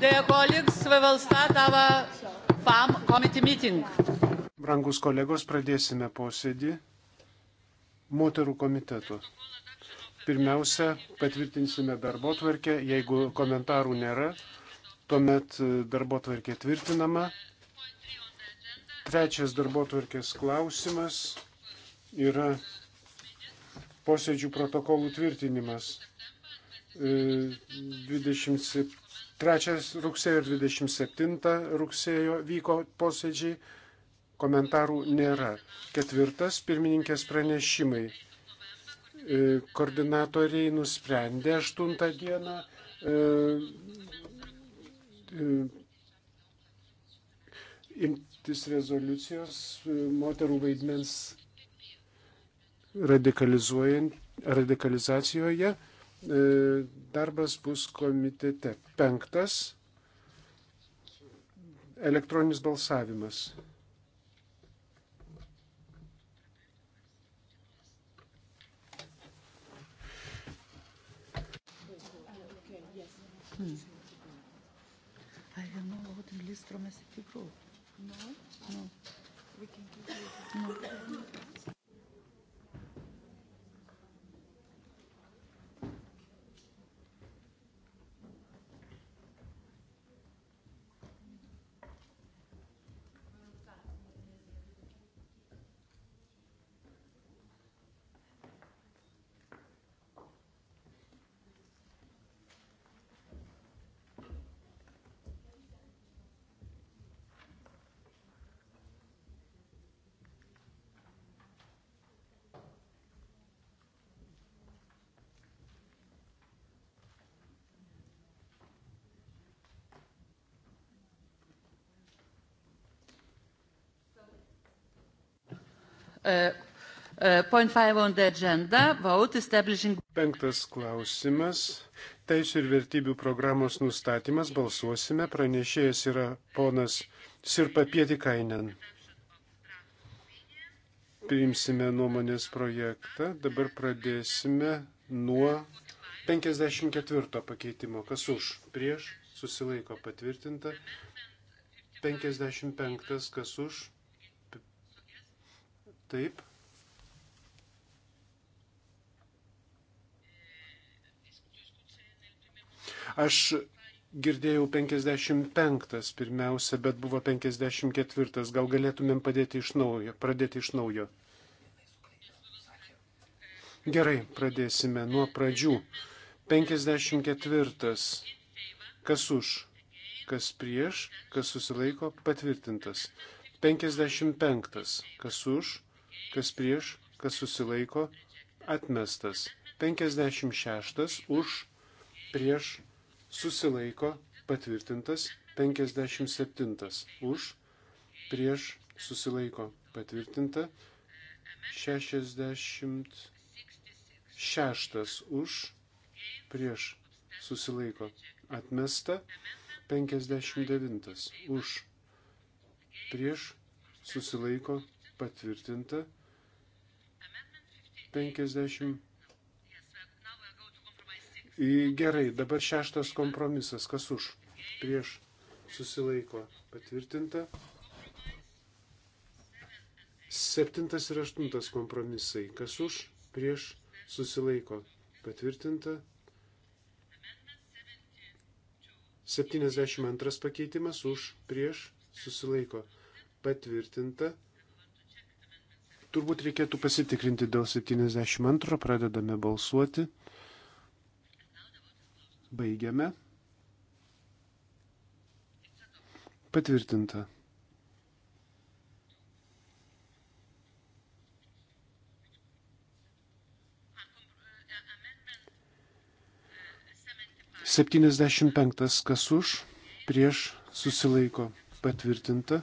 Dear colleagues, we will start our FAM committee meeting. Brangus kolegos, pradėsime posėdį moterų komiteto. Pirmiausia, patvirtinsime darbo tvarkę. Jeigu komentarų nėra, tuomet e, darbo tvarkė tvirtinama. Trečias darbo tvarkės klausimas yra posėdžių protokolų tvirtinimas. 27 e, 3 rugsėjo ir 27 rugsėjo vyko posėdžiai, komentarų nėra. Ketvirtas pirmininkės pranešimai. E, koordinatoriai nusprendė 8 dieną e, e, imtis rezoliucijos moterų vaidmens radikalizacijoje. E, darbas bus komitete. Penktas - elektroninis balsavimas. Hmm. I don't know what the list from SAP group. No? Nu? No. Nu. We can give you. No. Uh, uh, point 5 on the agenda, vote establishing. Penktas klausimas. Teisų ir vertybių programos nustatymas. Balsuosime. Pranešėjas yra ponas Sirpapieti Kainen. Priimsime nuomonės projektą. Dabar pradėsime nuo 54 pakeitimo. Kas už? Prieš? Susilaiko patvirtinta. 55. Kas už? Taip. Aš girdėjau 55 pirmiausia, bet buvo 54. Gal galėtumėm padėti iš naujo, pradėti iš naujo. Gerai, pradėsime nuo pradžių. 54. Kas už, kas prieš, kas susilaiko, patvirtintas. 55. Kas už, kas prieš, kas susilaiko, atmestas. 56 už, prieš, susilaiko, patvirtintas. 57 už, prieš, susilaiko, patvirtinta. 66 už, prieš, susilaiko, atmesta. 59 už, prieš, susilaiko, patvirtinta. 50. Gerai, dabar šeštas kompromisas. Kas už? Prieš susilaiko patvirtinta. Septintas ir aštuntas kompromisai. Kas už? Prieš susilaiko patvirtinta. 72 pakeitimas už prieš susilaiko patvirtinta. Turbūt reikėtų pasitikrinti dėl 72, pradedame balsuoti. Baigiame. Patvirtinta. Septyniasdešimt penktas kas už, prieš susilaiko patvirtinta.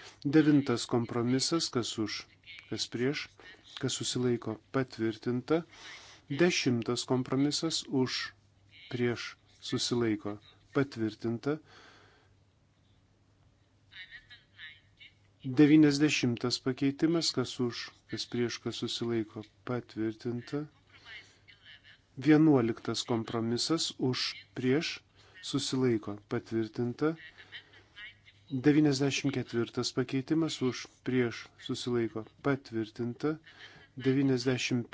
Devintas kompromisas, kas už, kas prieš, kas susilaiko patvirtinta. Dešimtas kompromisas už, prieš, susilaiko patvirtinta. Devyniasdešimtas pakeitimas, kas už, kas prieš, kas susilaiko patvirtinta. Vienuoliktas kompromisas už, prieš, susilaiko patvirtinta. 94 pakeitimas už prieš susilaiko patvirtinta. 95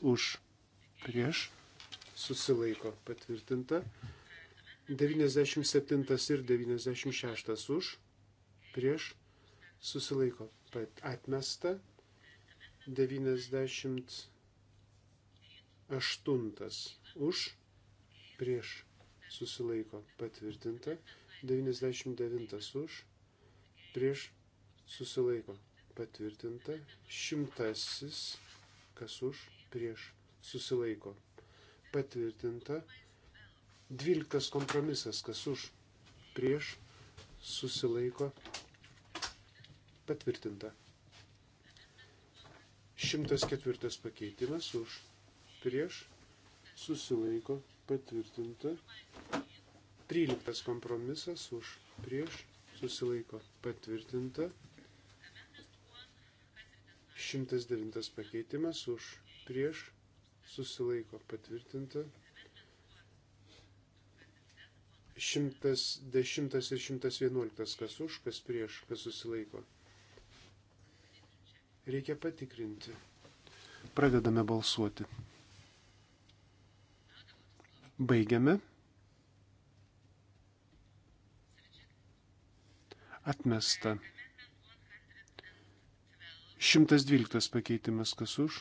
už prieš susilaiko patvirtinta. 97 ir 96 už prieš susilaiko atmesta. 98 už prieš susilaiko patvirtinta. 99 už, prieš susilaiko patvirtinta, šimtasis, kas už, prieš susilaiko patvirtinta, dvyliktas kompromisas, kas už, prieš susilaiko patvirtinta. 104 pakeitimas už prieš susilaiko patvirtinta 13 kompromisas už prieš susilaiko patvirtinta. 109 pakeitimas už prieš susilaiko patvirtinta. 110 ir 111 kas už, kas prieš, kas susilaiko. Reikia patikrinti. Pradedame balsuoti. Baigiame. Atmesta. 112 pakeitimas kas už.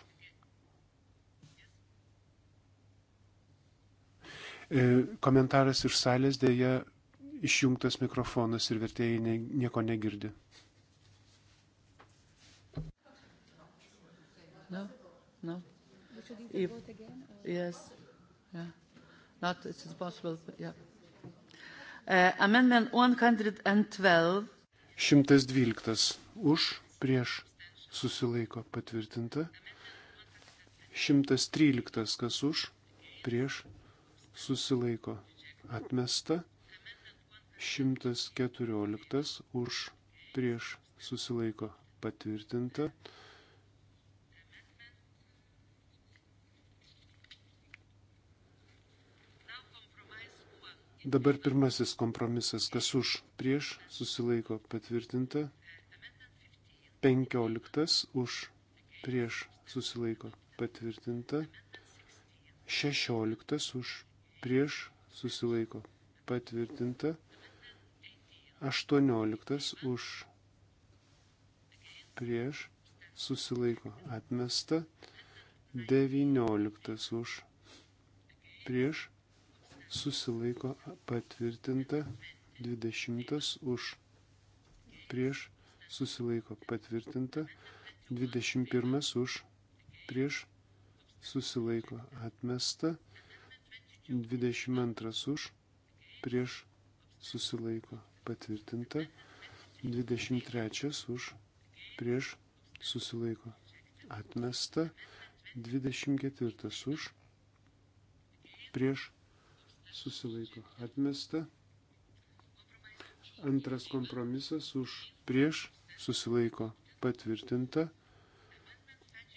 E, komentaras iš salės dėja išjungtas mikrofonas ir vertėjai ne, nieko negirdi. No, no. If, uh, yes, yeah. Not, it's impossible, but yeah. Uh, amendment 112. 112. Už, prieš, susilaiko patvirtinta. 113. Kas už, prieš, susilaiko atmesta. 114. Už, prieš, susilaiko patvirtinta. Dabar pirmasis kompromisas, kas už prieš susilaiko patvirtinta. Penkioliktas už prieš susilaiko patvirtinta. Šešioliktas už prieš susilaiko patvirtinta. Aštuonioliktas už prieš susilaiko atmesta. Devynioliktas už prieš susilaiko patvirtinta 20 už prieš susilaiko patvirtinta 21 už prieš susilaiko atmesta 22 už prieš susilaiko patvirtinta 23 už prieš susilaiko atmesta 24 už prieš susilaiko atmesta. Antras kompromisas už prieš susilaiko patvirtinta.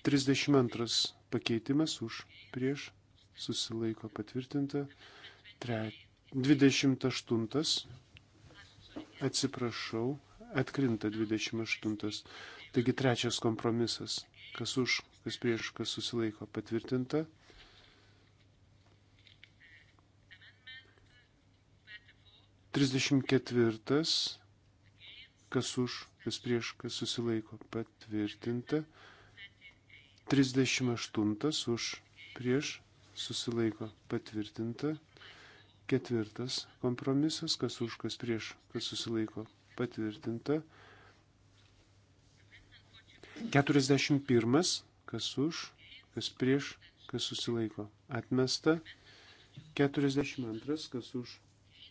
32 pakeitimas už prieš susilaiko patvirtinta. 28 atsiprašau, atkrinta 28. Taigi trečias kompromisas. Kas už, kas prieš, kas susilaiko patvirtinta. 34. Kas už, kas prieš, kas susilaiko. Patvirtinta. 38. Už, prieš, susilaiko. Patvirtinta. Ketvirtas kompromisas, kas už, kas prieš, kas susilaiko. Patvirtinta. 41. Kas už, kas prieš, kas susilaiko. Atmesta. 42. Kas už,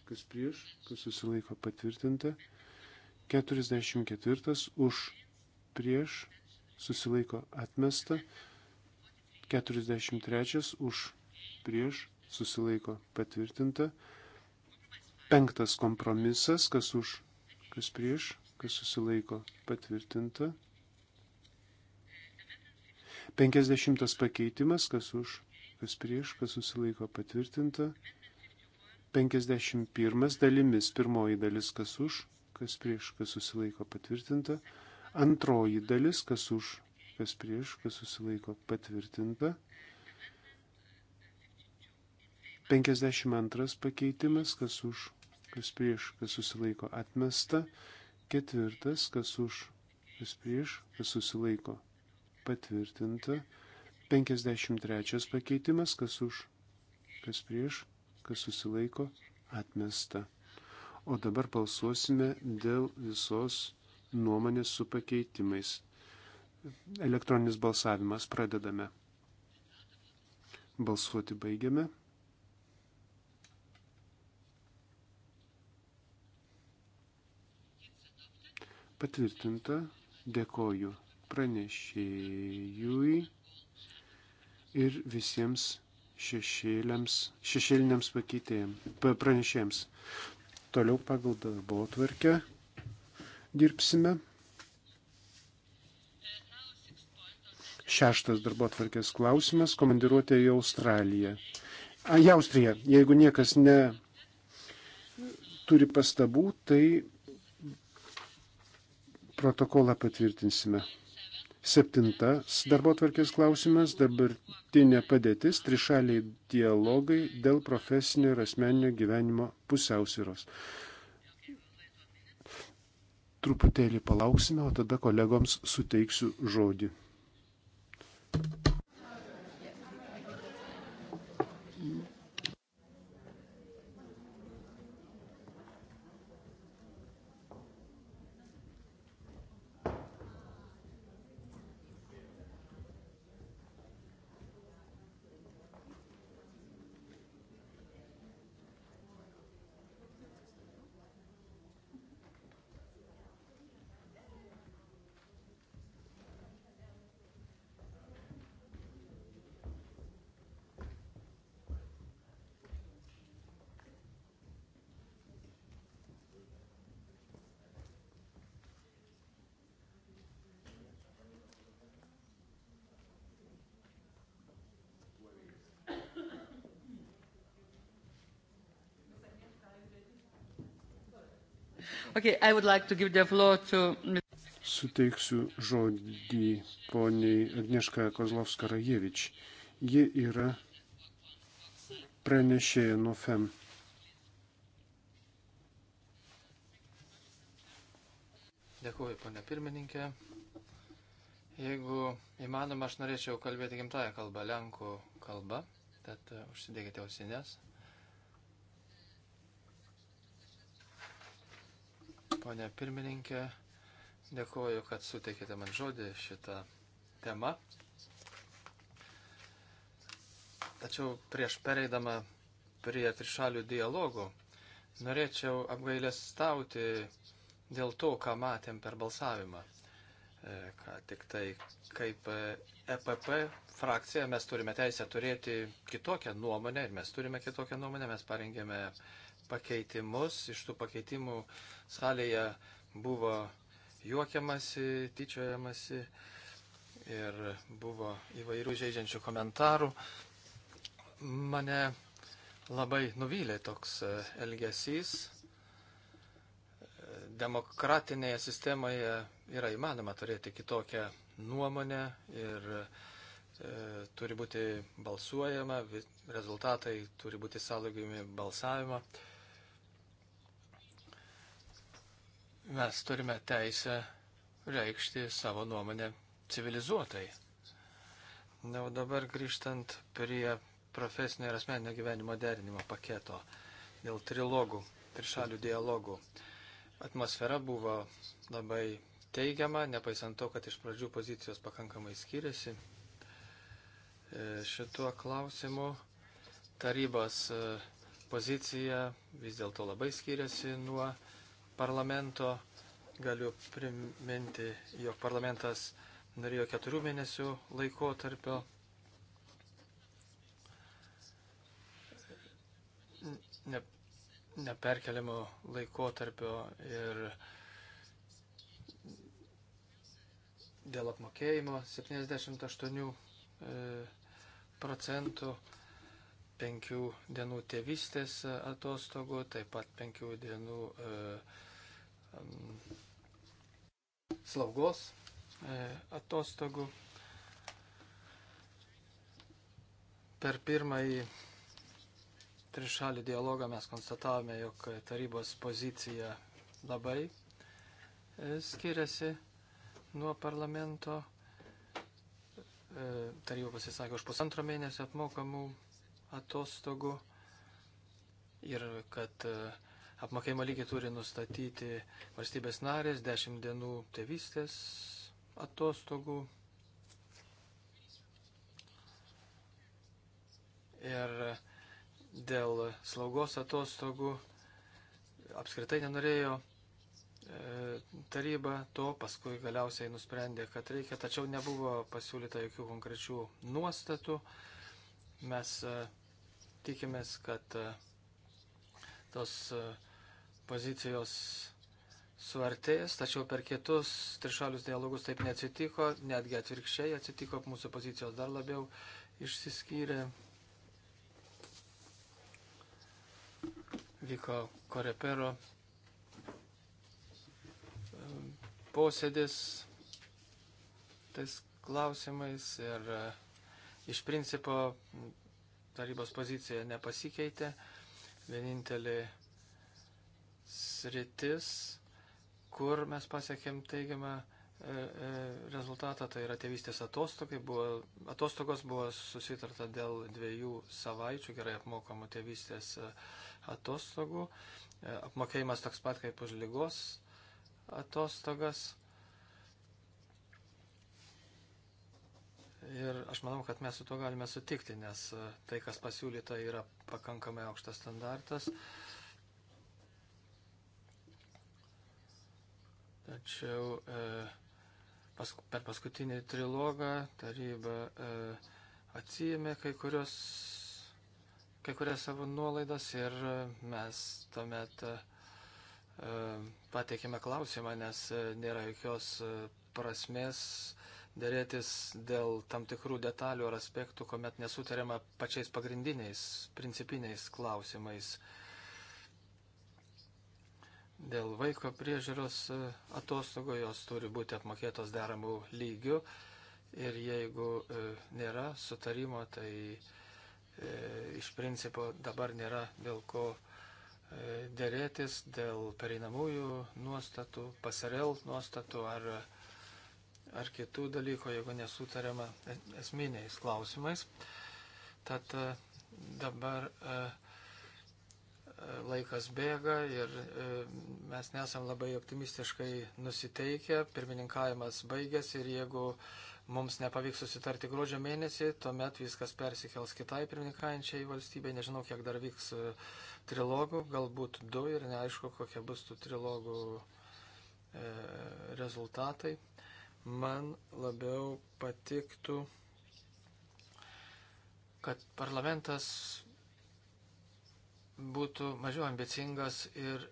kas prieš, kas susilaiko patvirtinta. 44 už, prieš, susilaiko atmesta. 43 už, prieš, susilaiko patvirtinta. Penktas kompromisas, kas už, kas prieš, kas susilaiko patvirtinta. 50 pakeitimas, kas už, kas prieš, kas susilaiko patvirtinta. 51 dalimis. Pirmoji dalis kas už, kas prieš, kas susilaiko patvirtinta. Antroji dalis kas už, kas prieš, kas susilaiko patvirtinta. 52 pakeitimas kas už, kas prieš, kas susilaiko atmesta. Ketvirtas kas už, kas prieš, kas susilaiko patvirtinta. 53 pakeitimas kas už, kas prieš, kas susilaiko, atmesta. O dabar balsuosime dėl visos nuomonės su pakeitimais. Elektroninis balsavimas pradedame. Balsuoti baigiame. Patvirtinta. Dėkoju pranešėjui ir visiems šešėliniams pranešėjams. Toliau pagal darbo tvarkę dirbsime. Šeštas darbo tvarkės klausimas - komandiruotė į Australiją. A, į Austriją. Jeigu niekas ne turi pastabų, tai protokolą patvirtinsime. Septintas darbo tvarkės klausimas - dabartinė padėtis, trišaliai dialogai dėl profesinio ir asmeninio gyvenimo pusiausvyros. Truputėlį palauksime, o tada kolegoms suteiksiu žodį. Thank you. Okay, like to... Suteiksiu žodį poniai Agnieszka Kozlovska Rajevič. Ji yra pranešėja nuo FEM. Dėkuoju, ponia pirmininkė. Jeigu įmanoma, aš norėčiau kalbėti gimtają kalbą, lenkų kalbą, tad e, užsidėkite ausinės. ponė pirmininkė. Dėkuoju, kad suteikėte man žodį šitą temą. Tačiau prieš pereidama prie trišalių dialogų, norėčiau apgailės stauti dėl to, ką matėm per balsavimą. E, ką tik tai kaip EPP frakcija mes turime teisę turėti kitokią nuomonę ir mes turime kitokią nuomonę, mes parengėme uh, pakeitimus. Iš tų pakeitimų salėje buvo juokiamasi, tyčiojamasi ir buvo įvairių žaidžiančių komentarų. Mane labai nuvylė toks e, elgesys. Demokratinėje sistemoje yra įmanoma turėti kitokią nuomonę ir e, turi būti balsuojama, rezultatai turi būti sąlygojami balsavimą. E, mes turime teisę reikšti savo nuomonę civilizuotai. Na, o dabar grįžtant prie profesinio ir asmeninio gyvenimo derinimo paketo dėl trilogų, trišalių dialogų. Atmosfera buvo labai teigiama, nepaisant to, kad iš pradžių pozicijos pakankamai skiriasi. E, šituo klausimu tarybos e, pozicija vis dėlto labai skiriasi nuo parlamento. Galiu priminti, jog parlamentas norėjo keturių mėnesių laikotarpio. Ne, neperkeliamo laikotarpio ir dėl apmokėjimo 78 e, procentų, 5 dienų tėvystės atostogų, taip pat 5 dienų e, slaugos e, atostogų. Per pirmąjį trišalį dialogą mes konstatavome, jog tarybos pozicija labai e, skiriasi nuo parlamento. E, taryba pasisakė už pusantro mėnesio apmokamų atostogų ir kad uh, apmokėjimo lygį turi nustatyti valstybės narės, 10 dienų tėvystės atostogų. Ir dėl slaugos atostogų apskritai nenorėjo e, taryba to, paskui galiausiai nusprendė, kad reikia, tačiau nebuvo pasiūlyta jokių konkrečių nuostatų. Mes e, tikimės, kad e, tos uh, pozicijos suartės, tačiau per kitus trišalius dialogus taip neatsitiko, netgi atvirkščiai atsitiko, mūsų pozicijos dar labiau išsiskyrė. Vyko korepero posėdis tais klausimais ir e, iš principo tarybos pozicija nepasikeitė. Vienintelė sritis, kur mes pasiekėm teigiamą e, e, rezultatą, tai yra tėvystės atostogai, buvo, atostogos buvo susitarta dėl dviejų savaičių gerai apmokamų tėvystės e, atostogų, apmokėjimas toks pat kaip už lygos atostogas. Ir aš manau, kad mes su to galime sutikti, nes tai, kas pasiūlyta, yra pakankamai aukštas standartas. Uh, Tačiau e, pas, per paskutinį trilogą taryba e, atsijėmė kai, kurios, kai kurias savo nuolaidas ir e, mes tuomet e, e, pateikėme klausimą, nes e, nėra jokios prasmės dėrėtis dėl tam tikrų detalių ar aspektų, kuomet nesutariama pačiais pagrindiniais, principiniais klausimais. E, Dėl vaiko priežiūros e, atostogų jos turi būti apmokėtos deramų lygių ir jeigu e, nėra sutarimo, tai e, iš principo dabar nėra dėl ko dėrėtis, dėl pereinamųjų nuostatų, pasarel nuostatų ar, ar kitų dalykų, jeigu nesutariama esminiais klausimais. Tad dabar uh, laikas bėga ir e, mes nesam labai optimistiškai nusiteikę, pirmininkavimas baigėsi ir jeigu mums nepavyks susitarti gruodžio mėnesį, tuomet viskas persikels kitai pirmininkaujančiai valstybei, nežinau, kiek dar vyks e, trilogų, galbūt du ir neaišku, kokie bus tų trilogų e, rezultatai. Man labiau patiktų, kad parlamentas būtų mažiau ambicingas ir,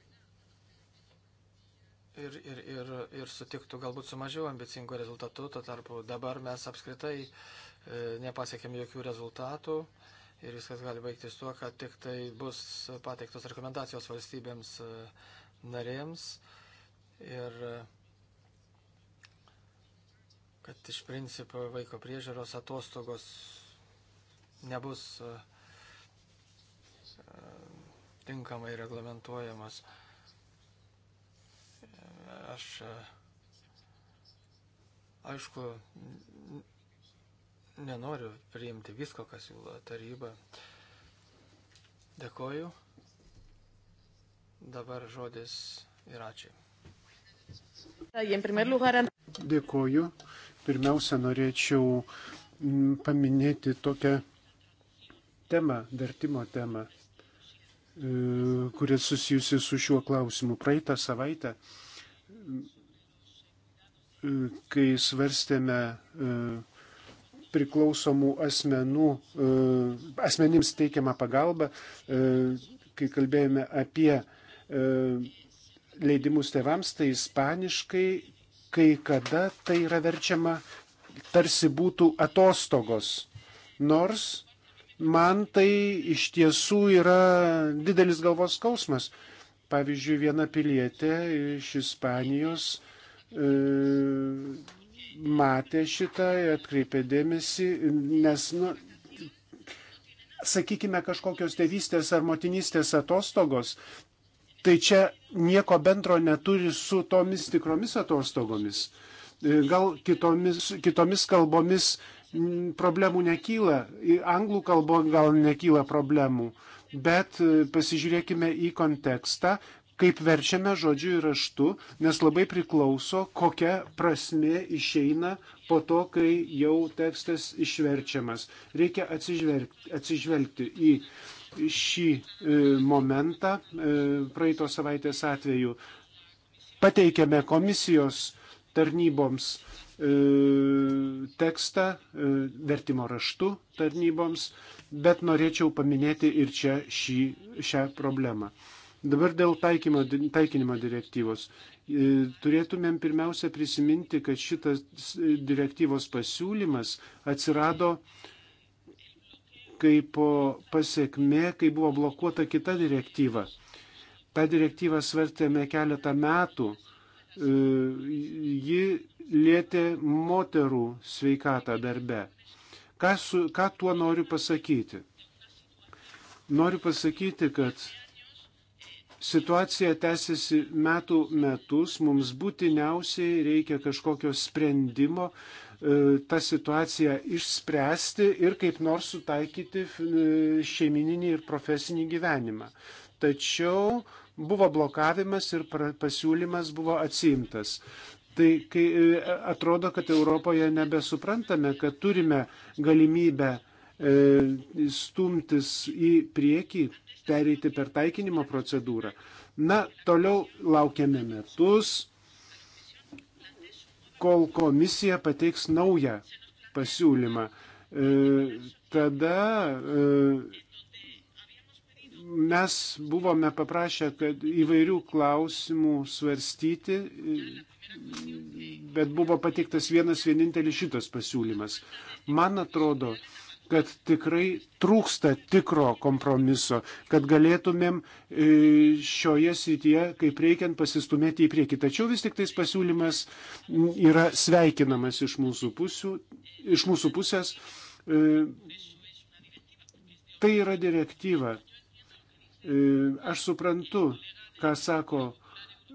ir, ir, ir, ir sutiktų galbūt su mažiau ambicingu rezultatu, tuo tarpu dabar mes apskritai e, nepasiekėm jokių rezultatų ir viskas gali baigtis tuo, kad tik tai bus pateiktos rekomendacijos valstybėms e, narėms ir e, kad iš principo vaiko priežiūros atostogos nebus e, e tinkamai reglamentuojamas. Aš, aišku, nenoriu priimti visko, kas siūlo taryba. Dėkoju. Dabar žodis ir ačiū. Dėkoju. Pirmiausia, norėčiau mm, paminėti tokią temą, vertimo temą. E, kurie susijusi su šiuo klausimu. Praeitą savaitę, e, kai svarstėme e, priklausomų asmenų, asmenims teikiamą pagalbą, kai kalbėjome apie leidimus tėvams, tai ispaniškai kai kada tai yra verčiama tarsi būtų atostogos. Nors man tai iš tiesų yra didelis galvos skausmas. Pavyzdžiui, viena pilietė iš Ispanijos e, matė šitą, atkreipė dėmesį, nes, nu, sakykime, kažkokios tėvystės ar motinystės atostogos, tai čia nieko bendro neturi su tomis tikromis atostogomis. E, gal kitomis, kitomis kalbomis Mm, problemų nekyla, anglų kalbo gal nekyla problemų, bet e, pasižiūrėkime į kontekstą, kaip verčiame žodžiu ir raštu, nes labai priklauso, kokia prasme išeina po to, kai jau tekstas išverčiamas. Reikia atsižvelgti, atsižvelgti į šį e, momentą e, praeito savaitės atveju. Pateikėme komisijos tarnyboms E, tekstą e, vertimo raštu tarnyboms, bet norėčiau paminėti ir čia šį, šią problemą. Dabar dėl taikymo, taikinimo direktyvos. E, turėtumėm pirmiausia prisiminti, kad šitas direktyvos pasiūlymas atsirado kaip pasiekmė, kai buvo blokuota kita direktyva. Ta direktyva svartėme keletą metų. Ji lietė moterų sveikatą darbe. Ką, su, ką tuo noriu pasakyti? Noriu pasakyti, kad situacija tęsiasi metų metus, mums būtiniausiai reikia kažkokio sprendimo e, tą situaciją išspręsti ir kaip nors sutaikyti e, šeimininį ir profesinį gyvenimą. Tačiau buvo blokavimas ir pasiūlymas buvo atsimtas. Tai kai e, atrodo, kad Europoje nebesuprantame, kad turime galimybę e, stumtis į priekį, pereiti per taikinimo procedūrą. Na, toliau laukiame metus, kol komisija pateiks naują pasiūlymą. E, tada mes buvome paprašę, kad įvairių klausimų svarstyti bet buvo pateiktas vienas vienintelis šitas pasiūlymas. Man atrodo, kad tikrai trūksta tikro kompromiso, kad galėtumėm e, šioje srityje, kaip reikiant, pasistumėti į priekį. Tačiau vis tik tais pasiūlymas yra sveikinamas iš mūsų, pusių, iš mūsų pusės. E, tai yra direktyva. E, aš suprantu, ką sako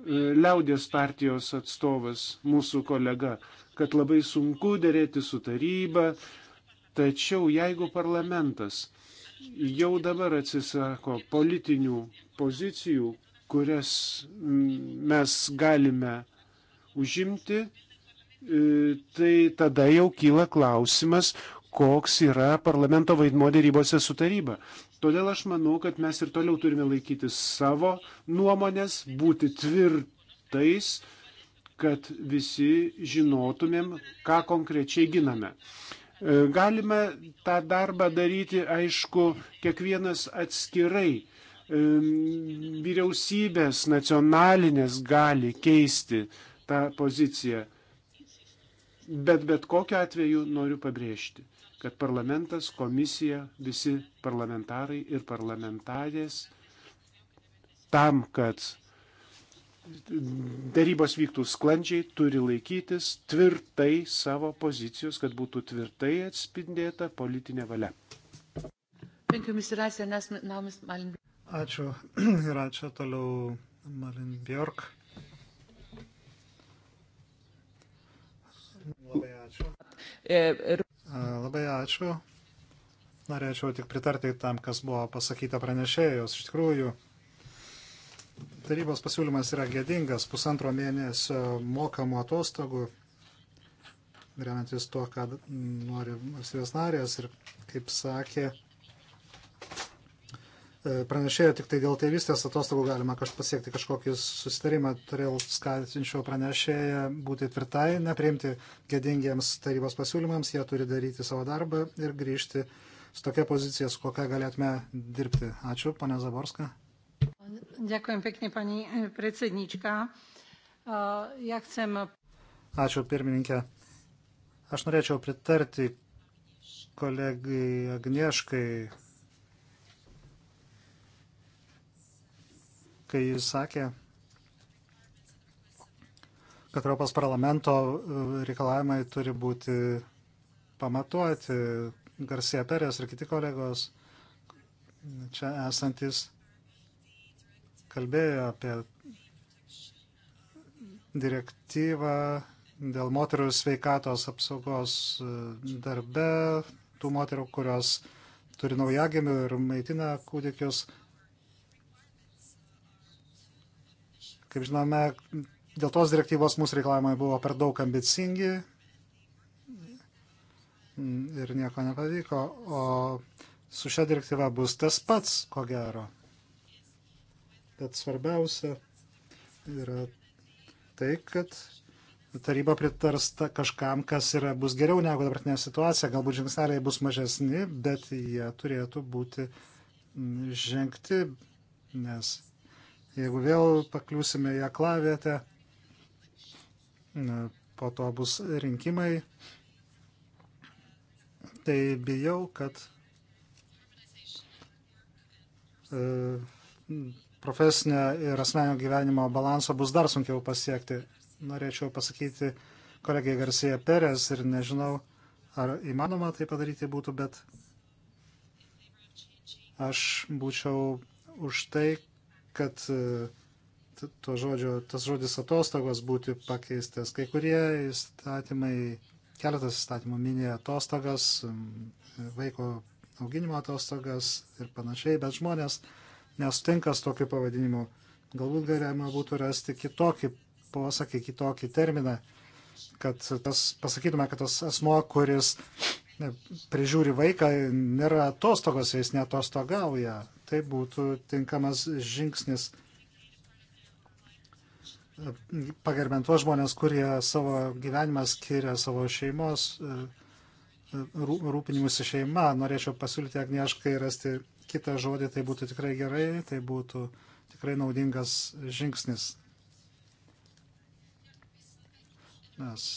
E, liaudės partijos atstovas, mūsų kolega, kad labai sunku dėrėti su taryba, tačiau jeigu parlamentas jau dabar atsisako politinių pozicijų, kurias mes galime užimti, e, tai tada jau kyla klausimas, koks yra parlamento vaidmo dėrybose su taryba. Todėl aš manau, kad mes ir toliau turime laikytis savo nuomonės, būti tvirtais, kad visi žinotumėm, ką konkrečiai giname. E, galime tą darbą daryti, aišku, kiekvienas atskirai. E, vyriausybės nacionalinės gali keisti tą poziciją. Bet bet kokiu atveju noriu pabrėžti kad parlamentas, komisija, visi parlamentarai ir parlamentarės tam, kad darybos vyktų sklandžiai, turi laikytis tvirtai savo pozicijos, kad būtų tvirtai atspindėta politinė valia. Ačiū ir ačiū toliau Malin Bjork. Labai ačiū. E, Labai ačiū. Norėčiau tik pritarti tam, kas buvo pasakyta pranešėjos. Iš tikrųjų, tarybos pasiūlymas yra gėdingas pusantro mėnesio mokamų atostogų, remiantis tuo, ką nori valstybės narės ir, kaip sakė, E, pranešėjo tik tai dėl tėvystės atostogų galima kaž pasiekti kažkokį susitarimą, turėjau skatinčiau pranešėją būti tvirtai, nepriimti gėdingiems tarybos pasiūlymams, jie turi daryti savo darbą ir grįžti su tokia pozicija, su kokia galėtume dirbti. Ačiū, ponia Zaborska. Dėkuojam pekni, pani e, predsednička. Ja chcem... Ačiū, pirmininkė. Aš norėčiau pritarti kolegai Agnieškai kai jis sakė, kad Europos parlamento e, reikalavimai turi būti pamatuoti. Garcia Perės ir kiti kolegos čia esantis kalbėjo apie direktyvą dėl moterų sveikatos apsaugos e, darbe, tų moterų, kurios turi naujagimių ir maitina kūdikius. Kaip žinome, dėl tos direktyvos mūsų reikalavimai buvo per daug ambicingi ir nieko nepavyko, o su šia direktyva bus tas pats, ko gero. Bet svarbiausia yra tai, kad taryba pritarsta kažkam, kas yra, bus geriau negu dabartinė situacija. Galbūt žingsneliai bus mažesni, bet jie turėtų būti žengti, nes Jeigu vėl pakliūsime į aklavietę, po to bus rinkimai, tai bijau, kad e, profesinio ir asmenio gyvenimo balanso bus dar sunkiau pasiekti. Norėčiau pasakyti kolegiai Garcija Perez ir nežinau, ar įmanoma tai padaryti būtų, bet aš būčiau už tai, kad e, to žodžio, tas žodis atostogos būti pakeistas. Kai kurie įstatymai, keletas įstatymų minė atostogas, vaiko auginimo atostogas ir panašiai, bet žmonės nesutinka su tokiu pavadinimu. Galbūt galima būtų rasti kitokį posakį, kitokį terminą, kad tas, pasakytume, kad tas asmo, kuris prižiūri vaiką, nėra atostogos, jis netostogauja tai būtų tinkamas žingsnis pagerbent tuos žmonės, kurie savo gyvenimą skiria savo šeimos e, rūpinimusi šeima. Norėčiau pasiūlyti Agnieškai rasti kitą žodį, tai būtų tikrai gerai, tai būtų tikrai naudingas žingsnis. Nes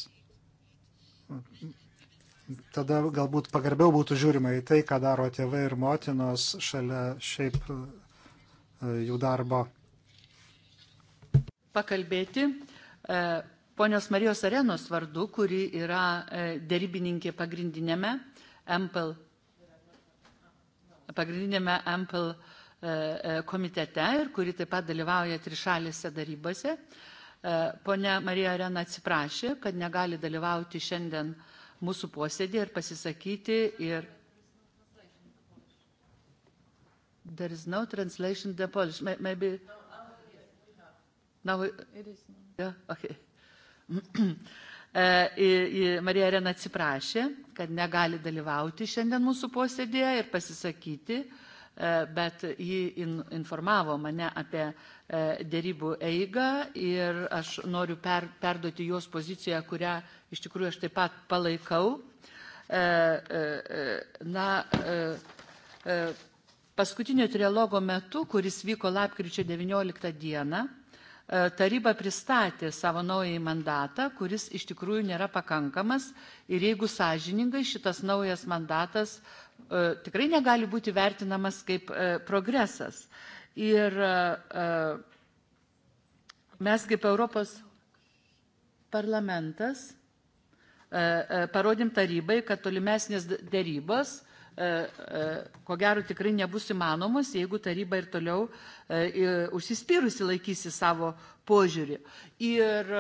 tada galbūt pagarbiau būtų žiūrima į tai, ką daro tėvai ir motinos šalia šiaip e, jų darbo. Pakalbėti e, ponios Marijos Arenos vardu, kuri yra e, dėrybininkė pagrindinėme MPL, pagrindinėme MPL komitete ir kuri taip pat dalyvauja trišalėse darybose. Pone Marija Arena atsiprašė, kad negali dalyvauti šiandien uh, mūsų posėdį ir pasisakyti ir. There is no translation to Polish. May, maybe. Now we, yeah, okay. E, Marija Arena atsiprašė, kad negali dalyvauti šiandien mūsų posėdėje ir pasisakyti. Uh, E, bet ji informavo mane apie e, dėrybų eigą ir aš noriu per, perduoti jos poziciją, kurią iš tikrųjų aš taip pat palaikau. E, na, paskutinio trialogo metu, kuris vyko lapkričio 19 dieną, taryba pristatė savo naująjį mandatą, kuris iš tikrųjų nėra pakankamas ir jeigu sąžiningai šitas naujas mandatas uh, E, tikrai negali būti vertinamas kaip e, progresas. Ir e, mes kaip Europos parlamentas parodėm tarybai, kad tolimesnės dėrybos ko gero tikrai nebus įmanomas, jeigu taryba ir toliau užsispyrusi laikysi savo požiūrį. Ir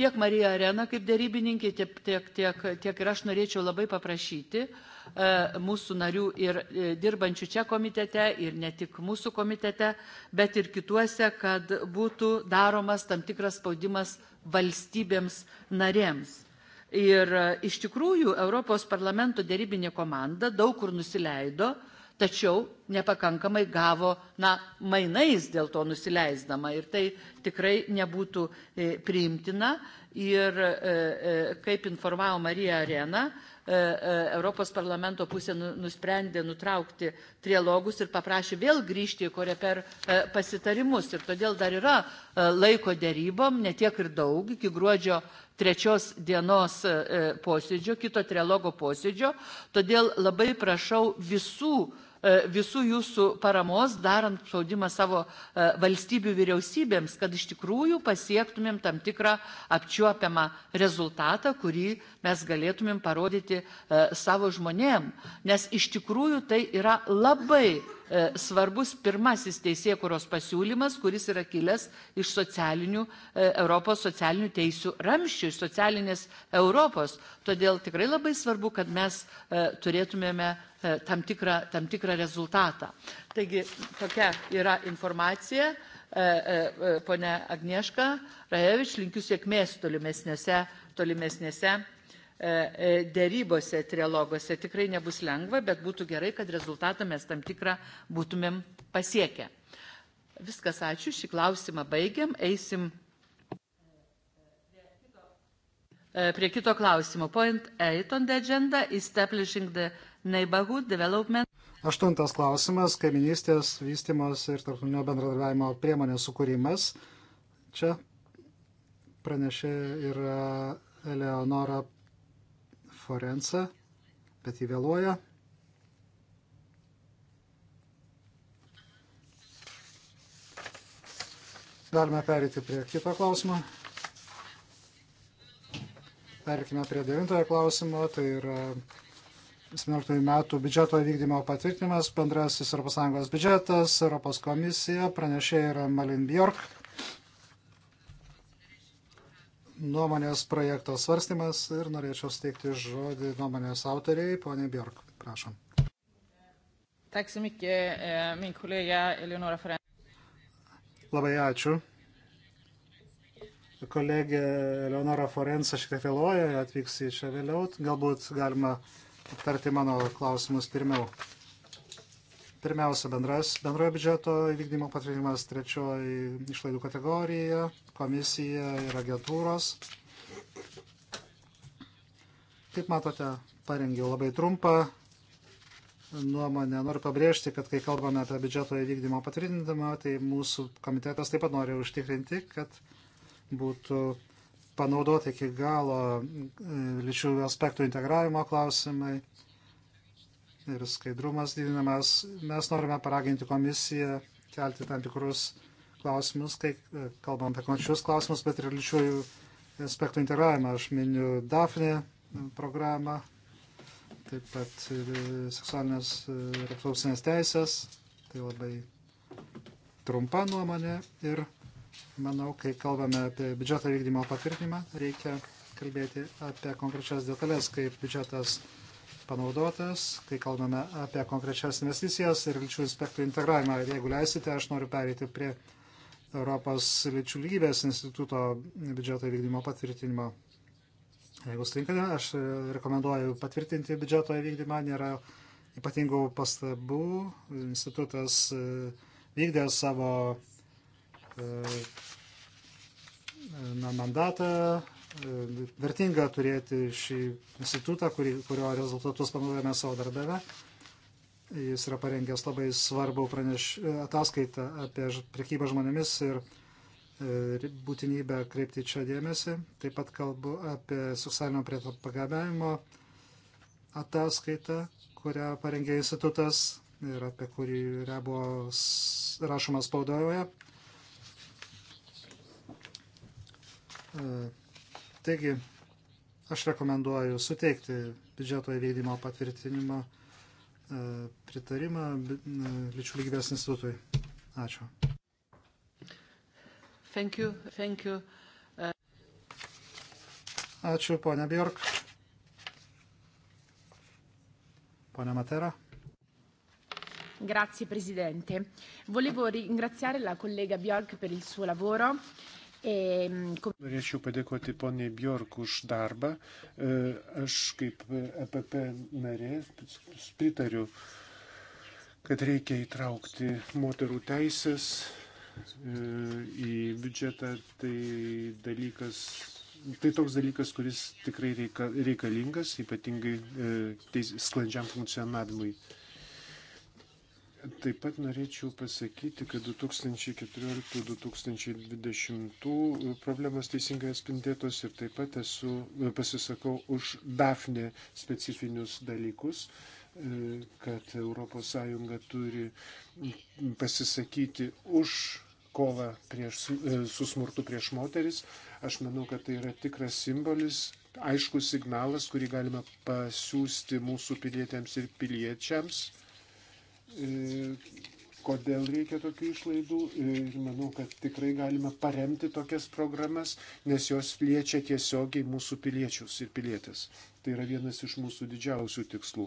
tiek Marija Arena kaip dėrybininkė, tiek, tiek, tiek, tiek ir aš norėčiau labai paprašyti uh, E, mūsų narių ir e, dirbančių čia komitete, ir ne tik mūsų komitete, bet ir kituose, kad būtų daromas tam tikras spaudimas valstybėms narėms. Ir e, iš tikrųjų Europos parlamento dėrybinė komanda daug kur nusileido, tačiau nepakankamai gavo, na, mainais dėl to nusileisdama. Ir tai tikrai nebūtų priimtina. Ir kaip informavo Marija Arena, E, e, Europos parlamento pusė nu, nusprendė nutraukti trialogus ir paprašė vėl grįžti į koreper e, pasitarimus. Ir todėl dar yra laiko dėrybom, netiek ir daug, iki gruodžio trečios dienos posėdžio, kito trialogo posėdžio. Todėl labai prašau visų E, visų jūsų paramos, darant spaudimą savo e, valstybių vyriausybėms, kad iš tikrųjų pasiektumėm tam tikrą apčiuopiamą rezultatą, kurį mes galėtumėm parodyti e, savo žmonėm. Nes iš tikrųjų tai yra labai E, svarbus pirmasis teisėkuros pasiūlymas, kuris yra kilęs iš socialinių, e, Europos socialinių teisių ramščių, iš socialinės Europos. Todėl tikrai labai svarbu, kad mes e, turėtumėme tam tikrą, tam tikrą rezultatą. Taigi tokia yra informacija. Pone Agnieška Rajevič, linkiu sėkmės tolimesnėse, tolimesnėse E, e, dėrybose, trilogose tikrai nebus lengva, bet būtų gerai, kad rezultatą mes tam tikrą būtumėm pasiekę. Viskas ačiū, šį klausimą baigiam, eisim e, prie kito klausimo. Point 8 on the agenda, establishing the neighborhood development. Aštuntas klausimas, kaiminystės vystimas ir tarptautinio bendradarbiavimo priemonės sukūrimas. Čia pranešė ir Eleonora Forensa, bet jį vėluoja. Galime perėti prie kito klausimo. Perkime prie devintojo klausimo, tai yra 17 metų biudžeto vykdymo patvirtinimas, bendrasis ES biudžetas, ES komisija, pranešė yra Malin Bjork nuomonės projekto svarstymas ir norėčiau steigti žodį nuomonės autoriai, ponė Bjork, prašom. Eh, Labai ačiū. Kolegė Eleonora Forensa šiek tiek vėluoja, atvyks į čia vėliau. Galbūt galima aptarti mano klausimus pirmiau. Pirmiausia, bendras, bendrojo biudžeto įvykdymo patvirtinimas trečioji išlaidų kategorija, komisija ir agentūros. Kaip matote, parengiau labai trumpą nuomonę. Noriu pabrėžti, kad kai kalbame apie biudžeto įvykdymo patvirtinimą, tai mūsų komitetas taip pat nori užtikrinti, kad būtų panaudoti iki galo e, lyčių aspektų integravimo klausimai ir skaidrumas didinamas. Mes norime paraginti komisiją kelti tam tikrus klausimus, kai e, kalbam apie konkrečius klausimus, bet ir lyčiųjų aspektų integravimą. Aš miniu DAFNE programą, taip pat e, seksualinės e, ir apsausinės teisės. Tai labai trumpa nuomonė ir manau, kai kalbame apie biudžeto vykdymo patvirtinimą, reikia kalbėti apie konkrečias detalės, kaip biudžetas panaudotas, kai kalbame apie konkrečias investicijas ir lyčių aspektų integravimą. Ir jeigu leisite, aš noriu pereiti prie Europos lyčių lygybės instituto biudžeto įvykdymo patvirtinimo. Jeigu sutinkate, aš rekomenduoju patvirtinti biudžeto įvykdymą, nėra ypatingų pastabų. Institutas e, vykdė savo e, e, na, mandatą. Vertinga turėti šį institutą, kurio rezultatus panaudojame savo darbėme. Jis yra parengęs labai svarbų praneš, ataskaitą apie prekybą žmonėmis ir e, būtinybę kreipti čia dėmesį. Taip pat kalbu apie seksualinio prietapagavimo ataskaitą, kurią parengė institutas ir apie kurį buvo rašoma spaudoje. E, taigi, aš rekomenduoju suteikti biudžeto įvykdymo patvirtinimo E, pritarimą e, lyčių lygybės institutui. Ačiū. Thank you, thank you. Uh... Ačiū, ponia Bjork. Ponia Matera. Grazie Presidente. Volevo ringraziare la collega Bjork per il suo lavoro Norėčiau padėkoti poniai Bjork už darbą. E, aš kaip EPP narė pritariu, kad reikia įtraukti moterų teisės e, į biudžetą. Tai, dalykas, tai toks dalykas, kuris tikrai reika, reikalingas, ypatingai e, teis, sklandžiam funkcionavimui. Taip pat norėčiau pasakyti, kad 2014-2020 problemos teisingai atspindėtos ir taip pat esu, pasisakau už DAFNE specifinius dalykus, e, kad ES turi pasisakyti už kovą prieš, e, su smurtu prieš moteris. Aš manau, kad tai yra tikras simbolis, aiškus signalas, kurį galima pasiūsti mūsų pilietėms ir piliečiams E, kodėl reikia tokių išlaidų ir manau, kad tikrai galime paremti tokias programas, nes jos liečia tiesiogiai mūsų piliečius ir pilietės. Tai yra vienas iš mūsų didžiausių tikslų.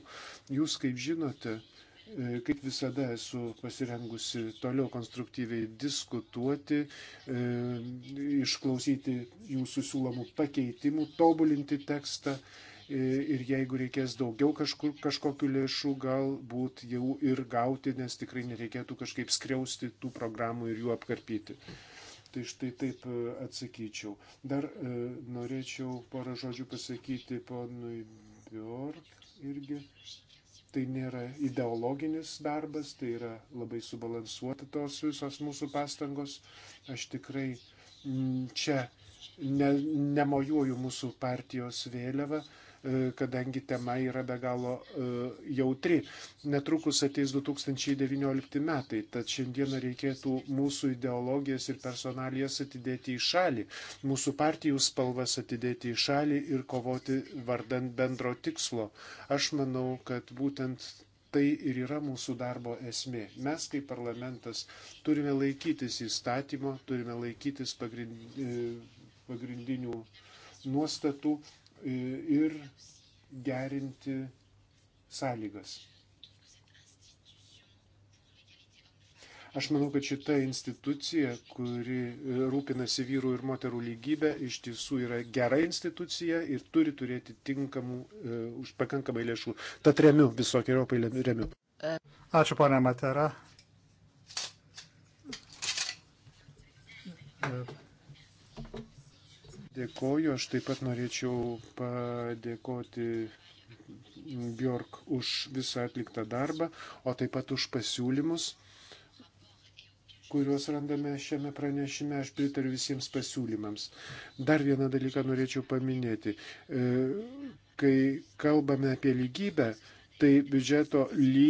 Jūs, kaip žinote, e, kaip visada esu pasirengusi toliau konstruktyviai diskutuoti, e, išklausyti jūsų siūlomų pakeitimų, tobulinti tekstą E, ir jeigu reikės daugiau kažkur, kažkokių lėšų, galbūt jau ir gauti, nes tikrai nereikėtų kažkaip skriausti tų programų ir jų apkarpyti. Tai štai taip e, atsakyčiau. Dar e, norėčiau porą žodžių pasakyti ponui Bjork irgi. Tai nėra ideologinis darbas, tai yra labai subalansuota tos visos mūsų pastangos. Aš tikrai čia ne, nemojuoju mūsų partijos vėliavą. E, kadangi tema yra be galo e, jautri. Netrukus ateis 2019 metai, tad šiandieną reikėtų mūsų ideologijas ir personalijas atidėti į šalį, mūsų partijų spalvas atidėti į šalį ir kovoti vardant bendro tikslo. Aš manau, kad būtent tai ir yra mūsų darbo esmė. Mes kaip parlamentas turime laikytis įstatymo, turime laikytis e, pagrindinių nuostatų, ir gerinti sąlygas. Aš manau, kad šita institucija, kuri e, rūpinasi vyrų ir moterų lygybę, iš tiesų yra gera institucija ir turi turėti tinkamų, e, už pakankamai lėšų. Tad remiu, visokiojopai remiu. Ačiū, ponia Matera. E, Dėkoju, aš taip pat norėčiau padėkoti Bjork už visą atliktą darbą, o taip pat už pasiūlymus, kuriuos randame šiame pranešime. Aš pritariu visiems pasiūlymams. Dar vieną dalyką norėčiau paminėti. E, kai kalbame apie lygybę, tai biudžeto ly...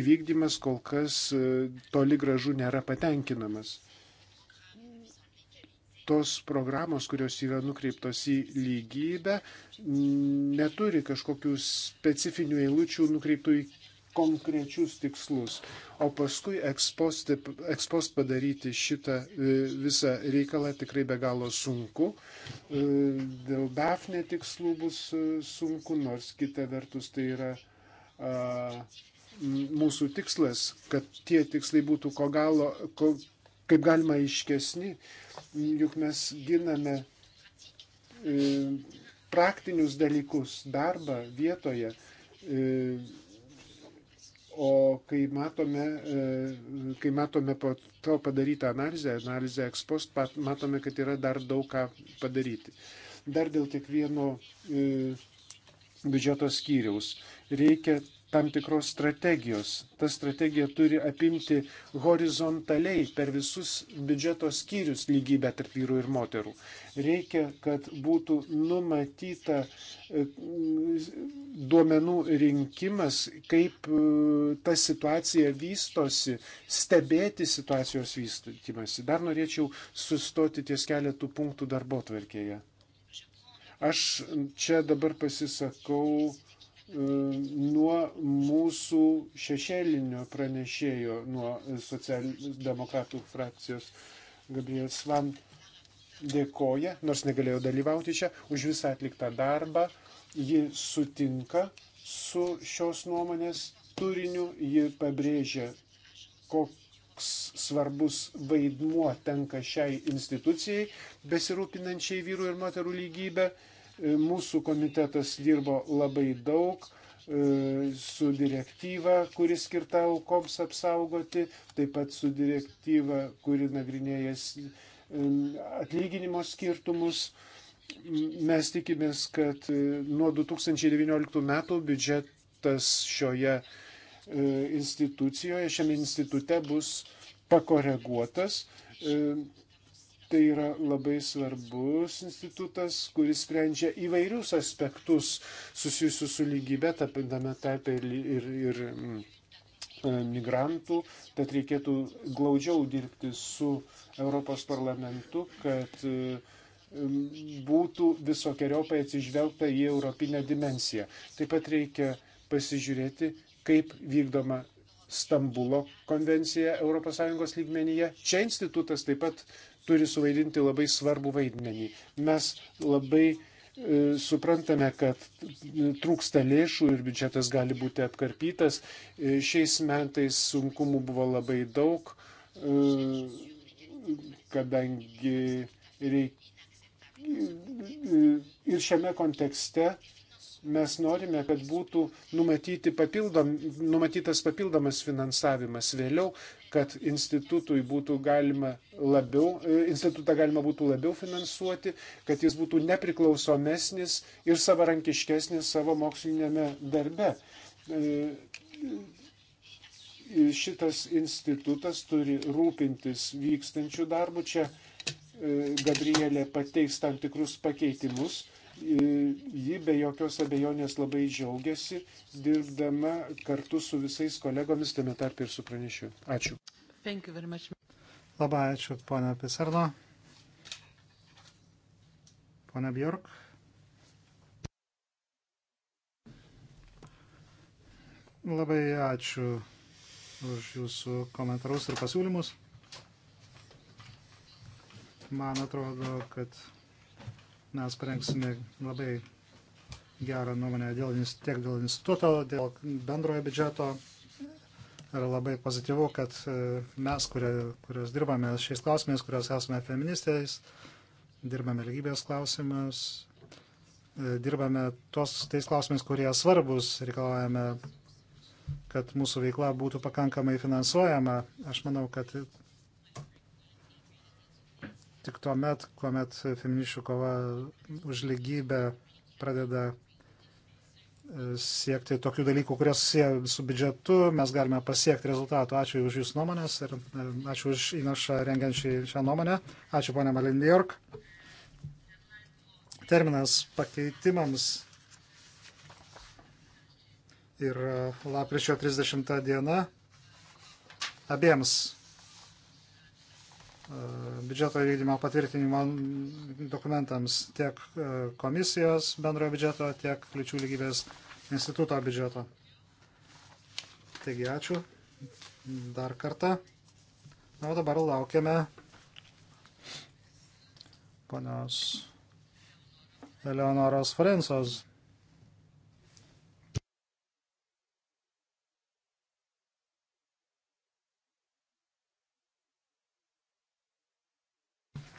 įvykdymas kol kas e, toli gražu nėra patenkinamas tos programos, kurios yra nukreiptos į lygybę, neturi kažkokių specifinių eilučių nukreiptų į konkrečius tikslus, o paskui ekspost, ekspost padaryti šitą e, visą reikalą tikrai be galo sunku. E, dėl DAFNE tikslų bus e, sunku, nors kita vertus tai yra a, mūsų tikslas, kad tie tikslai būtų ko galo, ko, kaip galima aiškesni, juk mes giname e, praktinius dalykus, darbą vietoje. E, o kai matome, e, kai matome po to padarytą analizę, analizę ekspost, matome, kad yra dar daug ką padaryti. Dar dėl kiekvieno biudžeto skyriaus reikia tam tikros strategijos. Ta strategija turi apimti horizontaliai per visus biudžeto skyrius lygybę tarp vyrų ir moterų. Reikia, kad būtų numatyta e, duomenų rinkimas, kaip e, ta situacija vystosi, stebėti situacijos vystimasi. Dar norėčiau sustoti ties keletų punktų darbo tvarkėje. Aš čia dabar pasisakau nuo mūsų šešėlinio pranešėjo, nuo socialdemokratų frakcijos Gabriel Svan dėkoja, nors negalėjo dalyvauti čia, už visą atliktą darbą. Ji sutinka su šios nuomonės turiniu, ji pabrėžia, koks svarbus vaidmuo tenka šiai institucijai, besirūpinančiai vyrų ir moterų lygybę. Mūsų komitetas dirbo labai daug e, su direktyva, kuri skirta aukoms apsaugoti, taip pat su direktyva, kuri nagrinėja e, atlyginimo skirtumus. Mes tikimės, kad e, nuo 2019 metų biudžetas šioje institucijoje, šiame institute bus pakoreguotas Tai yra labai svarbus institutas, kuris sprendžia įvairius aspektus susijusius su lygybė, tapindame tarp ir, ir, ir mm, migrantų, tad reikėtų glaudžiau dirbti su Europos parlamentu, kad mm, būtų visokiojopai atsižvelgta į europinę dimensiją. Taip pat reikia pasižiūrėti, kaip vykdoma Stambulo konvencija ES lygmenyje. Čia institutas taip pat turi suvaidinti labai svarbų vaidmenį. Mes labai e, suprantame, kad e, trūksta lėšų ir biudžetas gali būti apkarpytas. E, šiais metais sunkumų buvo labai daug, kadangi reikia. Ir šiame kontekste mes norime, kad būtų papildom, numatytas papildomas finansavimas vėliau, kad institutui būtų galima labiau, e, institutą galima būtų labiau finansuoti, kad jis būtų nepriklausomesnis ir savarankiškesnis savo mokslinėme darbe. E, šitas institutas turi rūpintis vykstančių darbų. Čia e, Gabrielė pateiks tam tikrus pakeitimus E, ji be jokios abejonės labai džiaugiasi, dirbdama kartu su visais kolegomis, tame tarp ir su pranešiu. Ačiū. Labai ačiū, ponia Pisarno. Pone Bjork. Labai ačiū už jūsų komentarus ir pasiūlymus man atrodo, kad mes parengsime labai gerą nuomonę dėl, tiek dėl instituto, dėl bendrojo biudžeto. Ir labai pozityvu, kad e, mes, kurie, kurios dirbame šiais klausimais, kurios esame feministės, dirbame lygybės klausimus, e, dirbame tos, tais klausimais, kurie svarbus, reikalavome, kad mūsų veikla būtų pakankamai finansuojama. Aš manau, kad tik tuo met, kuomet feminišių kova už lygybę pradeda e, siekti tokių dalykų, kurie susiję su biudžetu, mes galime pasiekti rezultatų. Ačiū už Jūsų nuomonės ir e, ačiū už įnašą rengiančią šią nuomonę. Ačiū ponia Malindijork. Terminas pakeitimams yra lapkričio 30 diena abiems E, biudžeto vykdymo patvirtinimo dokumentams tiek e, komisijos bendrojo biudžeto, tiek lyčių lygybės instituto biudžeto. Taigi ačiū dar kartą. Na, o dabar laukiame ponios Eleonoros Forensos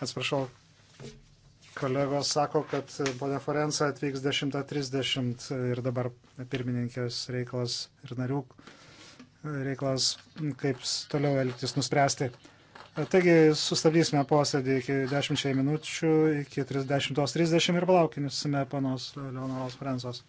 Atsiprašau, kolegos sako, kad ponia Forensa atvyks 10.30 ir dabar pirmininkės reikalas ir narių reikalas, kaip toliau elgtis nuspręsti. Taigi sustabdysime posėdį iki 10 minučių, iki 30.30 ir palaukinsime panos Leonoros Forensos.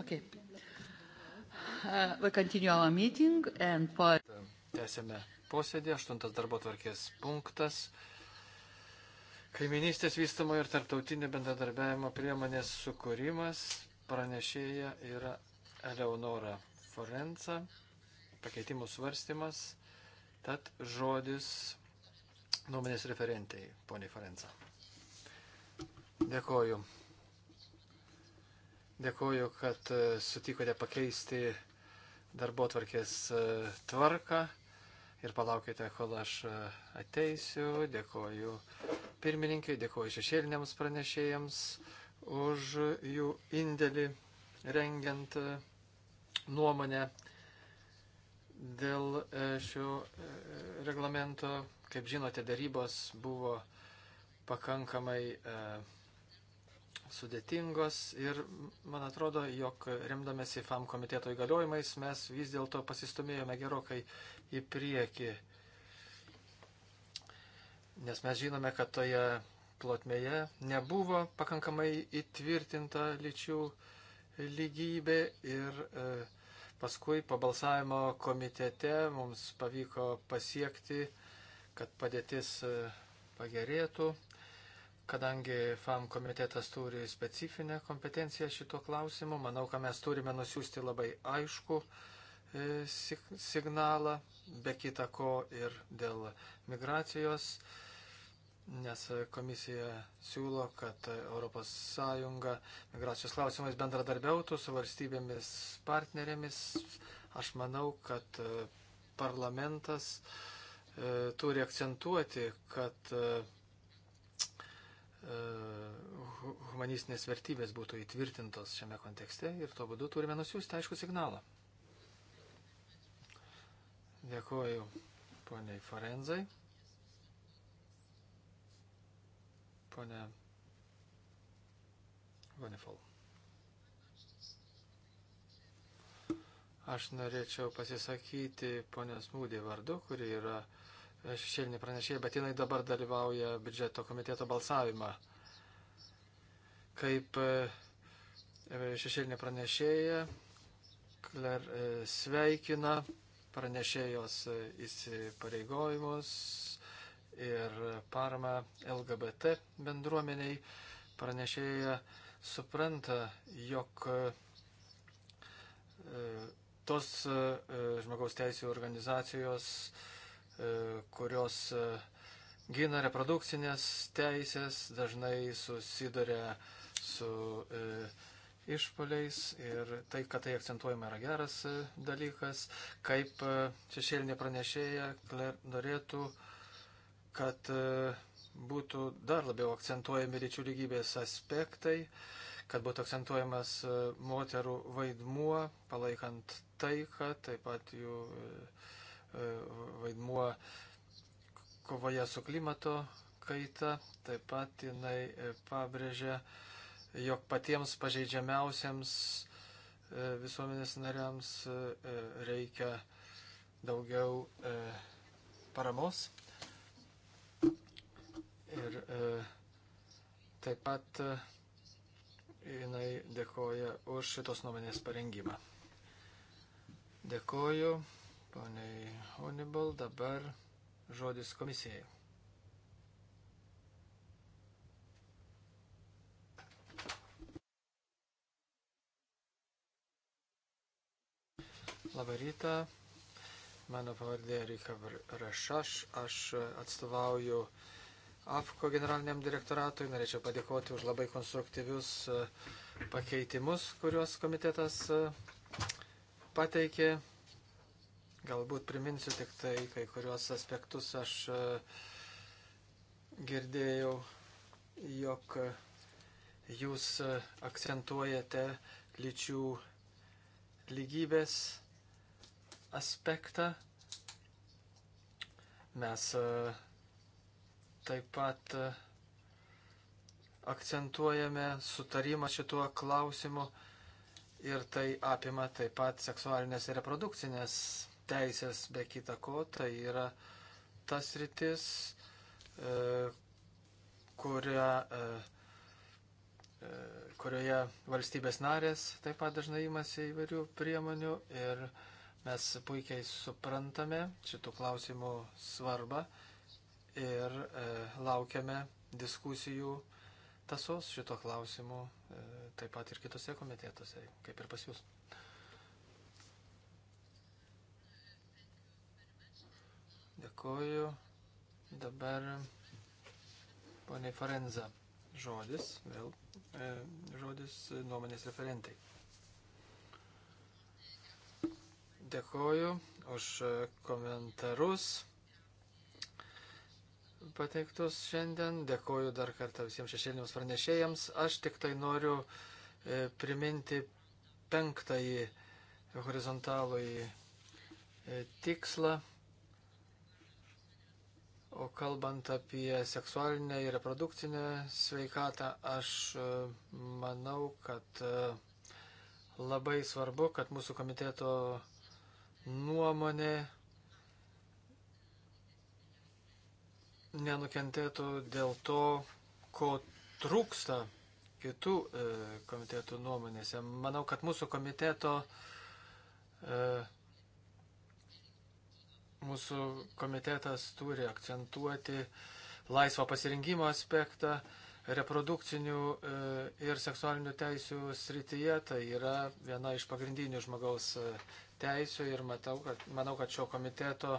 okay. Uh, we continue our meeting and for... Tęsėme posėdį, aštuntas darbo tvarkės punktas. Kaiminystės vystamo ir tarptautinio bendradarbiavimo priemonės sukūrimas pranešėja yra Eleonora Forenza, pakeitimų svarstymas, tad žodis nuomonės referentai, poniai Forenza. Dėkoju, Dėkuoju, kad e, sutikote pakeisti darbo tvarkės e, tvarką ir palaukite, kol aš e, ateisiu. Dėkuoju pirmininkai, dėkuoju šešėliniams pranešėjams už jų indėlį rengiant nuomonę dėl šio reglamento. Kaip žinote, darybos buvo pakankamai sudėtingos ir man atrodo, jog remdamėsi FAM komiteto įgaliojimais mes vis dėlto pasistumėjome gerokai į priekį. Nes mes žinome, kad toje plotmėje nebuvo pakankamai įtvirtinta lyčių lygybė ir e, paskui po balsavimo komitete mums pavyko pasiekti, kad padėtis e, pagerėtų. Kadangi FAM komitetas turi specifinę kompetenciją šito klausimu, manau, kad mes turime nusiųsti labai aišku e, signalą, be kita ko ir dėl migracijos, nes komisija siūlo, kad ES migracijos klausimais bendradarbiautų su valstybėmis partnerėmis. Aš manau, kad e, parlamentas e, turi akcentuoti, kad E, humanistinės vertybės būtų įtvirtintos šiame kontekste ir tuo būdu turime nusiųsti aišku signalą. Dėkuoju poniai Forenzai. Pone Vanifol. Aš norėčiau pasisakyti ponios Mūdė vardu, kuri yra šešėlinį pranešėją, bet jinai dabar dalyvauja biudžeto komiteto balsavimą. Kaip e, šešėlinė pranešėja, Kler e, sveikina pranešėjos e, įsipareigojimus ir parama LGBT bendruomeniai. Pranešėja supranta, jog tos žmogaus teisų organizacijos uh, E, kurios e, gina reprodukcinės teisės, dažnai susiduria su e, išpoliais ir tai, kad tai akcentuojama yra geras dalykas, kaip šešėlinė pranešėja Kler norėtų, kad būtų dar labiau akcentuojami lyčių lygybės aspektai, kad būtų akcentuojamas moterų vaidmuo, palaikant taiką, taip pat jų E, vaidmuo kovoje su klimato kaita. Taip pat jinai e, pabrėžia, jog patiems pažeidžiamiausiems e, visuomenės nariams reikia daugiau paramos. Ir taip pat jinai dėkoja už šitos nuomonės parengimą. Dėkoju poniai Honibal. Dabar žodis komisijai. Labą rytą. Mano pavardė Rika Rašaš. Aš atstovauju AFKO generaliniam direktoratui. Norėčiau padėkoti už labai konstruktyvius e, pakeitimus, kuriuos komitetas e, pateikė. Galbūt priminsiu tik tai, kai kuriuos aspektus aš e, girdėjau, jog jūs e, akcentuojate lyčių lygybės aspektą. Mes e, taip pat akcentuojame sutarimą šituo klausimu ir tai apima taip pat seksualinės ir reprodukcinės teisės be kita ko, tai yra tas rytis, e, kuria, e, e, kurioje valstybės narės taip pat dažnai imasi įvairių priemonių ir mes puikiai suprantame šitų klausimų svarbą ir e, laukiame diskusijų tasos šito klausimu e, taip pat ir kitose komitetuose, kaip ir pas jūs. Dėkuoju. Dabar poniai Forenza žodis, vėl e, žodis nuomonės referentai. Dėkuoju už komentarus pateiktus šiandien. Dėkuoju dar kartą visiems šešėliniams pranešėjams. Aš tik tai noriu e, priminti penktąjį horizontalųjį e, tikslą O kalbant apie seksualinę ir reprodukcinę sveikatą, aš e, manau, kad e, labai svarbu, kad mūsų komiteto nuomonė nenukentėtų dėl to, ko trūksta kitų e, komitetų nuomonėse. Manau, kad mūsų komiteto Mūsų komitetas turi akcentuoti laisvo pasirinkimo aspektą reprodukcinių e, ir seksualinių teisių srityje. Tai yra viena iš pagrindinių žmogaus e, teisių ir matau, kad, manau, kad šio komiteto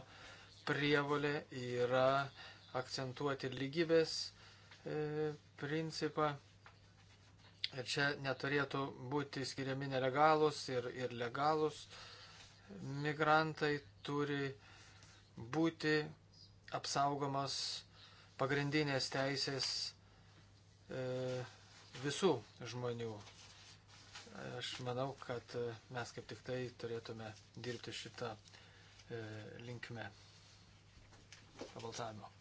prievolė yra akcentuoti lygybės e, principą. Ir čia neturėtų būti skiriami nelegalus ir, ir legalus. Migrantai turi būti apsaugomos pagrindinės teisės e, visų žmonių. Aš manau, kad e, mes kaip tik tai turėtume dirbti šitą e, linkme balsavimo.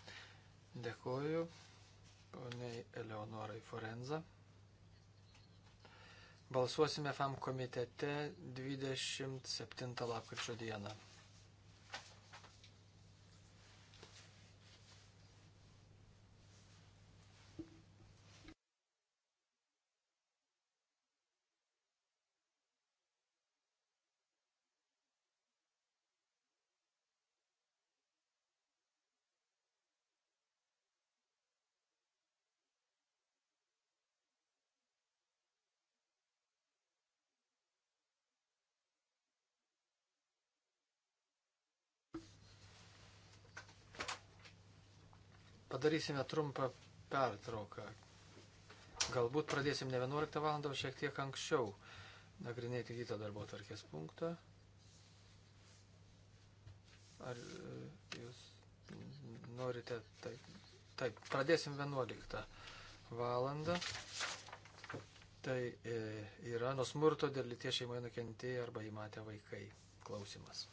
Dėkuoju poniai Eleonorai Forenza. Balsuosime FAM komitete 27 lapkričio dieną. Padarysime trumpą pertrauką. Galbūt pradėsim ne 11 val. o šiek tiek anksčiau nagrinėti kitą darbo tarkės punktą. Ar e, jūs norite taip? Taip, pradėsim 11 valandą. Tai e, yra nuo smurto dėl lyties šeimoje nukentėję arba įmatę vaikai klausimas.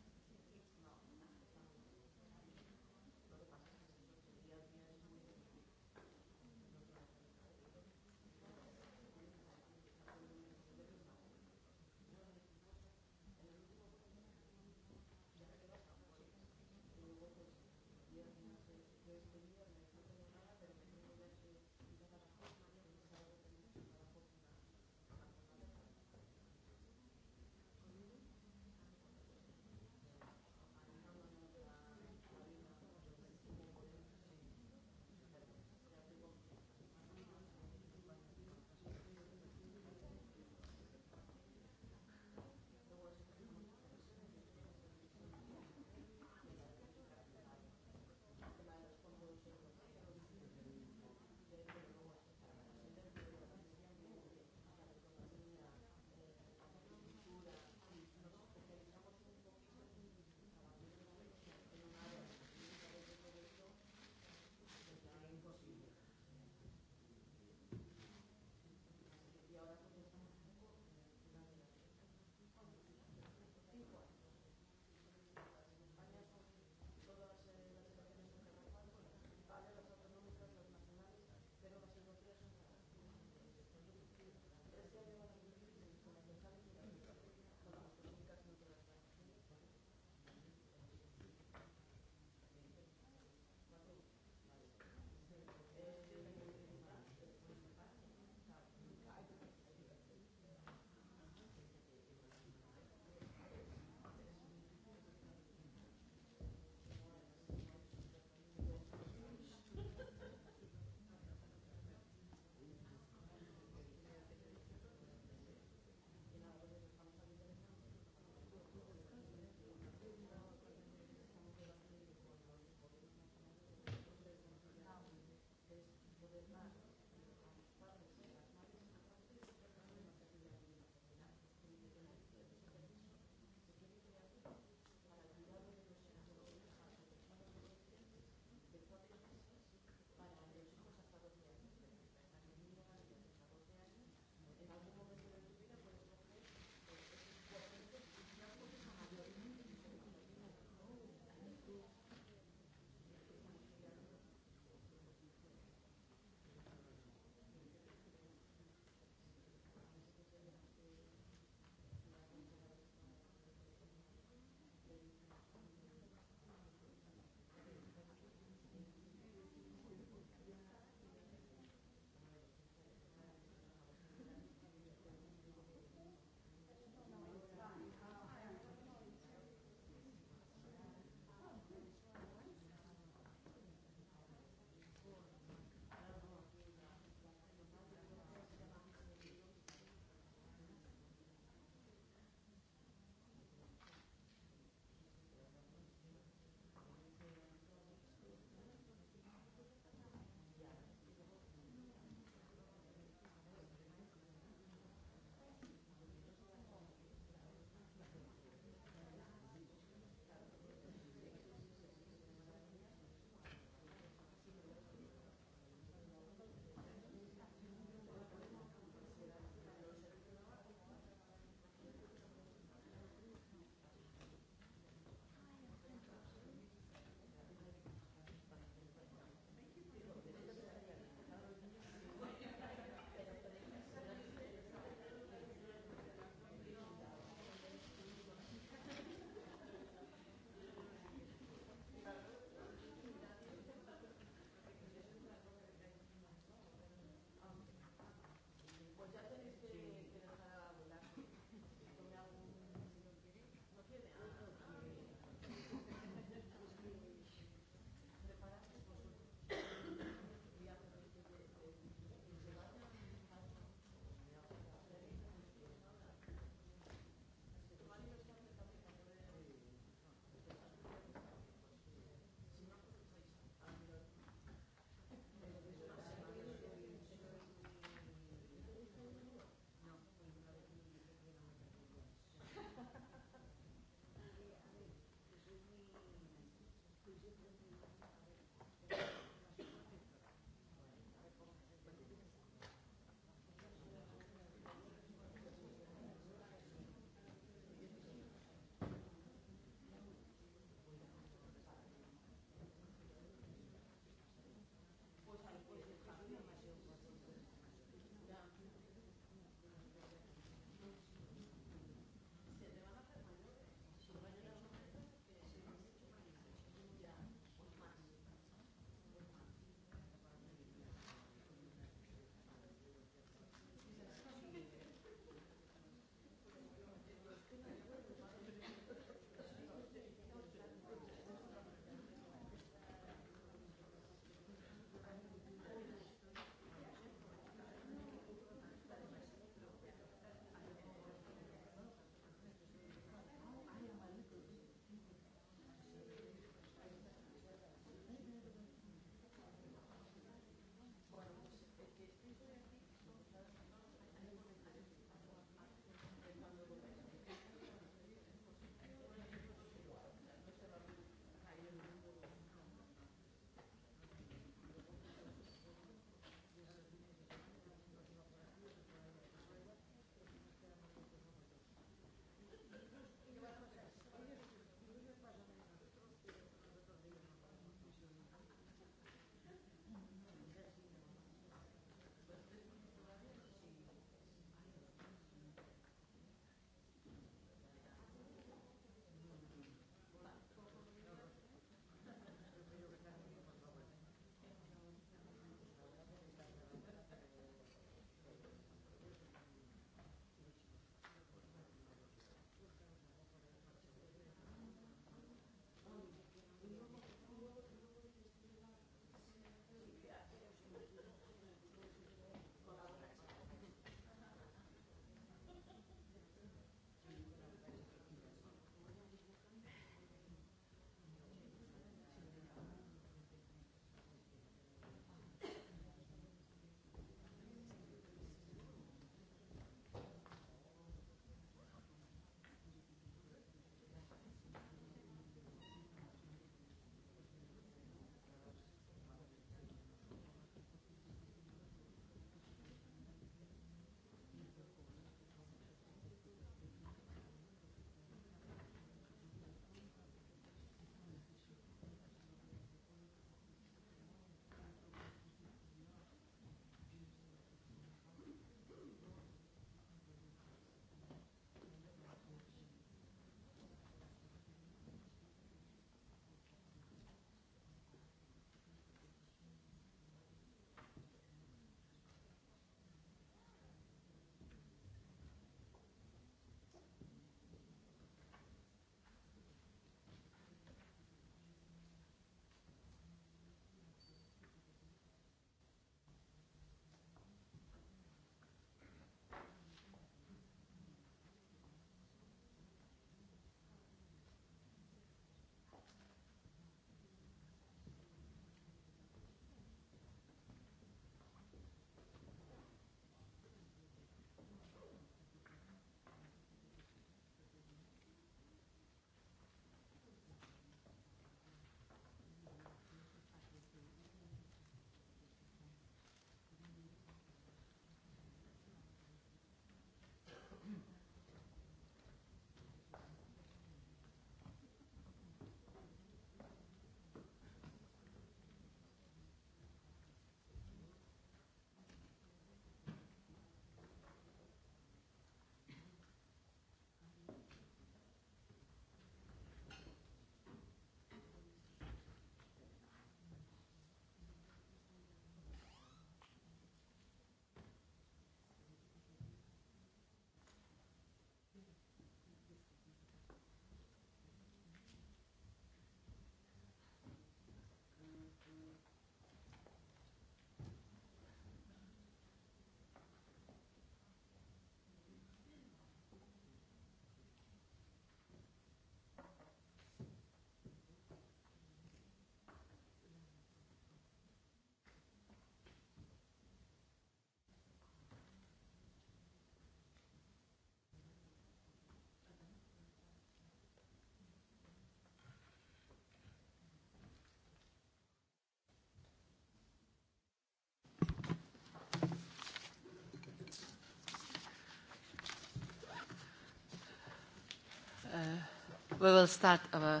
We will start our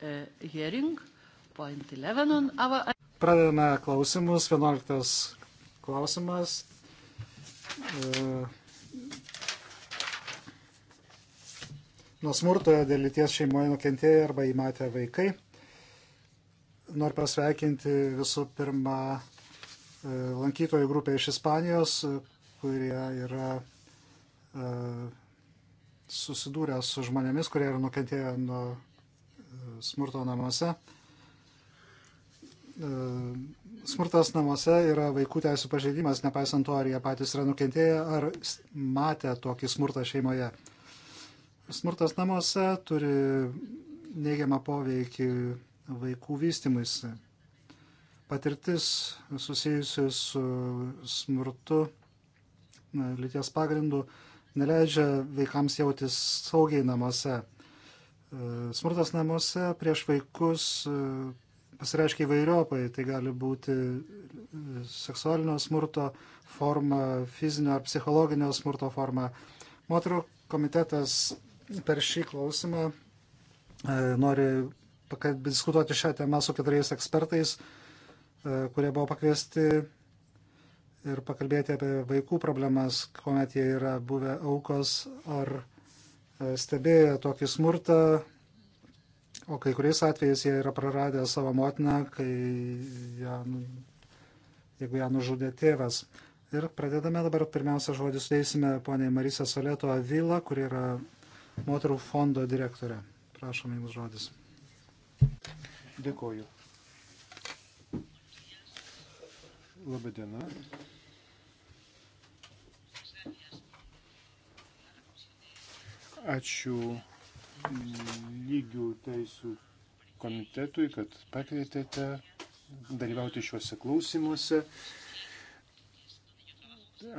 uh, hearing, point 11 on our... Pradedame klausimus, 11 klausimas. Uh, nuo smurto dėl lyties šeimoje nukentėję arba įmatę vaikai. Noriu pasveikinti visų pirma uh, lankytojų grupę iš Ispanijos, kurie yra uh, susidūrę su žmonėmis, kurie yra nukentėję nuo e, smurto namuose. E, smurtas namuose yra vaikų teisų pažeidimas, nepaisant to, ar jie patys yra nukentėję, ar matė tokį smurtą šeimoje. Smurtas namuose turi neigiamą poveikį vaikų vystimuisi. Patirtis susijusi su smurtu lyties pagrindu neleidžia vaikams jautis saugiai namuose. E, smurtas namuose prieš vaikus e, pasireiškia įvairiopai. Tai gali būti seksualinio smurto forma, fizinio ar psichologinio smurto forma. Moterų komitetas per šį klausimą e, nori diskutuoti šią temą su keturiais ekspertais, kurie buvo pakviesti ir pakalbėti apie vaikų problemas, kuomet jie yra buvę aukos ar e, stebėję tokį smurtą, o kai kuriais atvejais jie yra praradę savo motiną, kai ją, nu, jeigu ją nužudė tėvas. Ir pradedame dabar pirmiausia žodį sudėsime poniai Marisa Soleto Avila, kuri yra moterų fondo direktorė. Prašom jums žodis. Dėkoju. Labadiena. Ačiū lygių teisų komitetui, kad pakvietėte dalyvauti šiuose klausimuose.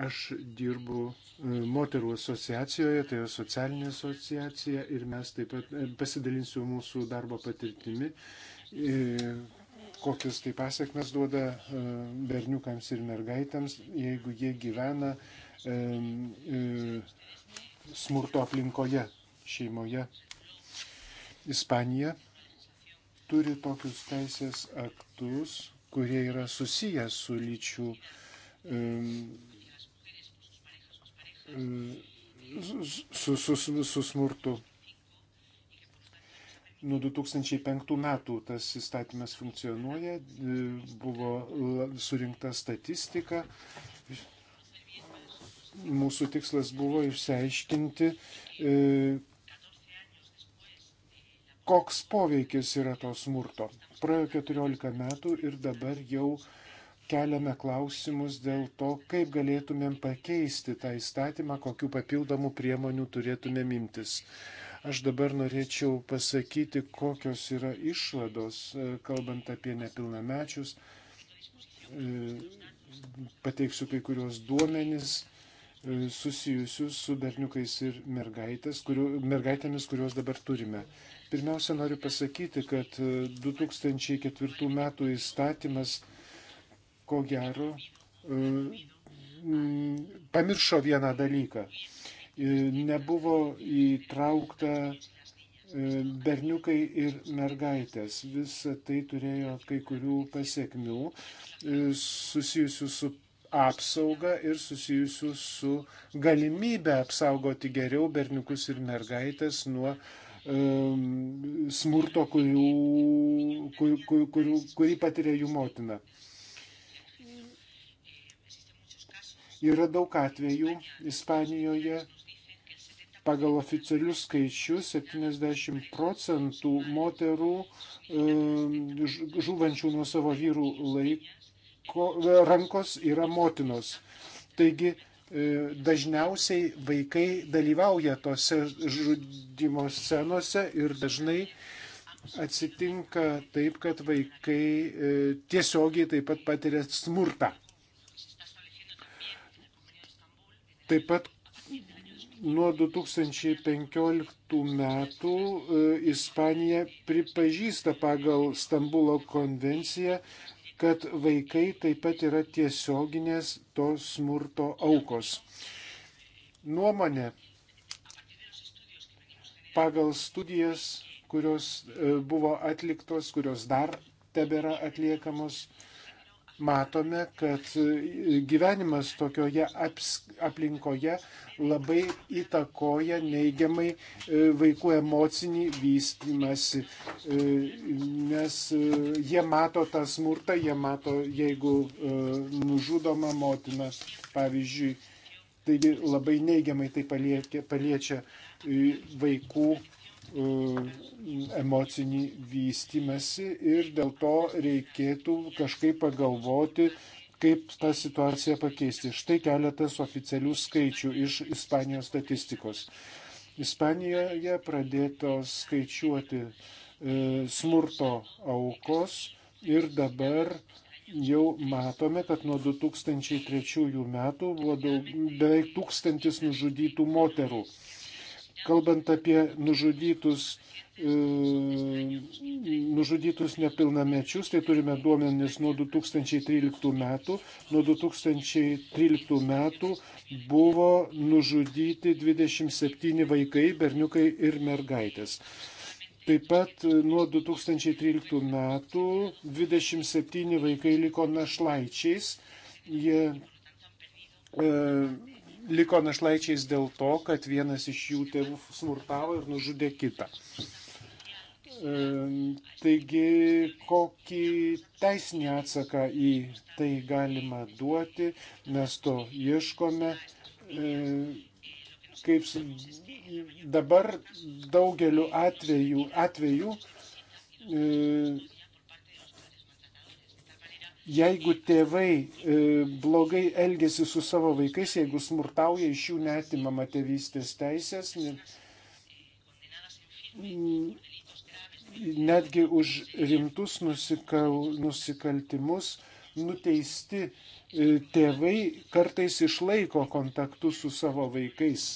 Aš dirbu e, moterų asociacijoje, tai yra socialinė asociacija ir mes taip pat e, pasidalinsiu mūsų darbo patirtimi, e, kokias tai pasiekmes duoda berniukams ir mergaitėms, jeigu jie gyvena smurto aplinkoje šeimoje. Ispanija turi tokius teisės aktus, kurie yra susiję su lyčių su, su, su, su smurtu. Nuo 2005 metų tas įstatymas funkcionuoja, buvo surinkta statistika, mūsų tikslas buvo išsiaiškinti, e, koks poveikis yra to smurto. Praėjo 14 metų ir dabar jau keliame klausimus dėl to, kaip galėtumėm pakeisti tą įstatymą, kokiu papildomų priemonių turėtumėm imtis. Aš dabar norėčiau pasakyti, kokios yra išvados, e, kalbant apie nepilnamečius. E, pateiksiu kai kurios duomenys susijusių su berniukais ir kurių, mergaitėmis, kuriuos dabar turime. Pirmiausia, noriu pasakyti, kad 2004 e, metų įstatymas, ko gero, e, pamiršo vieną dalyką. E, nebuvo įtraukta berniukai ir mergaitės. Visa tai turėjo kai kurių pasiekmių susijusių su apsaugą ir susijusių su galimybę apsaugoti geriau berniukus ir mergaitės nuo um, smurto, kurių, kur, kur, kur, kurį patiria jų motina. Yra daug atvejų Ispanijoje, pagal oficialius skaičius 70 procentų moterų žuvančių nuo savo vyrų laik, ranko, e, rankos yra motinos. Taigi e, dažniausiai vaikai dalyvauja tose žudimo scenose ir dažnai atsitinka taip, kad vaikai e, tiesiogiai taip pat patiria smurtą. Taip pat nuo 2015 metų Ispanija pripažįsta pagal Stambulo konvenciją kad vaikai taip pat yra tiesioginės to smurto aukos. Nuomonė pagal studijas, kurios e, buvo atliktos, kurios dar tebėra atliekamos, matome, kad e, gyvenimas tokioje aplinkoje labai įtakoja neigiamai e, vaikų emocinį vystimąsi, e, nes jie mato tą smurtą, jie mato, jeigu nužudoma motina, pavyzdžiui, taigi labai neigiamai tai paliečia vaikų Mm, emocinį vystimąsi ir dėl to reikėtų kažkaip pagalvoti, kaip tą situaciją pakeisti. Štai keletas oficialių skaičių iš Ispanijos statistikos. Ispanijoje pradėtos skaičiuoti e, smurto aukos ir dabar jau matome, kad nuo 2003 metų buvo daug, beveik tūkstantis nužudytų moterų. Kalbant apie nužudytus, e, nužudytus nepilnamečius, tai turime duomenis nuo 2013 metų. Nuo 2013 metų buvo nužudyti 27 vaikai, berniukai ir mergaitės. Taip pat e, nuo 2013 metų 27 vaikai liko našlaičiais. Jie e, liko našlaičiais dėl to, kad vienas iš jų tėvų smurtavo ir nužudė kitą. E, taigi, kokį teisinį atsaką į tai galima duoti, mes to ieškome. E, kaip dabar daugeliu atveju, atveju e, Jeigu tėvai e, blogai elgesi su savo vaikais, jeigu smurtauja, iš jų netimama tėvystės teisės, net, netgi už rimtus nusikal, nusikaltimus nuteisti e, tėvai kartais išlaiko kontaktus su savo vaikais.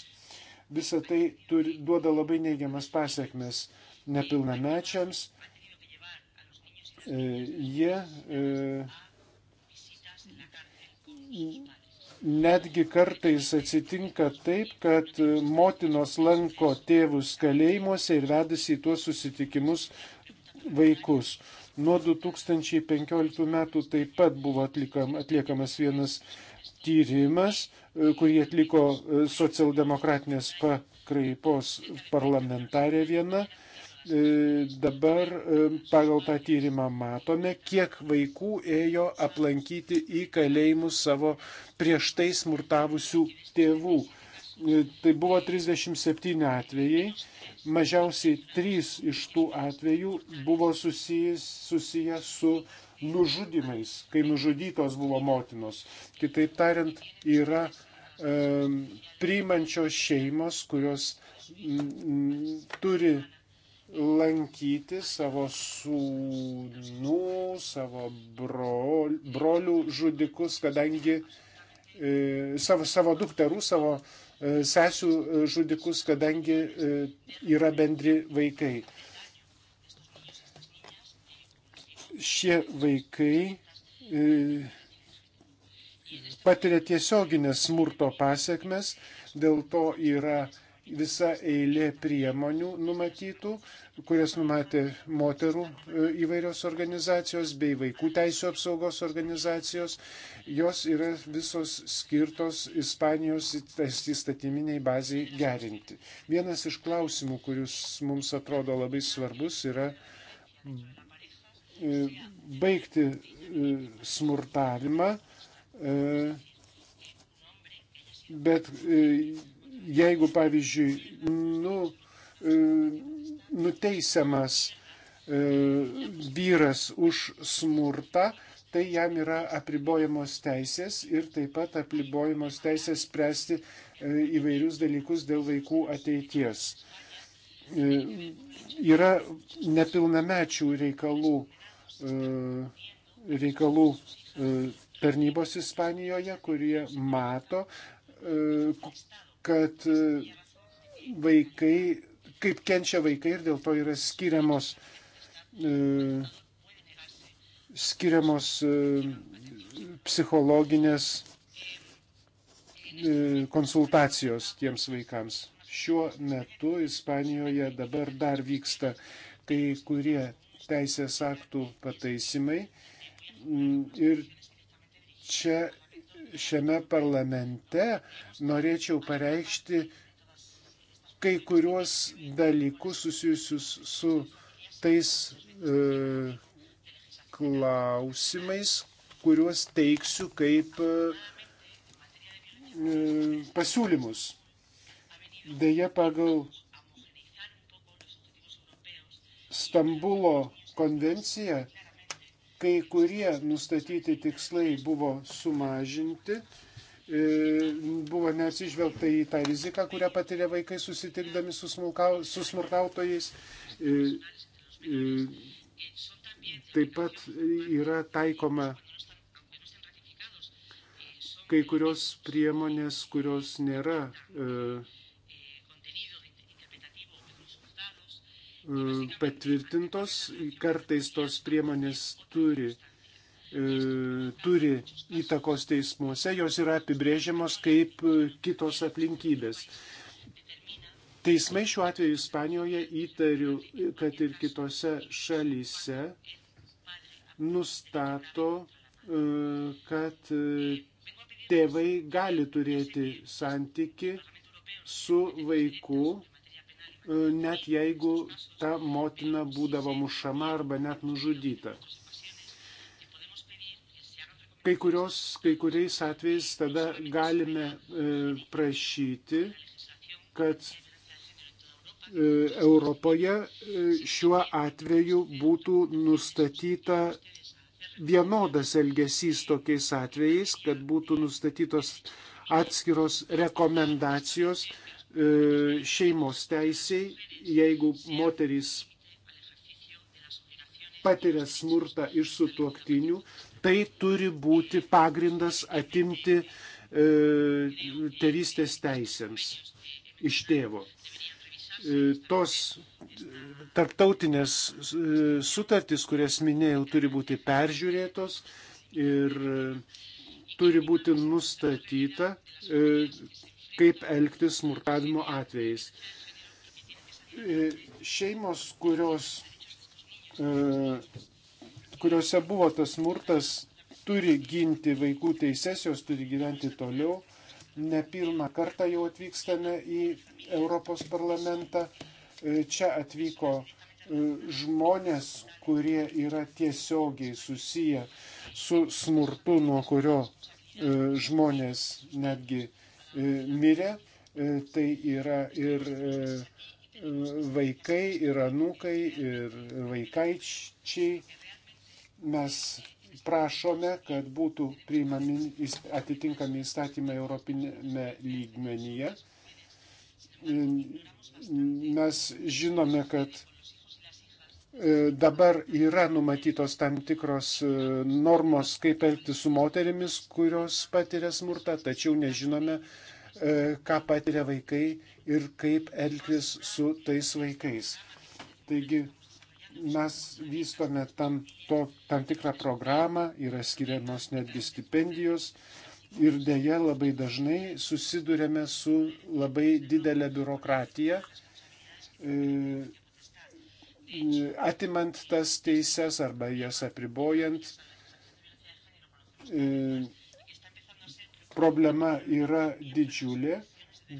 Visą tai turi, duoda labai neigiamas pasiekmes nepilnamečiams, e, jie e, netgi kartais atsitinka taip, kad motinos lanko tėvus kalėjimuose ir vedasi į tuos susitikimus vaikus. Nuo 2015 metų taip pat buvo atlikam, atliekamas vienas tyrimas, e, kurį atliko e, socialdemokratinės pakraipos parlamentarė viena. E, dabar e, pagal tą tyrimą matome, kiek vaikų ėjo aplankyti į kalėjimus savo prieš tai smurtavusių tėvų. E, tai buvo 37 atvejai. Mažiausiai 3 iš tų atvejų buvo susijęs, susijęs su nužudimais, kai nužudytos buvo motinos. Kitaip tariant, yra e, priimančios šeimos, kurios m, turi lankyti savo sūnų, savo brol, brolių žudikus, kadangi e, savo, savo dukterų, savo e, sesių e, žudikus, kadangi e, yra bendri vaikai. Šie vaikai e, patiria tiesioginės smurto pasiekmes, dėl to yra e, visa eilė priemonių numatytų, kurias numatė moterų e, įvairios organizacijos bei vaikų teisų apsaugos organizacijos. Jos yra visos skirtos Ispanijos įstatyminiai baziai gerinti. Vienas iš klausimų, kuris mums atrodo labai svarbus, yra e, baigti e, smurtavimą, bet jeigu, pavyzdžiui, nu, e, nuteisiamas e, vyras už smurtą, tai jam yra apribojamos teisės ir taip pat apribojamos teisės spręsti e, įvairius dalykus dėl vaikų ateities. Yra nepilnamečių reikalų, reikalų tarnybos Ispanijoje, kurie mato, kad e, vaikai, kaip kenčia vaikai ir dėl to yra skiriamos, e, skiriamos e, psichologinės konsultacijos tiems vaikams. Šiuo metu Ispanijoje dabar dar vyksta kai kurie teisės aktų pataisimai mm, ir čia šiame parlamente norėčiau pareikšti kai kuriuos dalykus susijusius su tais e, klausimais, kuriuos teiksiu kaip e, pasiūlymus. Deja, pagal Stambulo konvenciją Kai kurie nustatyti tikslai buvo sumažinti, e, buvo neatsižvelgta į tą riziką, kurią patiria vaikai susitikdami su, smulkau, su smurtautojais. E, e, taip pat yra taikoma kai kurios priemonės, kurios nėra e, Mm, patvirtintos, kartais tos priemonės turi, e, turi įtakos teismuose, jos yra apibrėžiamos kaip kitos aplinkybės. Teismai šiuo atveju Ispanijoje įtariu, kad ir kitose šalyse nustato, e, kad e, tėvai gali turėti santyki su vaiku E, net jeigu ta motina būdavo mušama arba net nužudyta. Kai, kurios, kai kuriais atvejais tada galime e, prašyti, kad e, Europoje šiuo atveju būtų nustatyta vienodas elgesys tokiais atvejais, kad būtų nustatytos atskiros rekomendacijos E, šeimos teisiai, jeigu moterys patiria smurtą iš sutuoktinių, tai turi būti pagrindas atimti e, tėvystės teisėms iš tėvo. E, tos tarptautinės e, sutartys, kurias minėjau, turi būti peržiūrėtos ir turi būti nustatyta, e, kaip elgtis smurtavimo atvejais. E, šeimos, kurios, e, kuriuose buvo tas smurtas, turi ginti vaikų teises, jos turi gyventi toliau. Ne pirmą kartą jau atvykstame į Europos parlamentą. E, čia atvyko žmonės, kurie yra tiesiogiai susiję su smurtu, nuo kurio žmonės netgi E, mirė, e, tai yra ir e, vaikai, ir anūkai, ir vaikaičiai. Mes prašome, kad būtų priimami atitinkami įstatymai Europinėme lygmenyje. Mes žinome, kad E, dabar yra numatytos tam tikros e, normos, kaip elgtis su moterimis, kurios patiria smurtą, tačiau nežinome, e, ką patiria vaikai ir kaip elgtis su tais vaikais. Taigi mes vystome tam, to, tam tikrą programą, yra skiriamos netgi stipendijos ir dėja labai dažnai susidurėme su labai didelė biurokratija. E, E, atimant tas teises arba jas apribojant. E, problema yra didžiulė,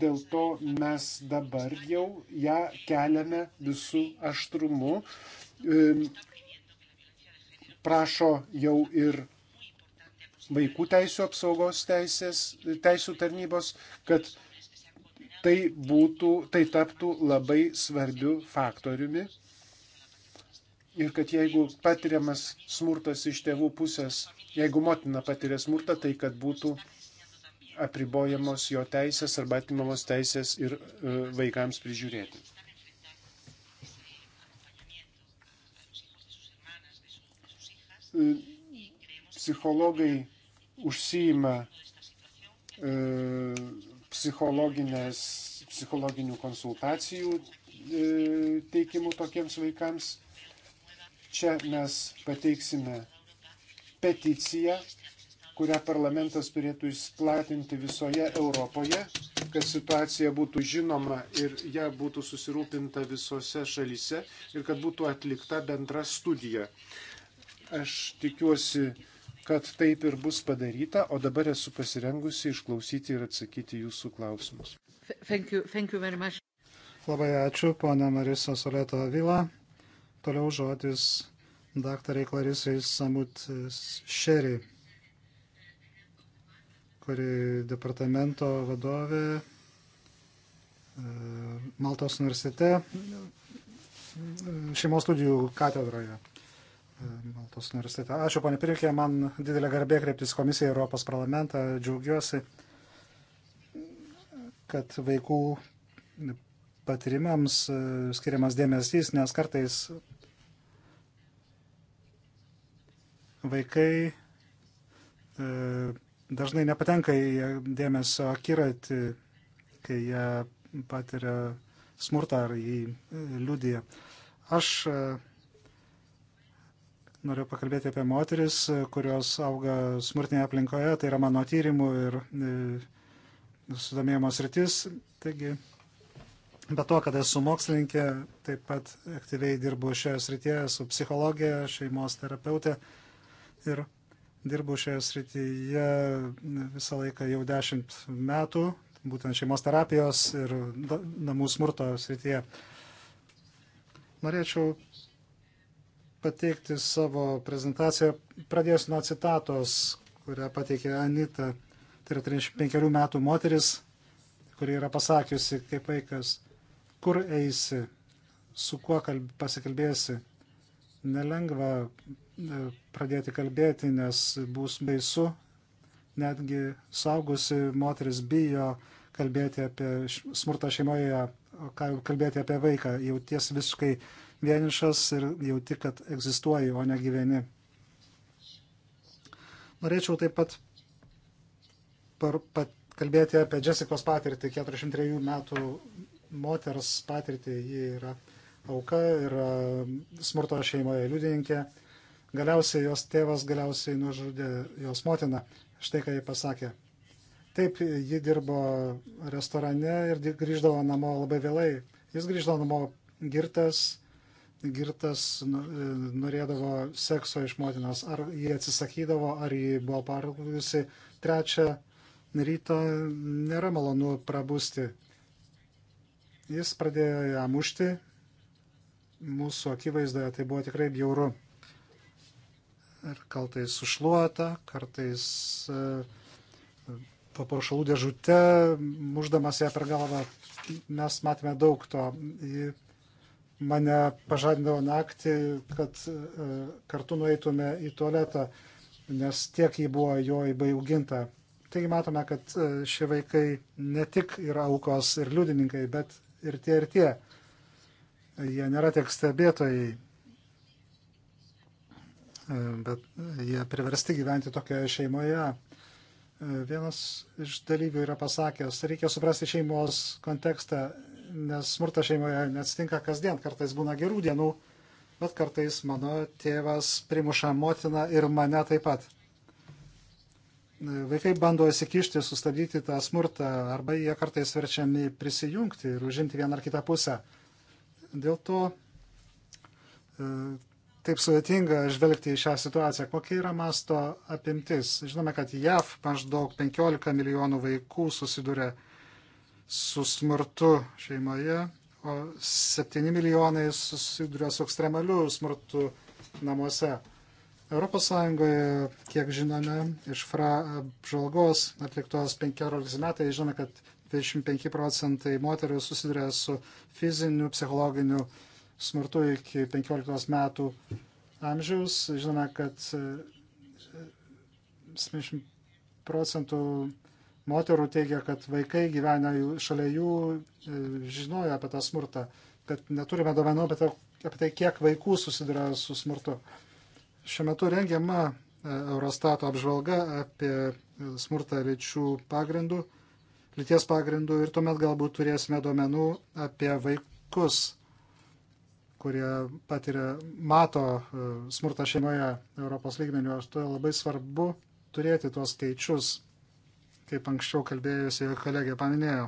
dėl to mes dabar jau ją keliame visų aštrumu. E, prašo jau ir vaikų teisų apsaugos teisės, teisų tarnybos, kad tai būtų, tai taptų labai svarbiu faktoriumi ir kad jeigu patiriamas smurtas iš tėvų pusės, jeigu motina patiria smurtą, tai kad būtų apribojamos jo teisės arba atimamos teisės ir e, vaikams prižiūrėti. E, psichologai užsijima e, psichologinių konsultacijų teikimu tokiems vaikams Čia mes pateiksime peticiją, kurią parlamentas turėtų išplatinti visoje Europoje, kad situacija būtų žinoma ir ją būtų susirūpinta visose šalyse ir kad būtų atlikta bendra studija. Aš tikiuosi, kad taip ir bus padaryta, o dabar esu pasirengusi išklausyti ir atsakyti jūsų klausimus. Thank you, thank you Labai ačiū, ponia Marisa Soleto Vila. Toliau žodis daktarai Klarisai Samut Šeri, kuri departamento vadovė e, Maltos universitete e, šeimos studijų katedroje. E, Maltos universitete. Ačiū, ponė Pirkė, man didelė garbė kreiptis komisiją Europos parlamentą. Džiaugiuosi, kad vaikų patirimams skiriamas dėmesys, nes kartais Vaikai e, dažnai nepatenka į dėmesio akiratį, kai jie patiria smurtą ar jį e, liudyje. Aš e, noriu pakalbėti apie moteris, kurios auga smurtinėje aplinkoje, tai yra mano tyrimų ir sudomėjimos rytis. Taigi, be to, kad esu mokslininkė, taip pat aktyviai dirbu šioje srityje, esu psichologija, šeimos terapeutė ir dirbu šioje srityje visą laiką jau dešimt metų, būtent šeimos terapijos ir namų smurto srityje. Norėčiau pateikti savo prezentaciją. Pradėsiu nuo citatos, kurią pateikė Anita. Tai yra 35 metų moteris, kuri yra pasakiusi kaip vaikas, kur eisi, su kuo kalb... pasikalbėsi nelengva e, pradėti kalbėti, nes bus baisu. Netgi saugusi moteris bijo kalbėti apie smurtą šeimoje, ką jau kalbėti apie vaiką. Jauties visiškai vienišas ir jauti, kad egzistuoji, o ne gyveni. Norėčiau taip pat par, pat, kalbėti apie Jessicos patirtį, 43 metų moters patirtį. Ji yra uh, auka, yra smurto šeimoje liudininkė. Galiausiai jos tėvas galiausiai nužudė jos motiną. Štai ką ji pasakė. Taip, ji dirbo restorane ir grįždavo namo labai vėlai. Jis grįždavo namo girtas, girtas nu, e, norėdavo sekso iš motinos. Ar jį atsisakydavo, ar jį buvo parūkusi. Trečią ryto nėra malonu prabusti. Jis pradėjo ją mušti, mūsų akivaizdoje tai buvo tikrai bjauru. Ir kartais sušluota, kartais e, paparšalų dėžute, muždamas ją per galvą. Mes matėme daug to. Ji mane pažadindavo naktį, kad e, kartu nueitume į tualetą, nes tiek jį buvo jo įbaiginta. Taigi matome, kad e, šie vaikai ne tik yra aukos ir liudininkai, bet ir tie ir tie. Jie nėra tiek stebėtojai, bet jie priversti gyventi tokioje šeimoje. Vienas iš dalyvių yra pasakęs, reikia suprasti šeimos kontekstą, nes smurta šeimoje neatsitinka kasdien, kartais būna gerų dienų, bet kartais mano tėvas primuša motiną ir mane taip pat. Vaikai bando įsikišti, sustabdyti tą smurtą arba jie kartais verčiami prisijungti ir užimti vieną ar kitą pusę. Dėl to e, taip sudėtinga žvelgti į šią situaciją. Kokia yra masto apimtis? Žinome, kad JAV maždaug 15 milijonų vaikų susiduria su smurtu šeimoje, o 7 milijonai susiduria su ekstremaliu smurtu namuose. ES, kiek žinome, iš FRA apžvalgos atliktos 15 metai, žinome, kad 25 procentai moterų susiduria su fiziniu, psichologiniu smurtu iki 15 metų amžiaus. Žinome, kad 70 e, procentų moterų teigia, kad vaikai gyvena šalia jų, e, žinojo apie tą smurtą, kad neturime domenų apie, apie tai, kiek vaikų susiduria su smurtu. Šiuo metu rengiama e, Eurostato apžvalga apie smurtą lyčių pagrindų lyties pagrindų ir tuomet galbūt turėsime duomenų apie vaikus, kurie patiria, mato e, smurtą šeimoje Europos lygmenių. Aš to labai svarbu turėti tuos skaičius, kaip anksčiau kalbėjusi kolegė paminėjo.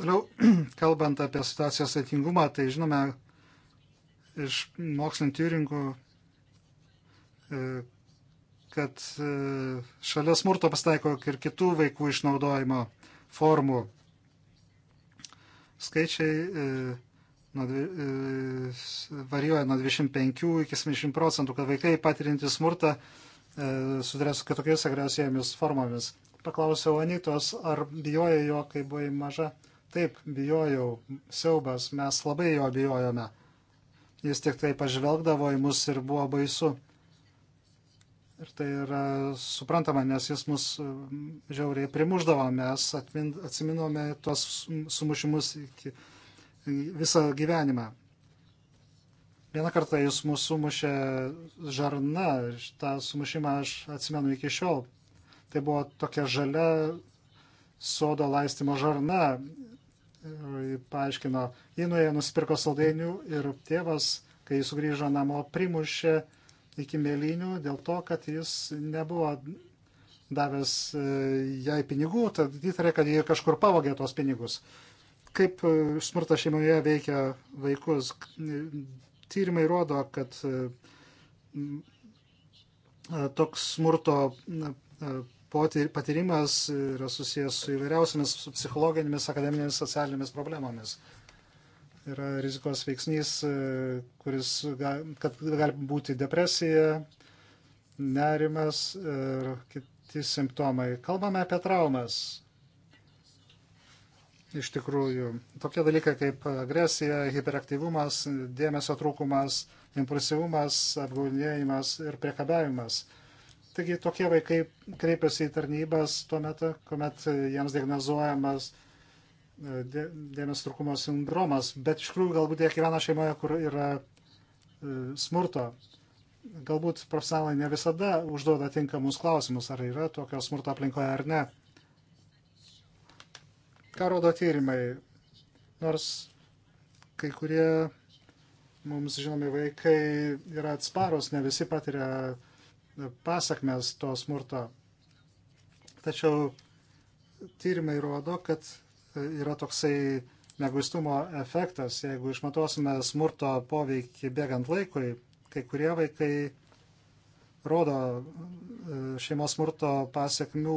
Toliau, kalbant apie situacijos sveitingumą, tai žinome iš mokslinio tyringų, e, kad e, šalia smurto pasitaiko ir kitų vaikų išnaudojimo formų. Skaičiai e, nuo, e, varijuoja nuo 25 iki 70 procentų, kad vaikai patirinti smurtą sudarė su kitokiais agresijėmis formomis. Paklausiau Anitos, ar bijojo jo, kai buvai maža. Taip, bijojau, siaubas, mes labai jo bijojome. Jis tik tai pažvelgdavo į mus ir buvo baisu. Ir tai yra suprantama, nes jis mus e, žiauriai primuždavo, mes atsiminome tuos sumušimus visą gyvenimą. Vieną kartą jis mus sumušė žarna, šitą sumušimą aš atsimenu iki šiol. Tai buvo tokia žalia sodo laistimo žarna. Ir paaiškino, ji nuėjo, nusipirko saldainių ir tėvas, kai jis sugrįžo namo, primušė uh, iki mėlynių dėl to, kad jis nebuvo davęs e, jai pinigų, tad įtarė, kad jie kažkur pavogė tuos pinigus. Kaip e, smurtas šeimoje veikia vaikus? Tyrimai rodo, kad e, toks smurto patyrimas yra susijęs su įvairiausiamis su psichologinėmis, akademinėmis, socialinėmis problemomis yra rizikos veiksnys, e, kuris gali, kad gali būti depresija, nerimas ir kiti simptomai. Kalbame apie traumas. Iš tikrųjų, tokie dalykai kaip agresija, hiperaktyvumas, dėmesio trūkumas, impulsyvumas, apgaudinėjimas ir priekabiavimas. Taigi tokie vaikai kreipiasi į tarnybas tuo metu, kuomet jiems diagnozuojamas uh, dėmesio trūkumo sindromas, bet iš tikrųjų galbūt jie gyvena šeimoje, kur yra e, smurto. Galbūt profesionalai ne visada užduoda tinkamus klausimus, ar yra tokio smurto aplinkoje ar ne. Ką rodo tyrimai? Nors kai kurie mums žinomi vaikai yra atsparus, ne visi patiria e, pasakmes to smurto. Tačiau tyrimai rodo, kad yra toksai mėguistumo efektas. Jeigu išmatuosime smurto poveikį bėgant laikui, kai kurie vaikai rodo e, šeimos smurto pasiekmių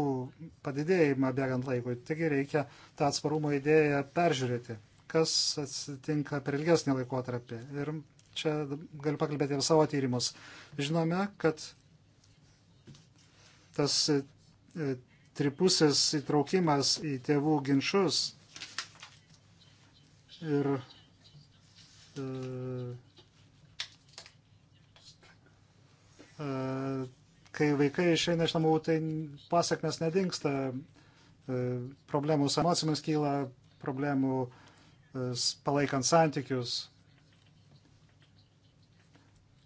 padidėjimą bėgant laikui. Taigi reikia tą atsparumo idėją peržiūrėti, kas atsitinka per ilgesnį laikotarpį. Ir čia galiu pakalbėti apie savo tyrimus. Žinome, kad tas e, tripusis įtraukimas į tėvų ginčius ir e, e, kai vaikai išeina iš namų, tai pasakmes nedingsta, e, problemų su emocijomis kyla, problemų e, palaikant santykius.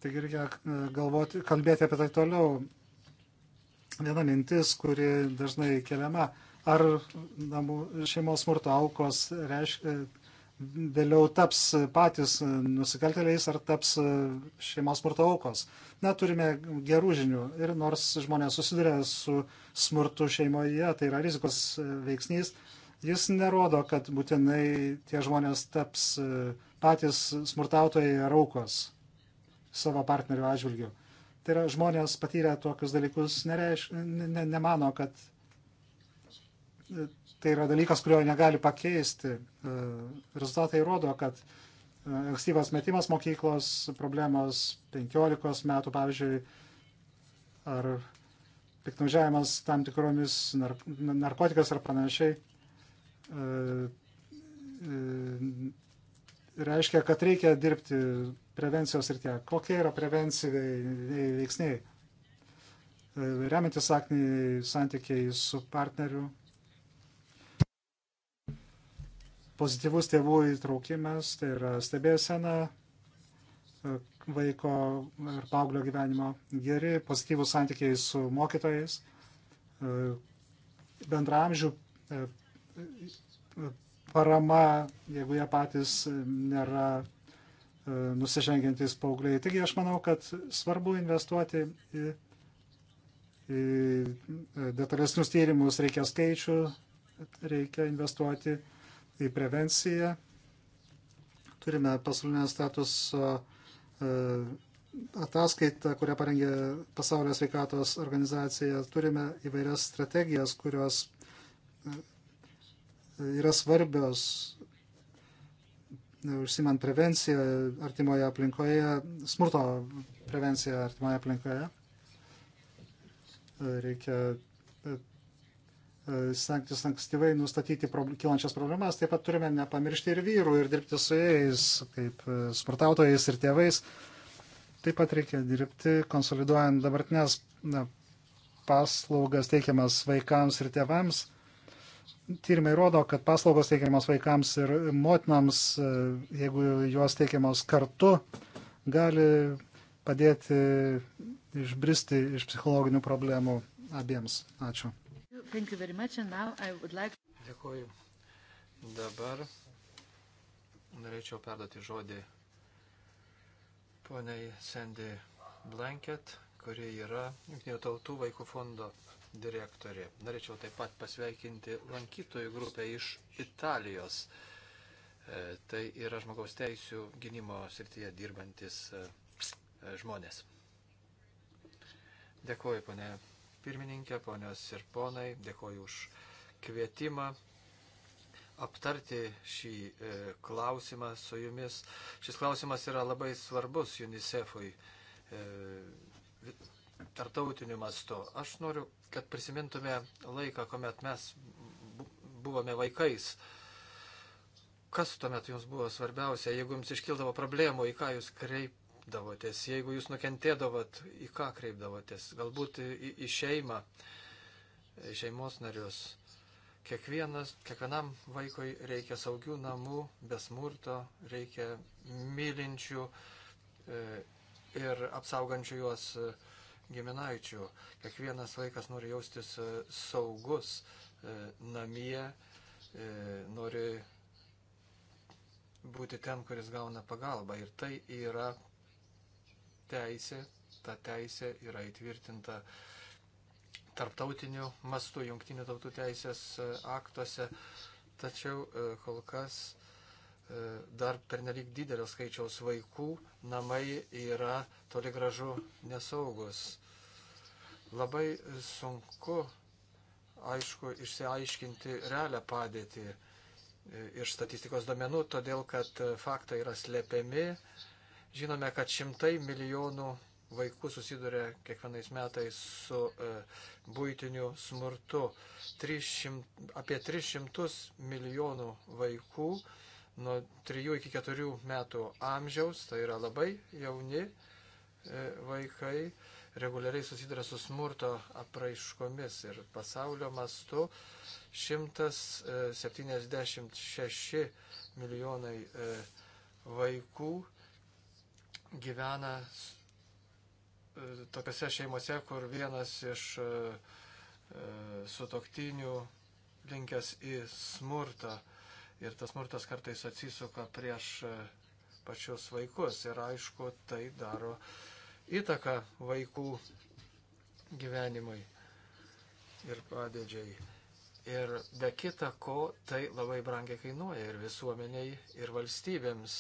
Taigi reikia e, galvoti, kalbėti apie tai toliau viena mintis, kuri dažnai keliama. Ar namų, šeimos smurto aukos reiškia, vėliau taps patys nusikaltėliais ar taps šeimos smurto aukos. Na, turime gerų žinių ir nors žmonės susiduria su smurtu šeimoje, tai yra rizikos veiksnys, jis nerodo, kad būtinai tie žmonės taps patys smurtautojai ar aukos savo partnerių atžvilgių. Tai yra žmonės patyrę tokius dalykus nereiš, ne, ne, nemano, kad e, tai yra dalykas, kurio negali pakeisti. E, rezultatai rodo, kad e, ankstyvas metimas mokyklos, problemos 15 metų, pavyzdžiui, ar piknaudžiavimas tam tikromis narkotikas ar panašiai, reiškia, kad reikia dirbti prevencijos rytėje. Kokie yra prevenciniai veiksniai? E, remiantis akniai santykiai su partneriu, pozityvus tėvų įtraukimas, tai yra stebėsena e, vaiko ir paauglio gyvenimo, geri pozityvus santykiai su mokytojais, e, bendramžių parama, jeigu jie patys nėra E, nusižengiantys paaugliai. Taigi aš manau, kad svarbu investuoti į, į e, detalesnius tyrimus, reikia skaičių, reikia investuoti į prevenciją. Turime pasaulinę status e, ataskaitą, kurią parengė Pasaulio sveikatos organizacija. Turime įvairias strategijas, kurios yra svarbios užsimant prevenciją artimoje aplinkoje, smurto prevenciją artimoje aplinkoje. Reikia e, e, stengtis ankstyvai nustatyti kilančias problemas. Taip pat turime nepamiršti ir vyrų ir dirbti su jais, kaip e, smurtautojais ir tėvais. Taip pat reikia dirbti, konsoliduojant dabartinės na, paslaugas teikiamas vaikams ir tėvams tyrimai rodo, kad paslaugos teikiamos vaikams ir motinams, e, jeigu juos teikiamos kartu, gali padėti išbristi iš psichologinių problemų abiems. Ačiū. Like... Dėkuoju. Dabar norėčiau perduoti žodį poniai Sandy Blanket, kuri yra Junktinių tautų vaikų fondo direktorė. Norėčiau taip pat pasveikinti lankytojų grupę iš Italijos. E, tai yra žmogaus teisų gynimo srityje dirbantis e, e, žmonės. Dėkuoju, ponė pirmininkė, ponios ir ponai, dėkuoju už kvietimą aptarti šį e, klausimą su jumis. Šis klausimas yra labai svarbus UNICEF'ui. E, tartautiniu mastu. Aš noriu, kad prisimintume laiką, kuomet mes buvome vaikais. Kas tuomet jums buvo svarbiausia, jeigu jums iškildavo problemų, į ką jūs kreipdavotės, jeigu jūs nukentėdavot, į ką kreipdavotės, galbūt į, į šeimą, į šeimos narius. Kiekvienas, kiekvienam vaikui reikia saugių namų, besmurto, reikia mylinčių e, ir apsaugančių juos. E, giminaičių. Kiekvienas vaikas nori jaustis e, saugus e, namie, e, nori būti ten, kuris gauna pagalbą. Ir tai yra teisė, ta teisė yra įtvirtinta tarptautiniu mastu, jungtinių tautų teisės aktuose. Tačiau kol kas E, dar pernelyg didelio skaičiaus vaikų namai yra toli gražu nesaugus. Labai sunku, aišku, išsiaiškinti realią padėtį e, iš statistikos domenų, todėl kad e, faktai yra slepiami. Žinome, kad šimtai milijonų vaikų susiduria kiekvienais metais su e, būtiniu smurtu. 300, apie 300 milijonų vaikų e, nuo 3 iki 4 metų amžiaus, tai yra labai jauni e, vaikai, reguliariai susiduria su smurto apraiškomis ir pasaulio mastu 176 e, milijonai e, vaikų gyvena tokiose šeimose, kur vienas iš sutoktinių linkęs į smurtą ir tas smurtas kartais atsisuka prieš e, pačius vaikus ir aišku, tai daro įtaką vaikų gyvenimui ir padėdžiai. Ir be kita ko, tai labai brangiai kainuoja ir visuomeniai, ir valstybėms.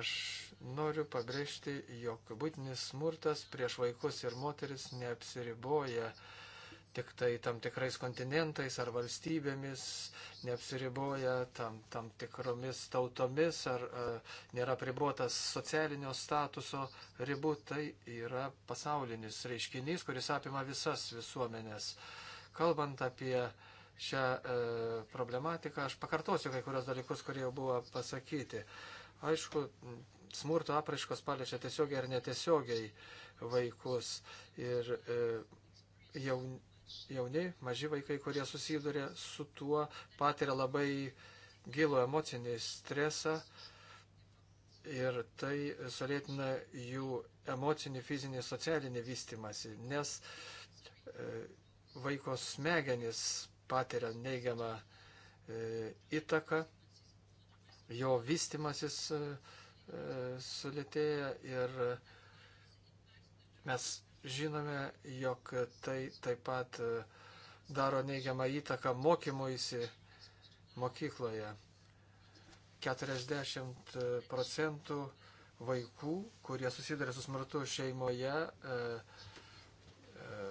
Aš noriu pabrėžti, jog būtinis smurtas prieš vaikus ir moteris neapsiriboja uh, tik tai tam tikrais kontinentais ar valstybėmis, neapsiriboja tam, tam tikromis tautomis ar e, nėra pribuotas socialinio statuso ribų, tai yra pasaulinis reiškinys, kuris apima visas visuomenės. Kalbant apie šią e, problematiką, aš pakartosiu kai kurios dalykus, kurie jau buvo pasakyti. Aišku, smurto apraiškos paliečia tiesiogiai ar netiesiogiai vaikus ir e, jaun, jauni, maži vaikai, kurie susiduria su tuo, patiria labai gilų emocinį stresą ir tai sulėtina jų emocinį, fizinį, socialinį vystimąsi, nes e, vaiko smegenis patiria neigiamą e, įtaką, jo vystimasis e, sulėtėja ir mes Žinome, jog tai taip pat e, daro neigiamą įtaką mokymuisi mokykloje. 40 e, procentų vaikų, kurie susiduria su smurtu šeimoje, e, e,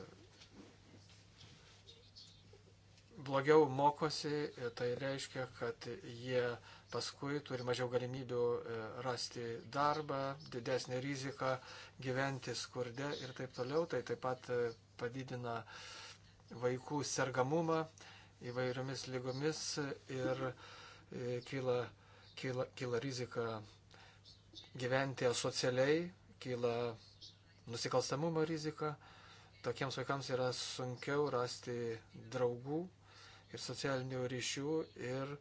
blogiau mokosi, e, tai reiškia, kad jie paskui turi mažiau galimybių e, rasti darbą, didesnė rizika gyventi skurde ir taip toliau. Tai taip pat e, padidina vaikų sergamumą įvairiomis lygomis ir e, kyla, kyla, kyla rizika gyventi asocialiai, kyla nusikalstamumo rizika. Tokiems vaikams yra sunkiau rasti draugų ir socialinių ryšių ir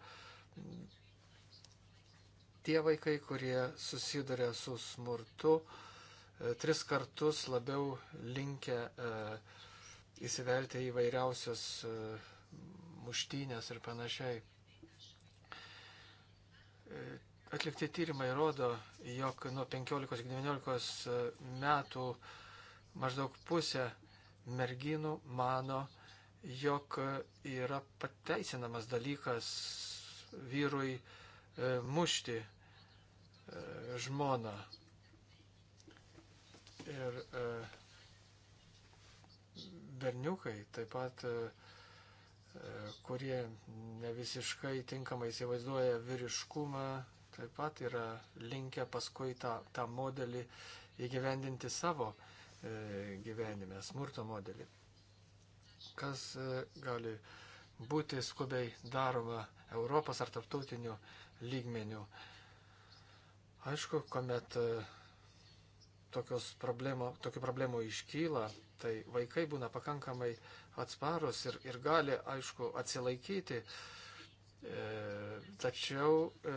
tie vaikai, kurie susiduria su smurtu, e, tris kartus labiau linkia e, įsivelti į vairiausias e, muštynės ir panašiai. Atlikti tyrimai rodo, jog nuo 15 iki 19 metų maždaug pusė merginų mano, jog yra pateisinamas dalykas vyrui uh, E, mušti e, žmoną. Ir e, berniukai taip pat, kurie ne visiškai tinkamai įsivaizduoja vyriškumą, taip pat yra linkę paskui tą, tą modelį įgyvendinti savo gyvenime, smurto modelį. Kas gali būti skubiai daroma Europos ar tarptautiniu lygmenių. Aišku, kuomet e, problemų, tokių problemų iškyla, tai vaikai būna pakankamai atsparus ir, ir gali, aišku, atsilaikyti. E, tačiau e,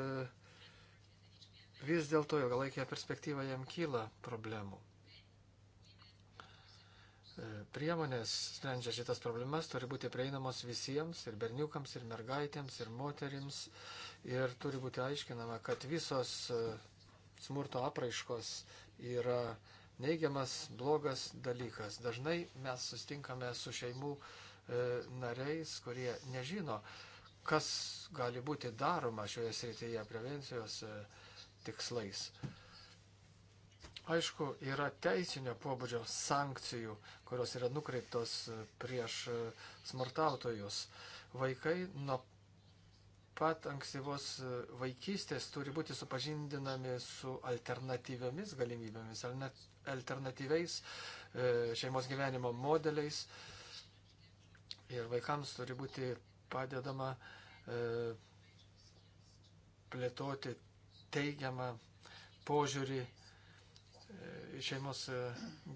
vis dėlto ilgalaikėje perspektyvoje jam kyla problemų priemonės, sprendžia šitas problemas, turi būti prieinamos visiems, ir berniukams, ir mergaitėms, ir moterims. Ir turi būti aiškinama, kad visos e, smurto apraiškos yra neigiamas, blogas dalykas. Dažnai mes sustinkame su šeimų e, nariais, kurie nežino, kas gali būti daroma šioje srityje prevencijos e, tikslais. Aišku, yra teisinio pobūdžio sankcijų, kurios yra nukreiptos e, prieš e, smartautojus. Vaikai nuo pat ankstyvos e, vaikystės turi būti supažindinami su alternatyviomis galimybėmis, alternatyviais šeimos gyvenimo modeliais. Ir vaikams turi būti padedama plėtoti teigiamą požiūrį šeimos e,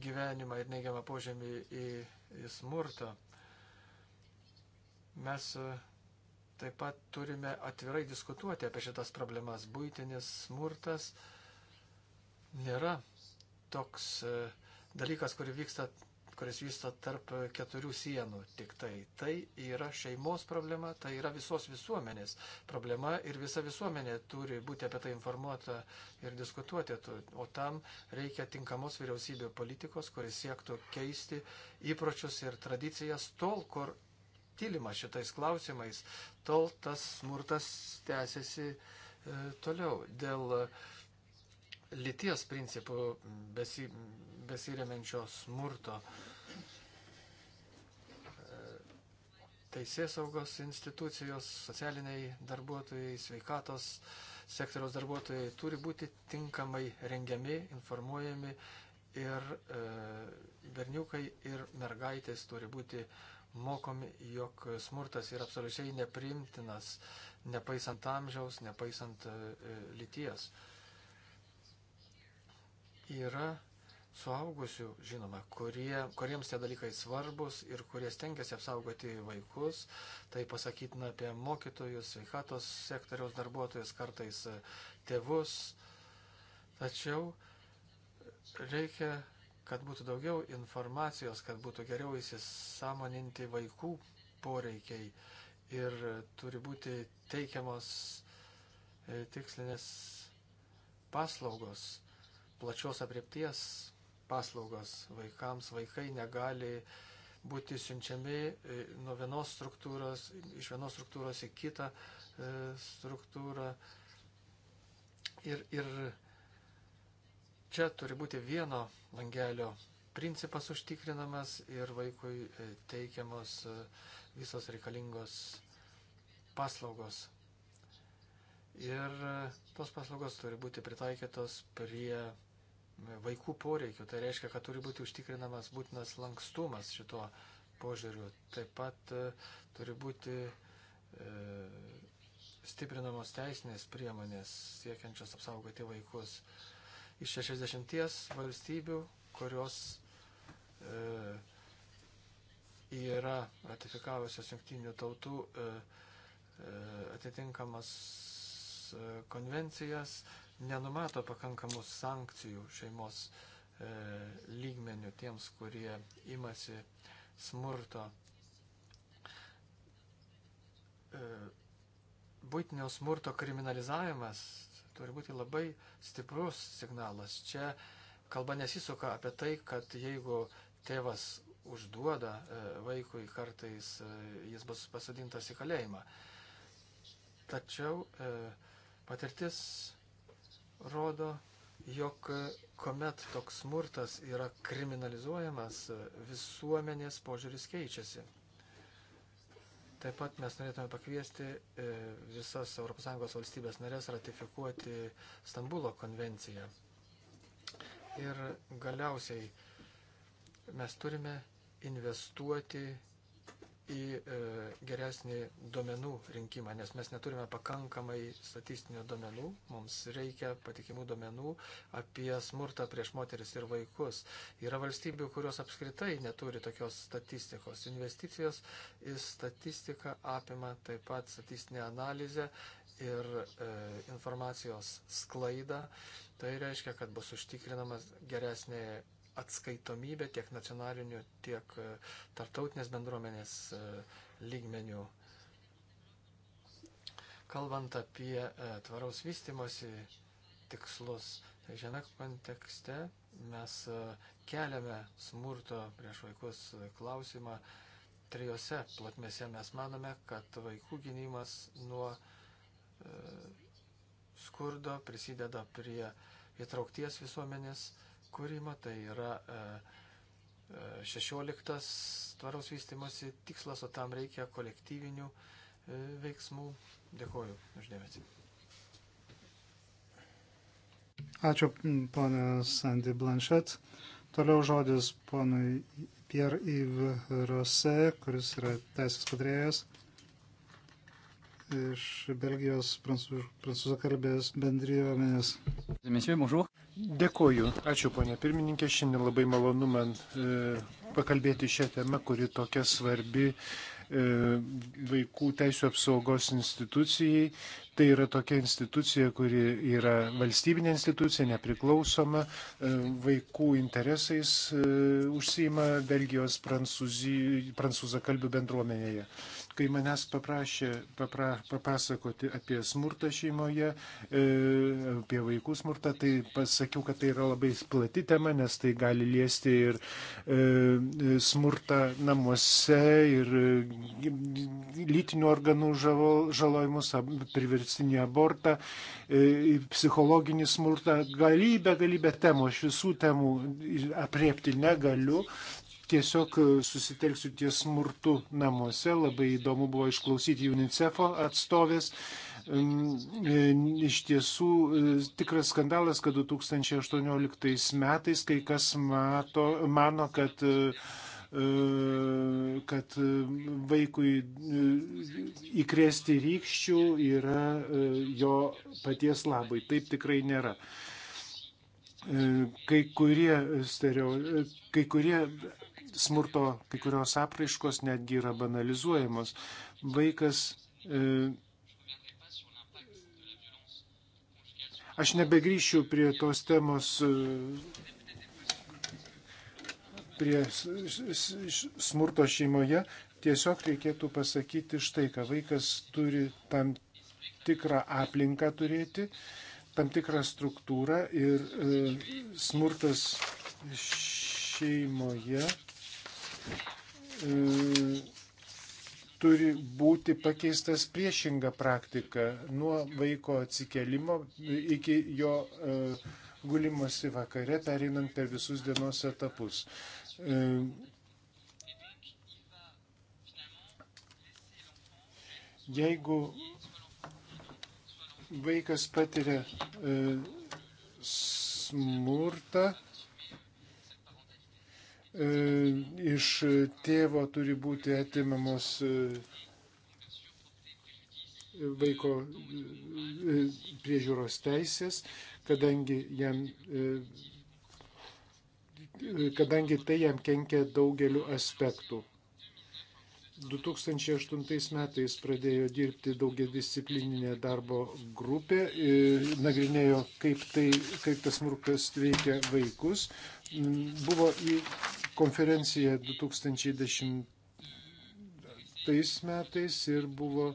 gyvenimą ir neigiamą požemį į, į smurtą. Mes e, taip pat turime atvirai diskutuoti apie šitas problemas. Būtinis smurtas nėra toks e, dalykas, kuri vyksta kuris vyksta tarp keturių sienų tik tai. Tai yra šeimos problema, tai yra visos visuomenės problema ir visa visuomenė turi būti apie tai informuota ir diskutuoti. O tam reikia tinkamos vyriausybių politikos, kuris siektų keisti įpročius ir tradicijas tol, kur tylima šitais klausimais, tol tas smurtas tęsiasi e, toliau. Dėl lyties principų besi besiremenčio smurto. Teisės saugos institucijos, socialiniai darbuotojai, sveikatos sektoriaus darbuotojai turi būti tinkamai rengiami, informuojami ir e, berniukai ir mergaitės turi būti mokomi, jog smurtas yra absoliučiai nepriimtinas, nepaisant amžiaus, nepaisant e, lyties. Yra suaugusių, žinoma, kurie, kuriems tie dalykai svarbus ir kurie stengiasi apsaugoti vaikus. Tai pasakytina apie mokytojus, sveikatos sektoriaus darbuotojus, kartais e, tėvus. Tačiau reikia, kad būtų daugiau informacijos, kad būtų geriau įsisamoninti vaikų poreikiai ir turi būti teikiamos e, tikslinės paslaugos plačios apriepties paslaugos vaikams. Vaikai negali būti siunčiami e, nuo vienos struktūros, iš vienos struktūros į kitą e, struktūrą. Ir, ir čia turi būti vieno langelio principas užtikrinamas ir vaikui e, teikiamos visos reikalingos paslaugos. Ir tos paslaugos turi būti pritaikytos prie vaikų poreikių. Tai reiškia, kad turi būti užtikrinamas būtinas lankstumas šituo požiūriu. Taip pat e, turi būti e, stiprinamos teisinės priemonės siekiančios apsaugoti vaikus. Iš 60 valstybių, kurios e, yra ratifikavusios jungtinių tautų e, e atitinkamas e, konvencijas, nenumato pakankamų sankcijų šeimos e, lygmenių tiems, kurie imasi smurto. E, būtinio smurto kriminalizavimas turi būti labai stiprus signalas. Čia kalba nesisuka apie tai, kad jeigu tėvas užduoda e, vaikui, kartais e, jis bus pasadintas į kalėjimą. Tačiau e, patirtis rodo, jog kuomet toks smurtas yra kriminalizuojamas, visuomenės požiūris keičiasi. Taip pat mes norėtume pakviesti e, visas ES valstybės narės ratifikuoti Stambulo konvenciją. Ir galiausiai mes turime investuoti į e, geresnį duomenų rinkimą, nes mes neturime pakankamai statistinio duomenų, mums reikia patikimų duomenų apie smurtą prieš moteris ir vaikus. Yra valstybių, kurios apskritai neturi tokios statistikos. Investicijos į statistiką apima taip pat statistinę analizę ir e, informacijos sklaidą. Tai reiškia, kad bus užtikrinamas geresnė atskaitomybė tiek nacionaliniu, tiek e, tartautinės bendruomenės e, lygmenių. Kalbant apie e, tvaraus vystimosi tikslus, tai šiame kontekste mes keliame smurto prieš vaikus klausimą trijose plotmėse. Mes manome, kad vaikų gynimas nuo skurdo prisideda prie įtraukties visuomenės kūrimo, tai yra 16 e, e, tvaraus vystimosi tikslas, o tam reikia kolektyvinių e, veiksmų. Dėkuoju uždėmesi. Ačiū, ponė Sandy Blanchet. Toliau žodis ponui Pierre Yves Rose, kuris yra teisės patrėjas iš Belgijos prancūzakalbės bendrijomenės. Monsieur, bonjour. Dėkoju. Ačiū, ponė pirmininkė. Šiandien labai malonu man e, pakalbėti šią temą, kuri tokia svarbi e, vaikų teisų apsaugos institucijai. Tai yra tokia institucija, kuri yra valstybinė institucija, nepriklausoma, e, vaikų interesais e, užsima Belgijos prancūzakalbių bendruomenėje kai manęs paprašė papra, papasakoti apie smurtą šeimoje, e, apie vaikų smurtą, tai pasakiau, kad tai yra labai plati tema, nes tai gali liesti ir e, smurtą namuose, ir e, lytinių organų žalo, žalojimus, priverstinį abortą, e, psichologinį smurtą, galybę, galybę temų, aš visų temų apriepti negaliu. E, tiesiog e, susitelksiu ties smurtu namuose. Labai įdomu buvo išklausyti UNICEF'o atstovės. E, iš tiesų e, tikras skandalas, kad 2018 metais kai kas mato, mano, kad kad vaikui įkrėsti rykščių yra jo paties labai. Taip tikrai nėra kai kurie, stereo, kai kurie smurto kai kurios apraiškos netgi yra banalizuojamos. Vaikas. E, Aš nebegrįšiu prie tos temos, e, prie smurto šeimoje. Tiesiog reikėtų pasakyti štai, ką vaikas turi tam tikrą aplinką turėti, tam tikrą struktūrą ir e, smurtas šeimoje Mm, turi būti pakeistas priešinga praktika nuo vaiko atsikelimo iki jo e, gulimosi vakare, pereinant per visus dienos etapus. E, jeigu vaikas patiria e, smurtą, E, iš tėvo turi būti atimamos e, vaiko e, priežiūros teisės, kadangi, jam, kadangi tai jam kenkia daugeliu aspektų. 2008 metais pradėjo dirbti daugia disciplininė darbo grupė, nagrinėjo, kaip, tai, kaip tas smurtas veikia vaikus buvo į konferenciją 2010 metais ir buvo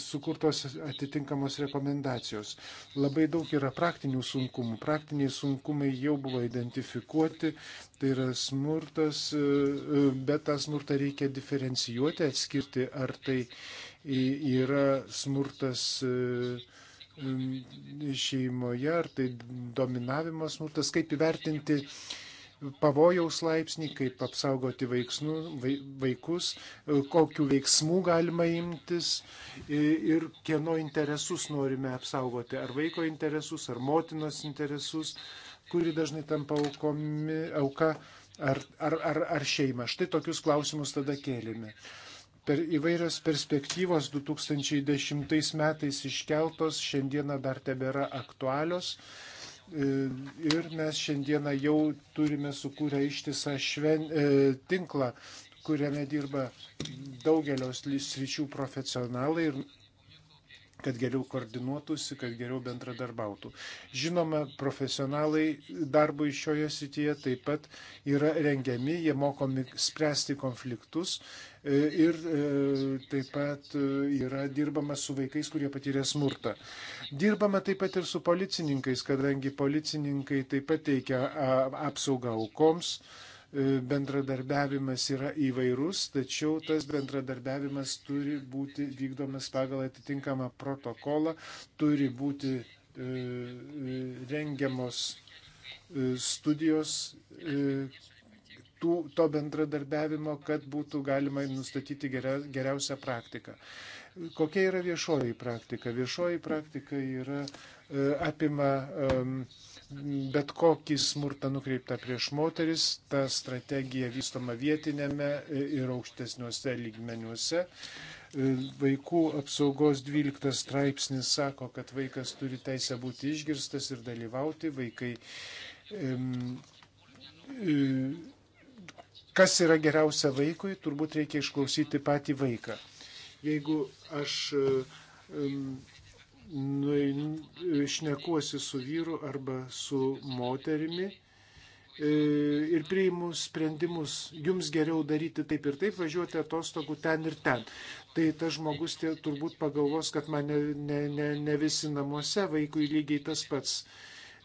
sukurtos atitinkamos rekomendacijos. Labai daug yra praktinių sunkumų. Praktiniai sunkumai jau buvo identifikuoti, tai yra smurtas, bet tą smurtą reikia diferencijuoti, atskirti, ar tai yra smurtas Mm, šeimoje, ar tai dominavimas smurtas, kaip įvertinti pavojaus laipsnį, kaip apsaugoti vaiksnų, vaikus, kokių veiksmų galima imtis ir kieno interesus norime apsaugoti, ar vaiko interesus, ar motinos interesus, kuri dažnai tampa aukomi, auka, ar, ar, ar, ar šeima. Štai tokius klausimus tada kėlėme. Per įvairios perspektyvos 2010 metais iškeltos šiandieną dar tebėra aktualios e, ir mes šiandieną jau turime sukūrę ištisą šven, e, tinklą, kuriame dirba daugelios sričių profesionalai ir kad geriau koordinuotųsi, kad geriau bendradarbautų. Žinoma, profesionalai darbui šioje srityje taip pat yra rengiami, jie mokomi spręsti konfliktus E, ir e, taip pat e, yra dirbama su vaikais, kurie patyrė smurtą. Dirbama taip pat ir su policininkais, kadangi policininkai taip pat teikia apsaugą aukoms. Bendradarbiavimas yra įvairus, tačiau tas bendradarbiavimas turi būti vykdomas pagal atitinkamą protokolą, turi būti rengiamos studijos, tų, to bendradarbiavimo, kad būtų galima nustatyti geria, geriausią praktiką. Kokia yra viešoji praktika? Viešoji praktika yra e, apima bet kokį smurtą nukreiptą prieš moteris, ta strategija vystoma vietinėme e, ir aukštesniuose lygmeniuose. E, vaikų apsaugos 12 straipsnis sako, kad vaikas turi teisę būti išgirstas ir dalyvauti. Vaikai kas yra geriausia vaikui, turbūt reikia išklausyti patį vaiką. Jeigu aš e, išnekuosi su vyru arba su moterimi e, ir priimu sprendimus, jums geriau daryti taip ir taip, važiuoti atostogų ten ir ten. Tai tas žmogus tie, turbūt pagalvos, kad mane ne, ne, ne visi namuose, vaikui lygiai tas pats. E,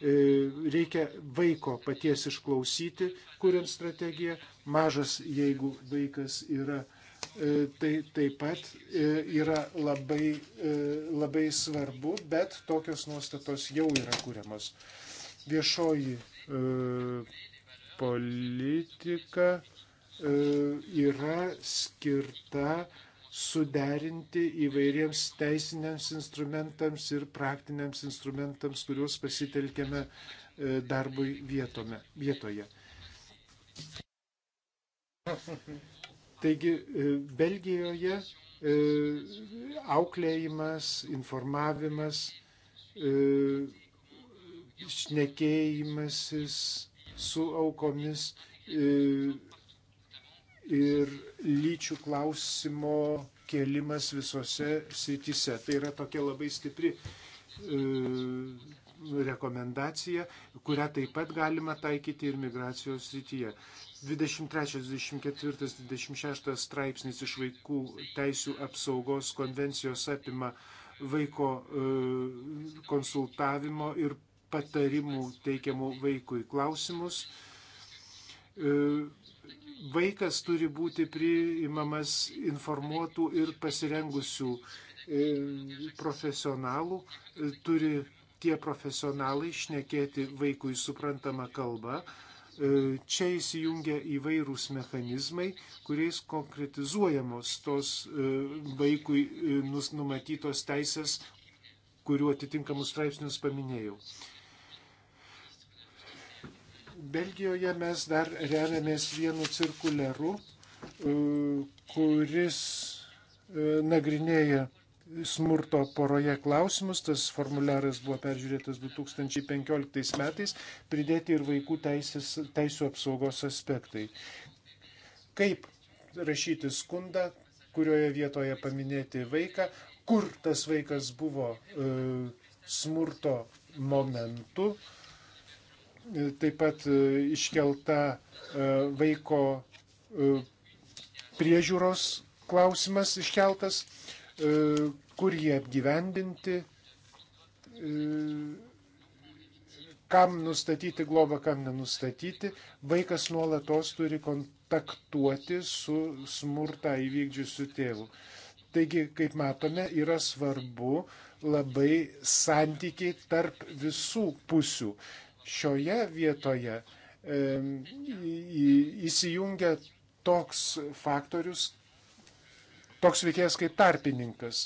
E, reikia vaiko paties išklausyti, kuriant strategiją. Mažas, jeigu vaikas yra, e, tai taip pat e, yra labai, labai svarbu, bet tokios nuostatos jau yra kuriamos. Viešoji politika yra skirta suderinti įvairiems teisiniams instrumentams ir praktiniams instrumentams, kuriuos pasitelkėme e, darbui vietome, vietoje. Taigi e, Belgijoje e, auklėjimas, informavimas, šnekėjimasis su aukomis ir lyčių klausimo kėlimas visose srityse. Tai yra tokia labai stipri e, rekomendacija, kurią taip pat galima taikyti ir migracijos srityje. 23, 24, 26 straipsnis iš vaikų teisų apsaugos konvencijos apima vaiko e, konsultavimo ir patarimų teikiamų vaikui klausimus. E, Vaikas turi būti priimamas informuotų ir pasirengusių e, profesionalų, e, turi tie profesionalai šnekėti vaikui suprantamą kalbą. E, čia įsijungia įvairūs mechanizmai, kuriais konkretizuojamos tos vaikui numatytos teisės, kuriuo atitinkamus straipsnius paminėjau. Belgijoje mes dar remiamės vienu cirkuliaru, e, kuris e, nagrinėja smurto poroje klausimus. Tas formuliaras buvo peržiūrėtas 2015 metais, pridėti ir vaikų teisės, teisų apsaugos aspektai. Kaip rašyti skundą, kurioje vietoje paminėti vaiką, kur tas vaikas buvo e, smurto momentu, e, E, taip pat e, iškelta e, vaiko priežiūros klausimas iškeltas, kur jie apgyvendinti, kam nustatyti globą, kam nenustatyti. Vaikas nuolatos turi kontaktuoti su smurtą įvykdžiusiu tėvu. Taigi, kaip matome, yra svarbu labai santykiai tarp visų pusių. Šioje vietoje įsijungia toks faktorius, toks veikėjas kaip tarpininkas,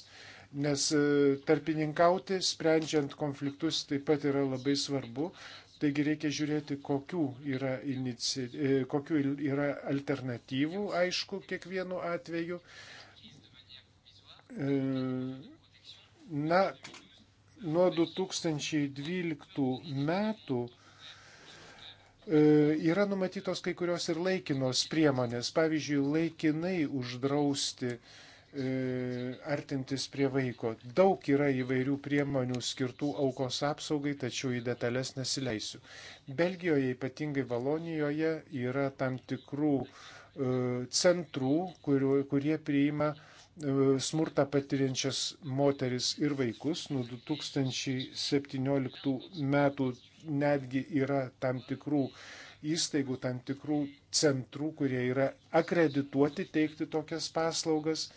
nes e, tarpininkauti, sprendžiant konfliktus, taip pat yra labai svarbu. Taigi reikia žiūrėti, kokių yra, inici... E, kokių yra alternatyvų, aišku, kiekvienu atveju. E, na, Nuo 2012 metų e, yra numatytos kai kurios ir laikinos priemonės, pavyzdžiui, laikinai uždrausti e, artintis prie vaiko. Daug yra įvairių priemonių skirtų aukos apsaugai, tačiau į detalės nesileisiu. Belgijoje, ypatingai Valonijoje, yra tam tikrų e, centrų, kurie priima uh, smurtą patiriančias moteris ir vaikus. Nuo 2017 metų netgi yra tam tikrų įstaigų, tam tikrų centrų, kurie yra akredituoti teikti tokias paslaugas.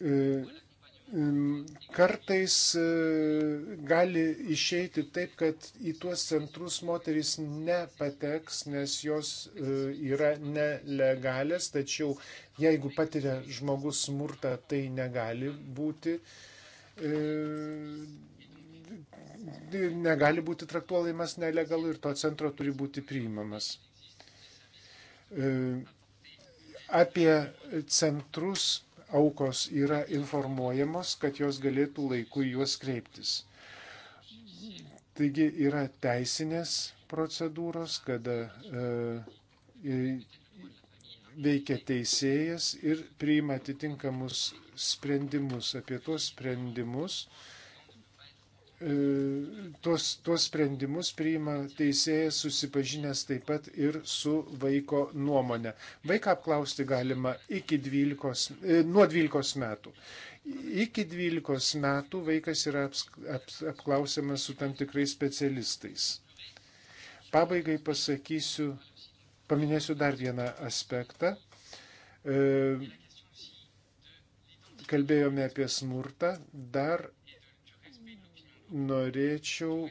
E, Kartais e, gali išeiti taip, kad į tuos centrus moteris nepateks, nes jos e, yra nelegalės, tačiau jeigu patiria žmogus smurtą, tai negali būti, e, negali būti traktuolimas nelegalu ir to centro turi būti priimamas. Apie centrus aukos yra informuojamos, kad jos galėtų laiku juos kreiptis. Taigi yra teisinės procedūros, kada e, veikia teisėjas ir priima atitinkamus sprendimus. Apie tuos sprendimus e, E, tuos, tuos sprendimus priima teisėjas susipažinęs taip pat ir su vaiko nuomonė. Vaiką apklausti galima iki 12, e, nuo 12 metų. Iki 12 metų vaikas yra aps, aps, apklausiamas su tam tikrais specialistais. Pabaigai pasakysiu, paminėsiu dar vieną aspektą. E, kalbėjome apie smurtą, dar norėčiau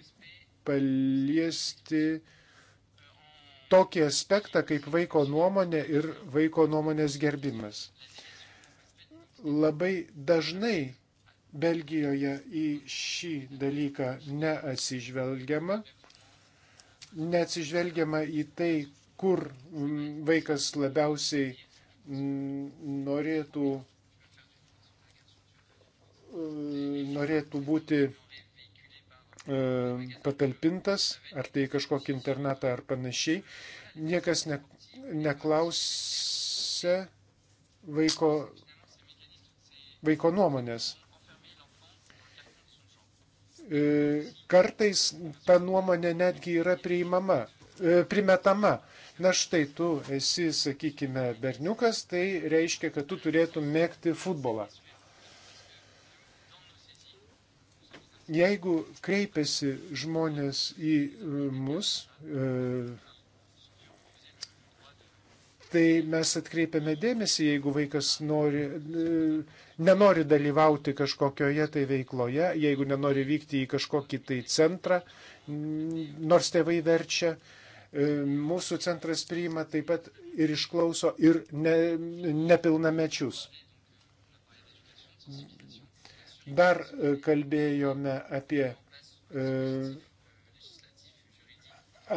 paliesti tokį aspektą kaip vaiko nuomonė ir vaiko nuomonės gerbimas. Labai dažnai Belgijoje į šį dalyką neatsižvelgiama, neatsižvelgiama į tai, kur mm, vaikas labiausiai mm, norėtų, mm, norėtų būti E, patalpintas, ar tai kažkokį internetą ar panašiai. Niekas ne, neklausia vaiko, vaiko nuomonės. E, kartais ta nuomonė netgi yra priimama, e, primetama. Na štai tu esi, sakykime, berniukas, tai reiškia, kad tu turėtum mėgti futbolą. Jeigu kreipiasi žmonės į e, mus, e, tai mes atkreipiame dėmesį, jeigu vaikas nori, e, nenori dalyvauti kažkokioje tai veikloje, jeigu nenori vykti į kažkokį tai centrą, nors tėvai verčia, mūsų centras priima taip pat ir išklauso ir ne, nepilnamečius. Dar e, kalbėjome apie, e,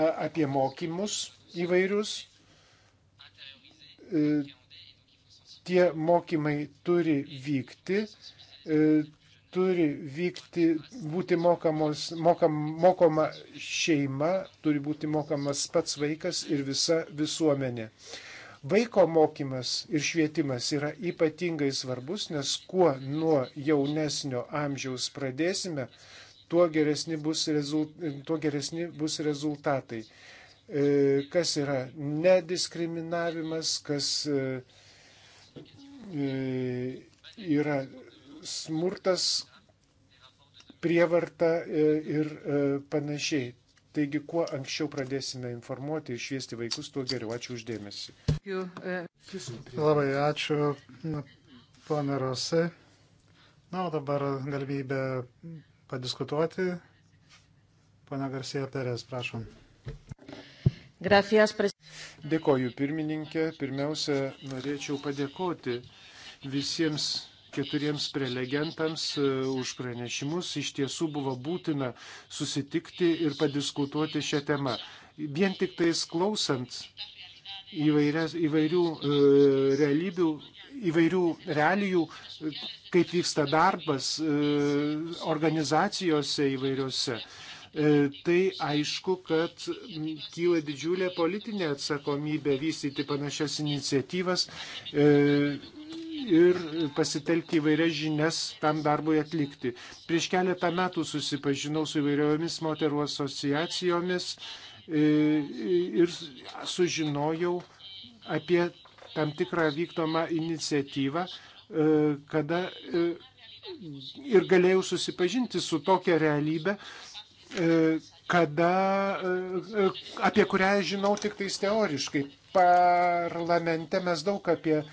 apie mokymus įvairius. E, tie mokymai turi vykti, turi vykti, būti mokamos, mokam, mokoma šeima, turi būti mokamas pats vaikas ir visa visuomenė. Vaiko mokymas ir švietimas yra ypatingai svarbus, nes kuo nuo jaunesnio amžiaus pradėsime, tuo geresni bus, rezult, tuo geresni bus rezultatai. E, kas yra nediskriminavimas, kas e, e, yra smurtas, prievarta ir panašiai. Taigi, kuo anksčiau pradėsime informuoti ir šviesti vaikus, tuo geriau. Ačiū uždėmesi. Labai ačiū, ponė Rosai. Na, o dabar galimybė padiskutuoti. Pana Garsija Perės, prašom. Gracias, pres... Dėkoju, pirmininkė. Pirmiausia, norėčiau padėkoti visiems keturiems prelegentams e, už pranešimus. Iš tiesų buvo būtina susitikti ir padiskutuoti šią temą. Vien tik tais klausant įvairias, įvairių e, realybių, įvairių realijų, kaip vyksta darbas e, organizacijose įvairiose. E, tai aišku, kad kyla didžiulė politinė atsakomybė vystyti panašias iniciatyvas. E, ir pasitelkti įvairias žinias tam darbui atlikti. Prieš keletą metų susipažinau su įvairiomis moterų asociacijomis e, ir sužinojau apie tam tikrą vykdomą iniciatyvą, e, kada e, ir galėjau susipažinti su tokia realybė, kada, apie kurią žinau tik tais teoriškai. Parlamente mes daug apie uh,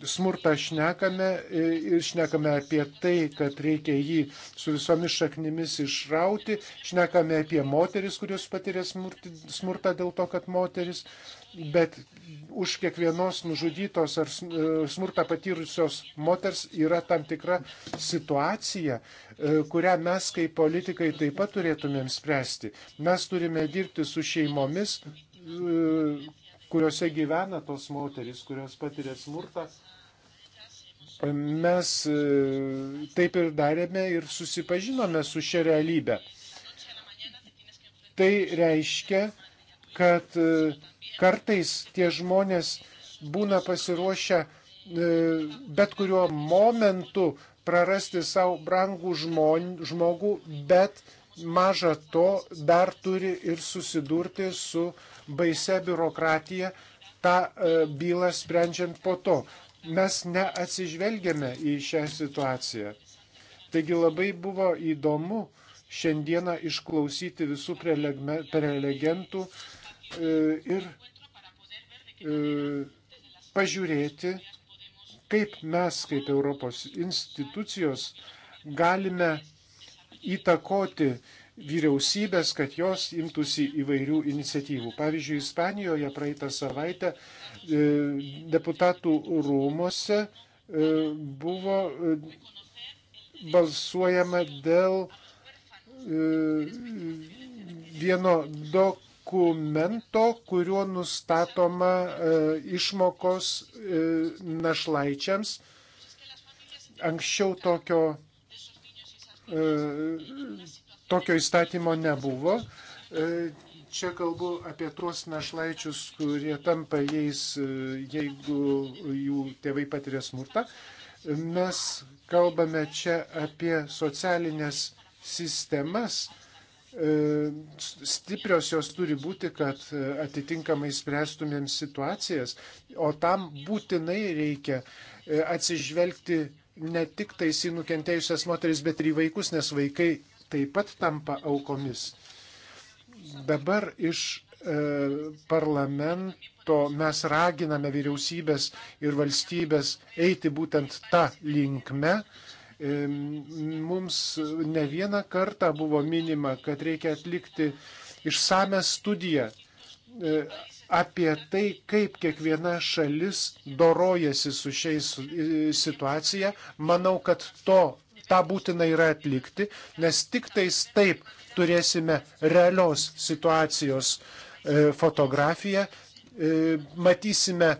smurtą šnekame e, ir šnekame apie tai, kad reikia jį su visomis šaknimis išrauti, šnekame apie moteris, kurios patiria smurtą dėl to, kad moteris, bet už kiekvienos nužudytos ar e, smurtą patyrusios moters yra tam tikra situacija, e, kurią mes kaip politikai taip pat turėtumėm spręsti. Mes turime dirbti su šeimomis kuriuose gyvena tos moteris, kurios patiria smurtą. Mes e, taip ir darėme ir susipažinome su šia realybė. Tai reiškia, kad e, kartais tie žmonės būna pasiruošę e, bet kuriuo momentu prarasti savo brangų žmon, žmogų, bet uh, maža to dar turi ir susidurti su baise biurokratija, tą e, bylą sprendžiant po to. Mes neatsižvelgiame į šią situaciją. Taigi labai buvo įdomu šiandieną išklausyti visų prelegentų e, ir e, pažiūrėti, kaip mes kaip Europos institucijos galime įtakoti vyriausybės, kad jos imtųsi įvairių iniciatyvų. Pavyzdžiui, Ispanijoje praeitą savaitę e, deputatų rūmose e, buvo e, balsuojama dėl vieno dokumento, kuriuo nustatoma išmokos našlaičiams. Anksčiau tokio E, tokio įstatymo nebuvo. E, čia kalbu apie tuos našlaičius, kurie tampa jais, e, jeigu jų tėvai patiria smurtą. Mes kalbame čia apie socialinės sistemas, stiprios jos turi būti, kad atitinkamai spręstumėm situacijas, o tam būtinai reikia atsižvelgti ne tik tais į nukentėjusias moteris, bet ir į vaikus, nes vaikai taip pat tampa aukomis. Dabar iš e, parlamento mes raginame vyriausybės ir valstybės eiti būtent tą linkmę, e, mums ne vieną kartą buvo minima, kad reikia atlikti išsame studiją e, apie tai, kaip kiekviena šalis dorojasi su šiais e, situacija, manau, kad to tą būtina yra atlikti, nes tik tais taip turėsime realios situacijos e, fotografiją, e, matysime,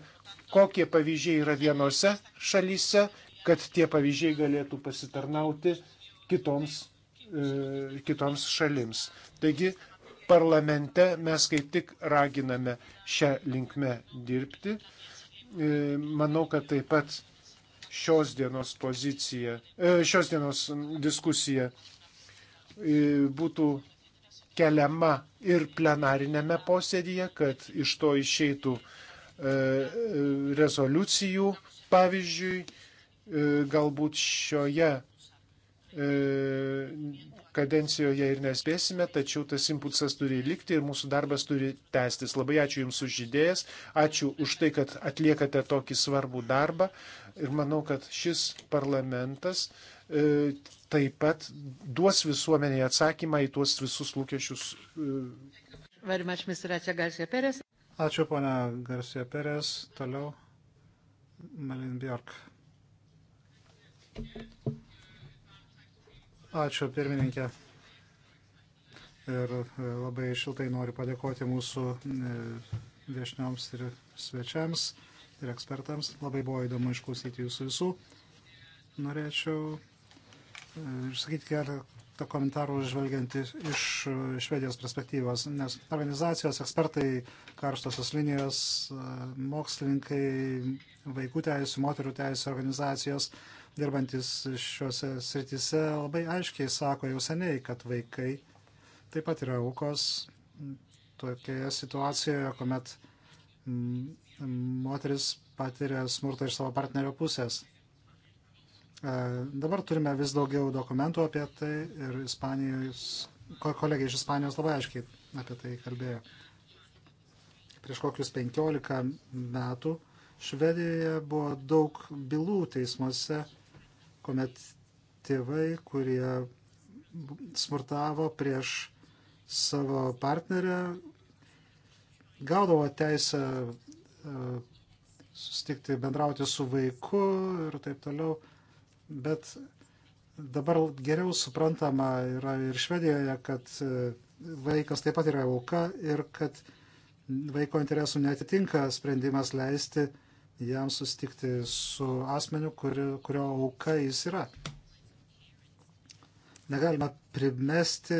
kokie pavyzdžiai yra vienose šalyse, kad tie pavyzdžiai galėtų pasitarnauti kitoms, kitoms šalims. Taigi parlamente mes kaip tik raginame šią linkmę dirbti. E, manau, kad taip pat šios dienos pozicija, e, šios dienos diskusija e, būtų keliama ir plenarinėme posėdėje, kad iš to išeitų rezoliucijų, pavyzdžiui, galbūt šioje kadencijoje ir nespėsime, tačiau tas impulsas turi likti ir mūsų darbas turi tęstis. Labai ačiū Jums už idėjas, ačiū už tai, kad atliekate tokį svarbų darbą ir manau, kad šis parlamentas e, taip pat duos visuomeniai atsakymą į tuos visus lūkesčius. E. Ačiū, ponia Garcia Perez. Toliau Malin Bjork. Thank you. Ačiū pirmininkė. Ir e, labai šiltai noriu padėkoti mūsų e, viešnioms ir svečiams ir ekspertams. Labai buvo įdomu išklausyti jūsų visų. Norėčiau e, išsakyti keletą komentarų žvelgiant iš švedijos perspektyvos, nes organizacijos, ekspertai, karštosios linijos, mokslininkai, vaikų teisų, moterų teisų organizacijos dirbantis šiuose srityse labai aiškiai sako jau seniai, kad vaikai taip pat yra aukos tokioje situacijoje, kuomet moteris patiria smurtą iš savo partnerio pusės. E, dabar turime vis daugiau dokumentų apie tai ir Ispanijos, kolegai iš Ispanijos labai aiškiai apie tai kalbėjo. Prieš kokius 15 metų Švedijoje buvo daug bylų teismuose kuomet tėvai, kurie smurtavo prieš savo partnerę, gaudavo teisę e, susitikti, bendrauti su vaiku ir taip toliau. Bet dabar geriau suprantama yra ir Švedijoje, kad e, vaikas taip pat yra auka ir kad vaiko interesų netitinka sprendimas leisti jam sustikti su asmeniu, kurio, kurio auka jis yra. Negalima primesti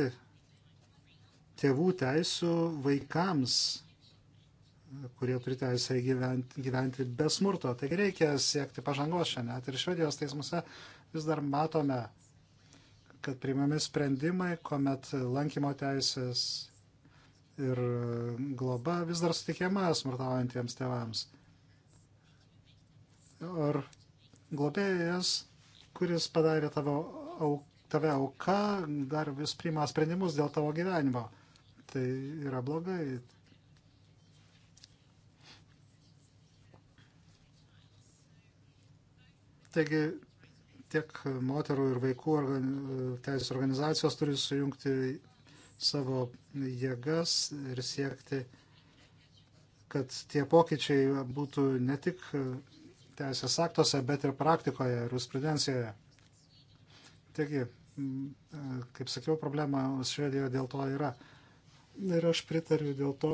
tėvų teisų vaikams, kurie turi teisę gyventi, gyventi be smurto. Taigi reikia siekti pažangos šiandien. Ir švedijos teismuose vis dar matome, kad priimami sprendimai, kuomet lankymo teisės ir globa vis dar sutikiama smurtaujantiems tėvams ar globėjas, kuris padarė tavo, au, tave auką, dar vis priima sprendimus dėl tavo gyvenimo. Tai yra blogai. Taigi tiek moterų ir vaikų organi teisų organizacijos turi sujungti savo jėgas ir siekti, kad tie pokyčiai būtų ne tik teisės aktuose, bet ir praktikoje, jurisprudencijoje. Taigi, e, kaip sakiau, problema Švedijoje dėl to yra. Ir aš pritariu dėl to,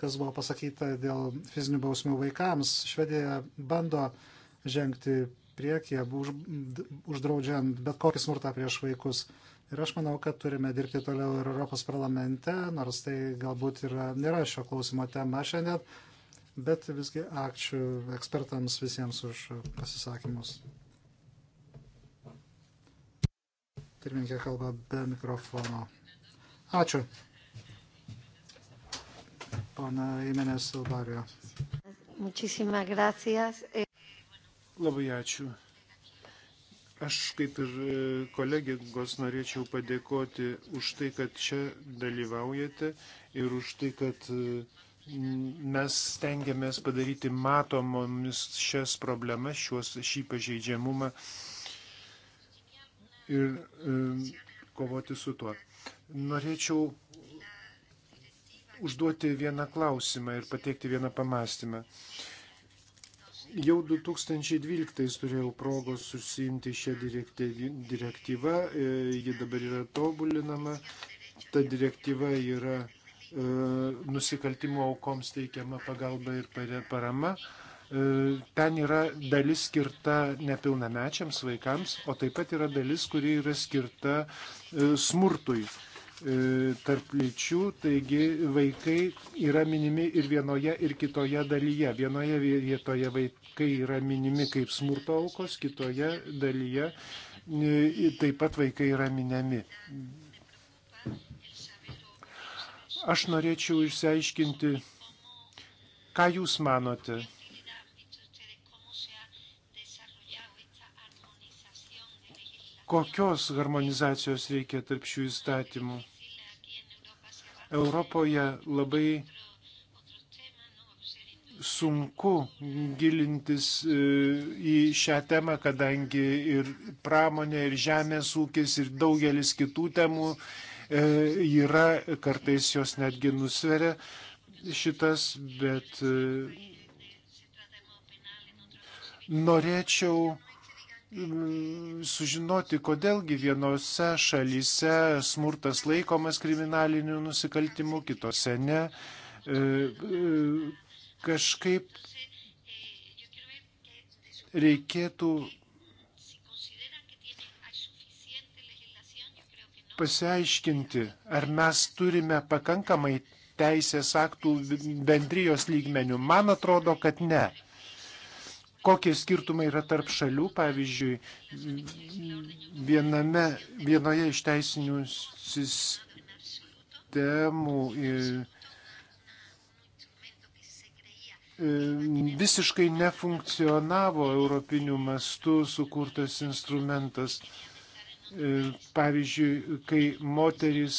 kas buvo pasakyta dėl fizinių bausmių vaikams. Švedija bando žengti priekyje, už, uždraudžiant bet kokį smurtą prieš vaikus. Ir aš manau, kad turime dirbti toliau ir Europos parlamente, nors tai galbūt yra, nėra šio klausimo tema šiandien Bet visgi ačiū ekspertams visiems už pasisakymus. Pirmininkė kalba be mikrofono. Ačiū. Pana Jimenez Silvario. Muchísimas gracias. Labai ačiū. Aš kaip ir e, kolegos norėčiau padėkoti už tai, kad čia dalyvaujate ir už tai, kad uh, mes stengiamės padaryti matomomis šias problemas, šiuos, šį pažeidžiamumą ir e, kovoti su tuo. Norėčiau užduoti vieną klausimą ir pateikti vieną pamastymą. Jau 2012 turėjau progos susimti šią direktyvą, e, ji dabar yra tobulinama, ta direktyva yra E, nusikaltimo aukoms teikiama pagalba ir parama. E, ten yra dalis skirta nepilnamečiams vaikams, o taip pat yra dalis, kuri yra skirta e, smurtui tarp lyčių, taigi vaikai yra minimi ir vienoje, ir kitoje dalyje. Vienoje vietoje vaikai yra minimi kaip smurto aukos, kitoje dalyje taip pat vaikai yra minimi. Aš norėčiau išsiaiškinti, ką Jūs manote. Kokios harmonizacijos reikia tarp šių įstatymų? Europoje labai sunku gilintis e, į šią temą, kadangi ir pramonė, ir žemės ūkis, ir daugelis kitų temų E, yra, kartais jos netgi nusveria šitas, bet e, norėčiau sužinoti, kodėlgi vienose šalyse smurtas laikomas kriminaliniu nusikaltimu, kitose ne. E, kažkaip reikėtų pasiaiškinti, ar mes turime pakankamai teisės aktų bendrijos lygmenių. Man atrodo, kad ne. Kokie skirtumai yra tarp šalių, pavyzdžiui, viename, vienoje iš teisinių sistemų. Ir, e, e, visiškai nefunkcionavo europiniu mastu sukurtas instrumentas. E, pavyzdžiui, kai moteris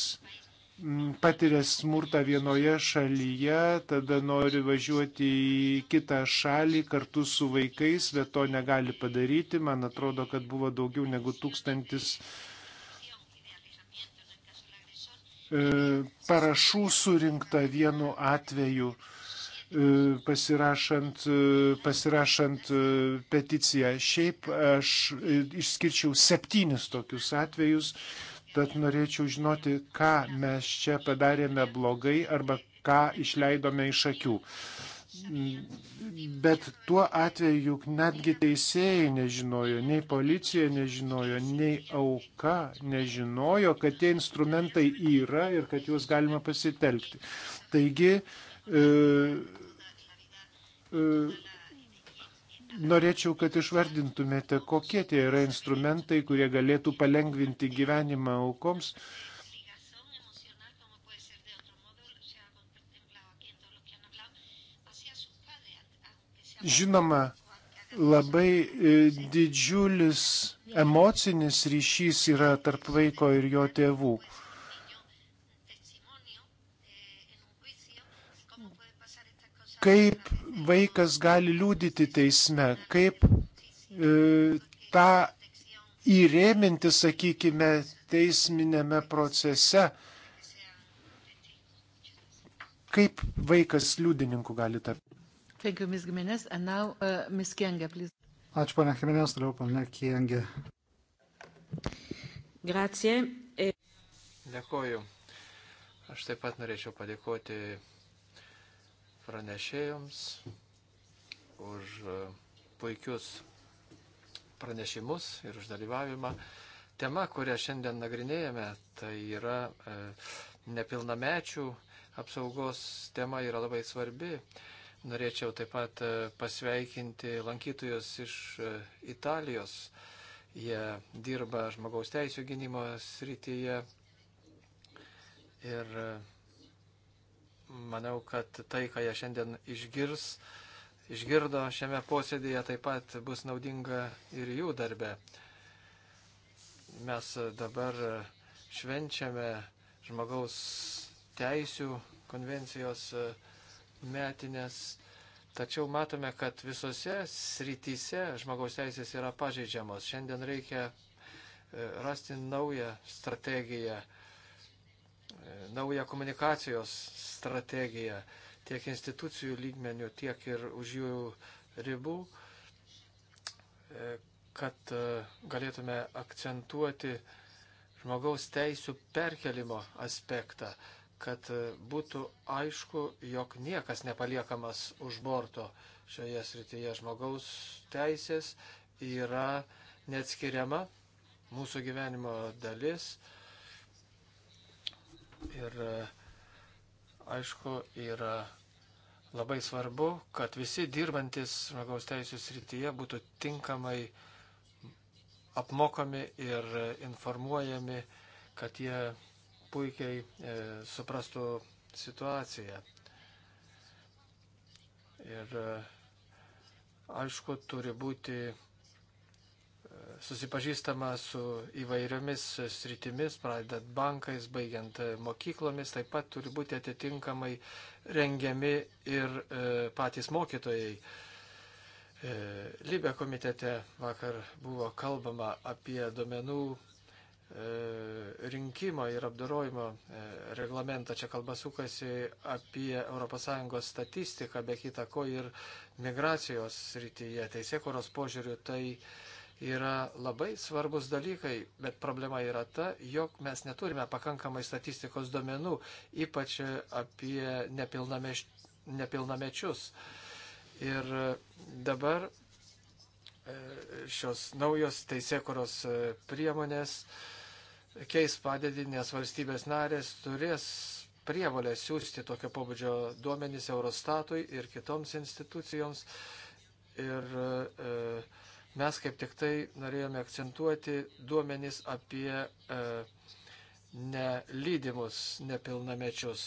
patiria smurtą vienoje šalyje, tada nori važiuoti į kitą šalį kartu su vaikais, bet to negali padaryti. Man atrodo, kad buvo daugiau negu tūkstantis e, parašų surinkta vienu atveju E, pasirašant, e, pasirašant e, peticiją. Šiaip aš išskirčiau septynis tokius atvejus, tad norėčiau žinoti, ką mes čia padarėme blogai arba ką išleidome iš akių. Bet tuo atveju juk netgi teisėjai nežinojo, nei policija nežinojo, nei auka nežinojo, kad tie instrumentai yra ir kad juos galima pasitelkti. Taigi, e, E, norėčiau, kad išvardintumėte, kokie tie yra instrumentai, kurie galėtų palengvinti gyvenimą aukoms. Žinoma, labai e, didžiulis emocinis ryšys yra tarp vaiko ir jo tėvų. kaip vaikas gali liūdyti teisme, kaip e, tą įrėminti, sakykime, teisminėme procese, kaip vaikas liudininku gali tapti. Ačiū, Ms. Gimenez. Now, uh, Ms. Kienge, please. Ačiū, ponia Gimenez, toliau, ponia Kienge. Grazie. Dėkoju. Aš taip pat norėčiau padėkoti pranešėjams už e, puikius pranešimus ir už dalyvavimą. Tema, kurią šiandien nagrinėjame, tai yra e, nepilnamečių apsaugos tema yra labai svarbi. Norėčiau taip pat e, pasveikinti lankytojus iš Italijos. Jie dirba žmogaus teisų gynimo srityje ir Manau, kad tai, ką jie šiandien išgirs, išgirdo šiame posėdėje, taip pat bus naudinga ir jų darbe. Mes dabar švenčiame žmogaus teisių konvencijos metinės, tačiau matome, kad visose srityse žmogaus teisės yra pažeidžiamos. Šiandien reikia rasti naują strategiją naują komunikacijos strategiją tiek institucijų lygmenių, tiek ir už jų ribų, e, kad e, galėtume akcentuoti žmogaus teisų perkelimo aspektą, kad e, būtų aišku, jog niekas nepaliekamas už borto šioje srityje. Žmogaus teisės yra neatskiriama mūsų gyvenimo dalis. Ir e, aišku, yra labai svarbu, kad visi dirbantis žmogaus teisų srityje būtų tinkamai apmokami ir informuojami, kad jie puikiai e, suprastų situaciją. Ir e, aišku, turi būti susipažįstama su įvairiomis sritimis, pradedant bankais, baigiant mokyklomis, taip pat turi būti atitinkamai rengiami ir e, patys mokytojai. E, Libė komitete vakar buvo kalbama apie domenų e, rinkimo ir apdarojimo reglamentą. Čia kalba sukasi apie ES statistiką, be kita ko ir migracijos srityje. Teisėkoros požiūriu tai uh, yra labai svarbus dalykai, bet problema yra ta, jog mes neturime pakankamai statistikos domenų, ypač apie nepilnameč, nepilnamečius. Ir dabar e, šios naujos teisėkuros e, priemonės keis padėdį, nes valstybės narės turės prievalę siūsti tokio pobūdžio duomenys Eurostatui ir kitoms institucijoms. Ir e, mes kaip tik tai norėjome akcentuoti duomenys apie e, nelydimus nepilnamečius,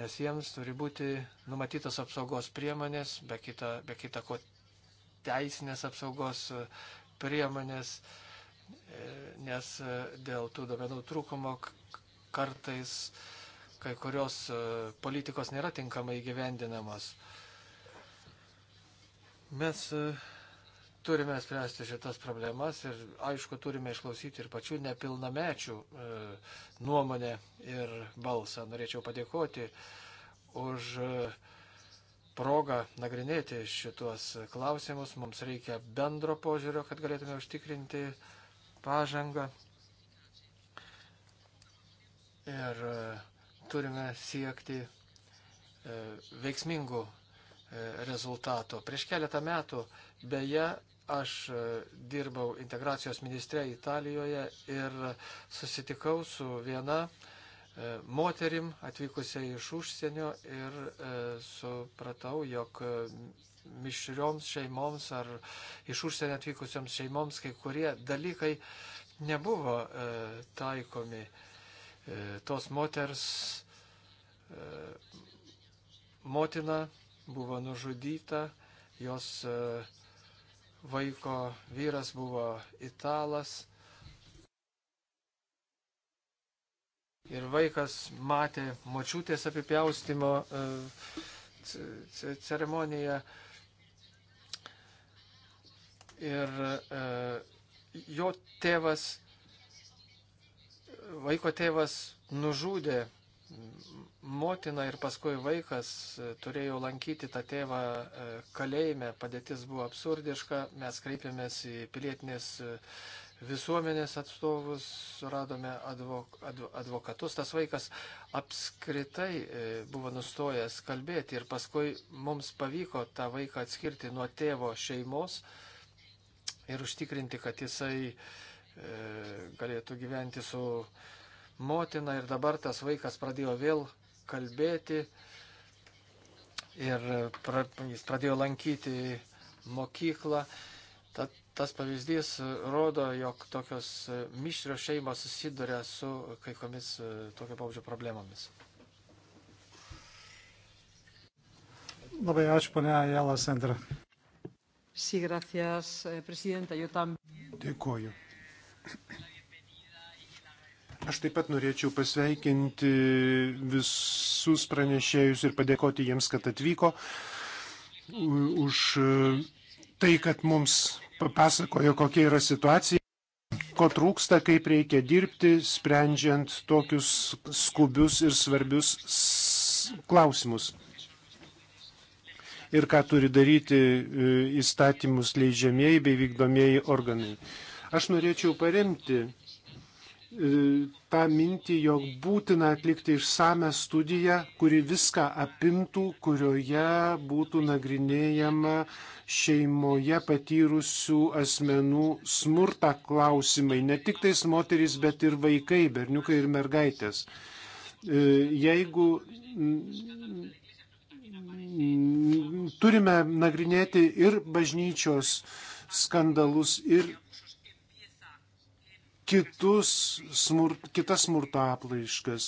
nes jiems turi būti numatytas apsaugos priemonės, be kita, be kita ko teisinės apsaugos e, priemonės, e, nes e, dėl tų duomenų trūkumo kartais kai kurios e, politikos nėra tinkamai gyvendinamos. Mes e, turime spręsti šitas problemas ir aišku turime išklausyti ir pačių nepilnamečių e, nuomonę ir balsą. Norėčiau padėkoti už e, progą nagrinėti šitos klausimus. Mums reikia bendro požiūrio, kad galėtume užtikrinti pažangą. Ir e, turime siekti e, veiksmingų e, rezultato. Prieš keletą metų beje Aš e, dirbau integracijos ministre Italijoje ir susitikau su viena e, moterim atvykusia iš užsienio ir e, supratau, jog mišrioms šeimoms ar iš užsienio atvykusiams šeimoms kai kurie dalykai nebuvo taikomi. Tos moters motina buvo nužudyta, jos vaiko vyras buvo italas. Ir vaikas matė močiutės apipjaustimo e, ceremoniją. Ir e, jo tėvas, vaiko tėvas nužudė motina ir paskui vaikas e, turėjo lankyti tą tėvą e, kalėjime, padėtis buvo absurdiška, mes kreipėmės į pilietinės e, visuomenės atstovus, radome advok, adv, advokatus, tas vaikas apskritai buvo nustojęs kalbėti ir paskui mums pavyko tą vaiką atskirti nuo tėvo šeimos ir užtikrinti, kad jisai galėtų gyventi su motina ir dabar tas vaikas pradėjo vėl kalbėti ir pra, jis pradėjo lankyti mokyklą. Tad tas pavyzdys rodo, jog tokios mišrios šeimos susiduria su kai komis e, tokio pavyzdžio problemomis. Labai ačiū, ponia Jela Sendra. Sí, gracias, eh, presidenta. Yo también. Dėkuoju. Aš taip pat norėčiau pasveikinti visus pranešėjus ir padėkoti jiems, kad atvyko už e, tai, kad mums papasakojo, kokia yra situacija, ko trūksta, kaip reikia dirbti, sprendžiant tokius skubius ir svarbius klausimus ir ką turi daryti e, įstatymus leidžiamieji bei vykdomieji organai. Aš norėčiau paremti E, tą mintį, jog būtina atlikti išsame studiją, kuri viską apimtų, kurioje būtų nagrinėjama šeimoje patyrusių asmenų smurta klausimai, ne tik tais moteris, bet ir vaikai, berniukai ir mergaitės. E, jeigu turime nagrinėti ir bažnyčios skandalus, ir kitus, smur, kitas smurto aplaiškas.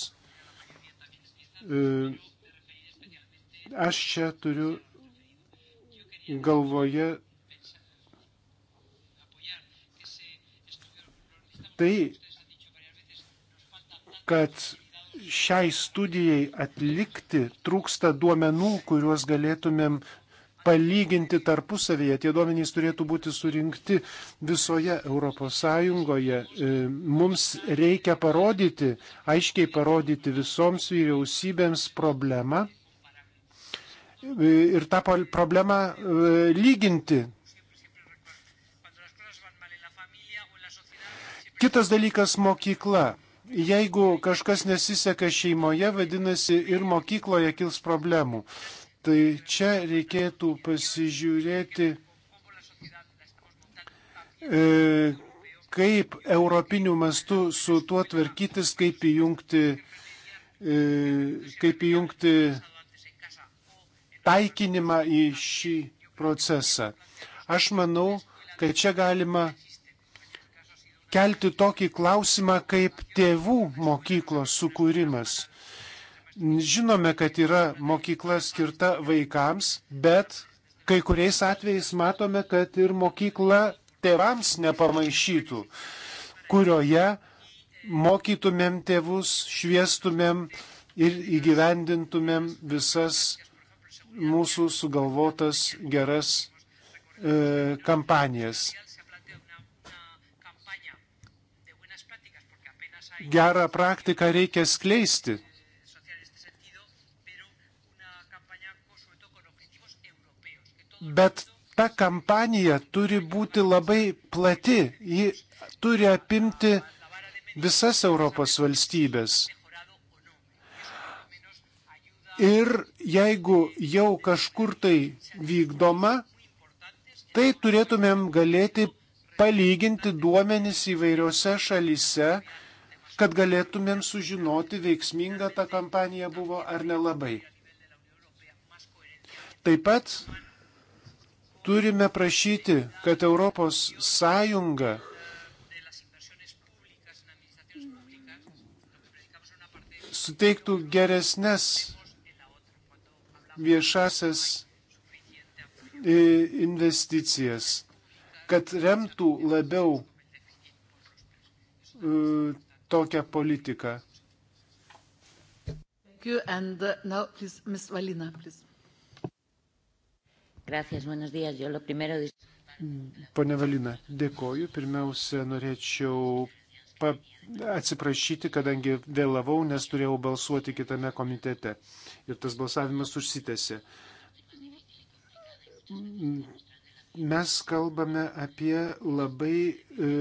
E, aš čia turiu galvoje tai, kad šiai studijai atlikti trūksta duomenų, kuriuos galėtumėm palyginti tarpusavyje. Tie duomenys turėtų būti surinkti visoje ES. E, mums reikia parodyti, aiškiai parodyti visoms vyriausybėms problemą e, ir tą problemą e, lyginti. Kitas dalykas - mokykla. Jeigu kažkas nesiseka šeimoje, vadinasi ir mokykloje kils problemų. Tai čia reikėtų pasižiūrėti, e, kaip europiniu mastu su tuo tvarkytis, kaip įjungti, e, kaip įjungti taikinimą į šį procesą. Aš manau, kad čia galima kelti tokį klausimą kaip tėvų mokyklos sukūrimas. Žinome, kad yra mokykla skirta vaikams, bet kai kuriais atvejais matome, kad ir mokykla tėvams nepamaišytų, kurioje mokytumėm tėvus, šviestumėm ir įgyvendintumėm visas mūsų sugalvotas geras e, kampanijas. Gerą praktiką reikia skleisti bet ta kampanija turi būti labai plati, ji turi apimti visas Europos valstybės. Ir jeigu jau kažkur tai vykdoma, tai turėtumėm galėti palyginti duomenis įvairiose šalise, kad galėtumėm sužinoti, veiksminga ta kampanija buvo ar nelabai. Taip pat turime prašyti, kad Europos Sąjunga suteiktų geresnes viešasias e, investicijas, kad remtų labiau e, tokią politiką. Uh, now, please, Ms. Valina, please. Gracias, buenos días. Yo lo primero. Mm, Pone Valina, dėkoju. Pirmiausia, norėčiau pa... atsiprašyti, kadangi vėlavau, nes turėjau balsuoti kitame komitete. Ir tas balsavimas užsitęsė. Mm, mes kalbame apie labai e,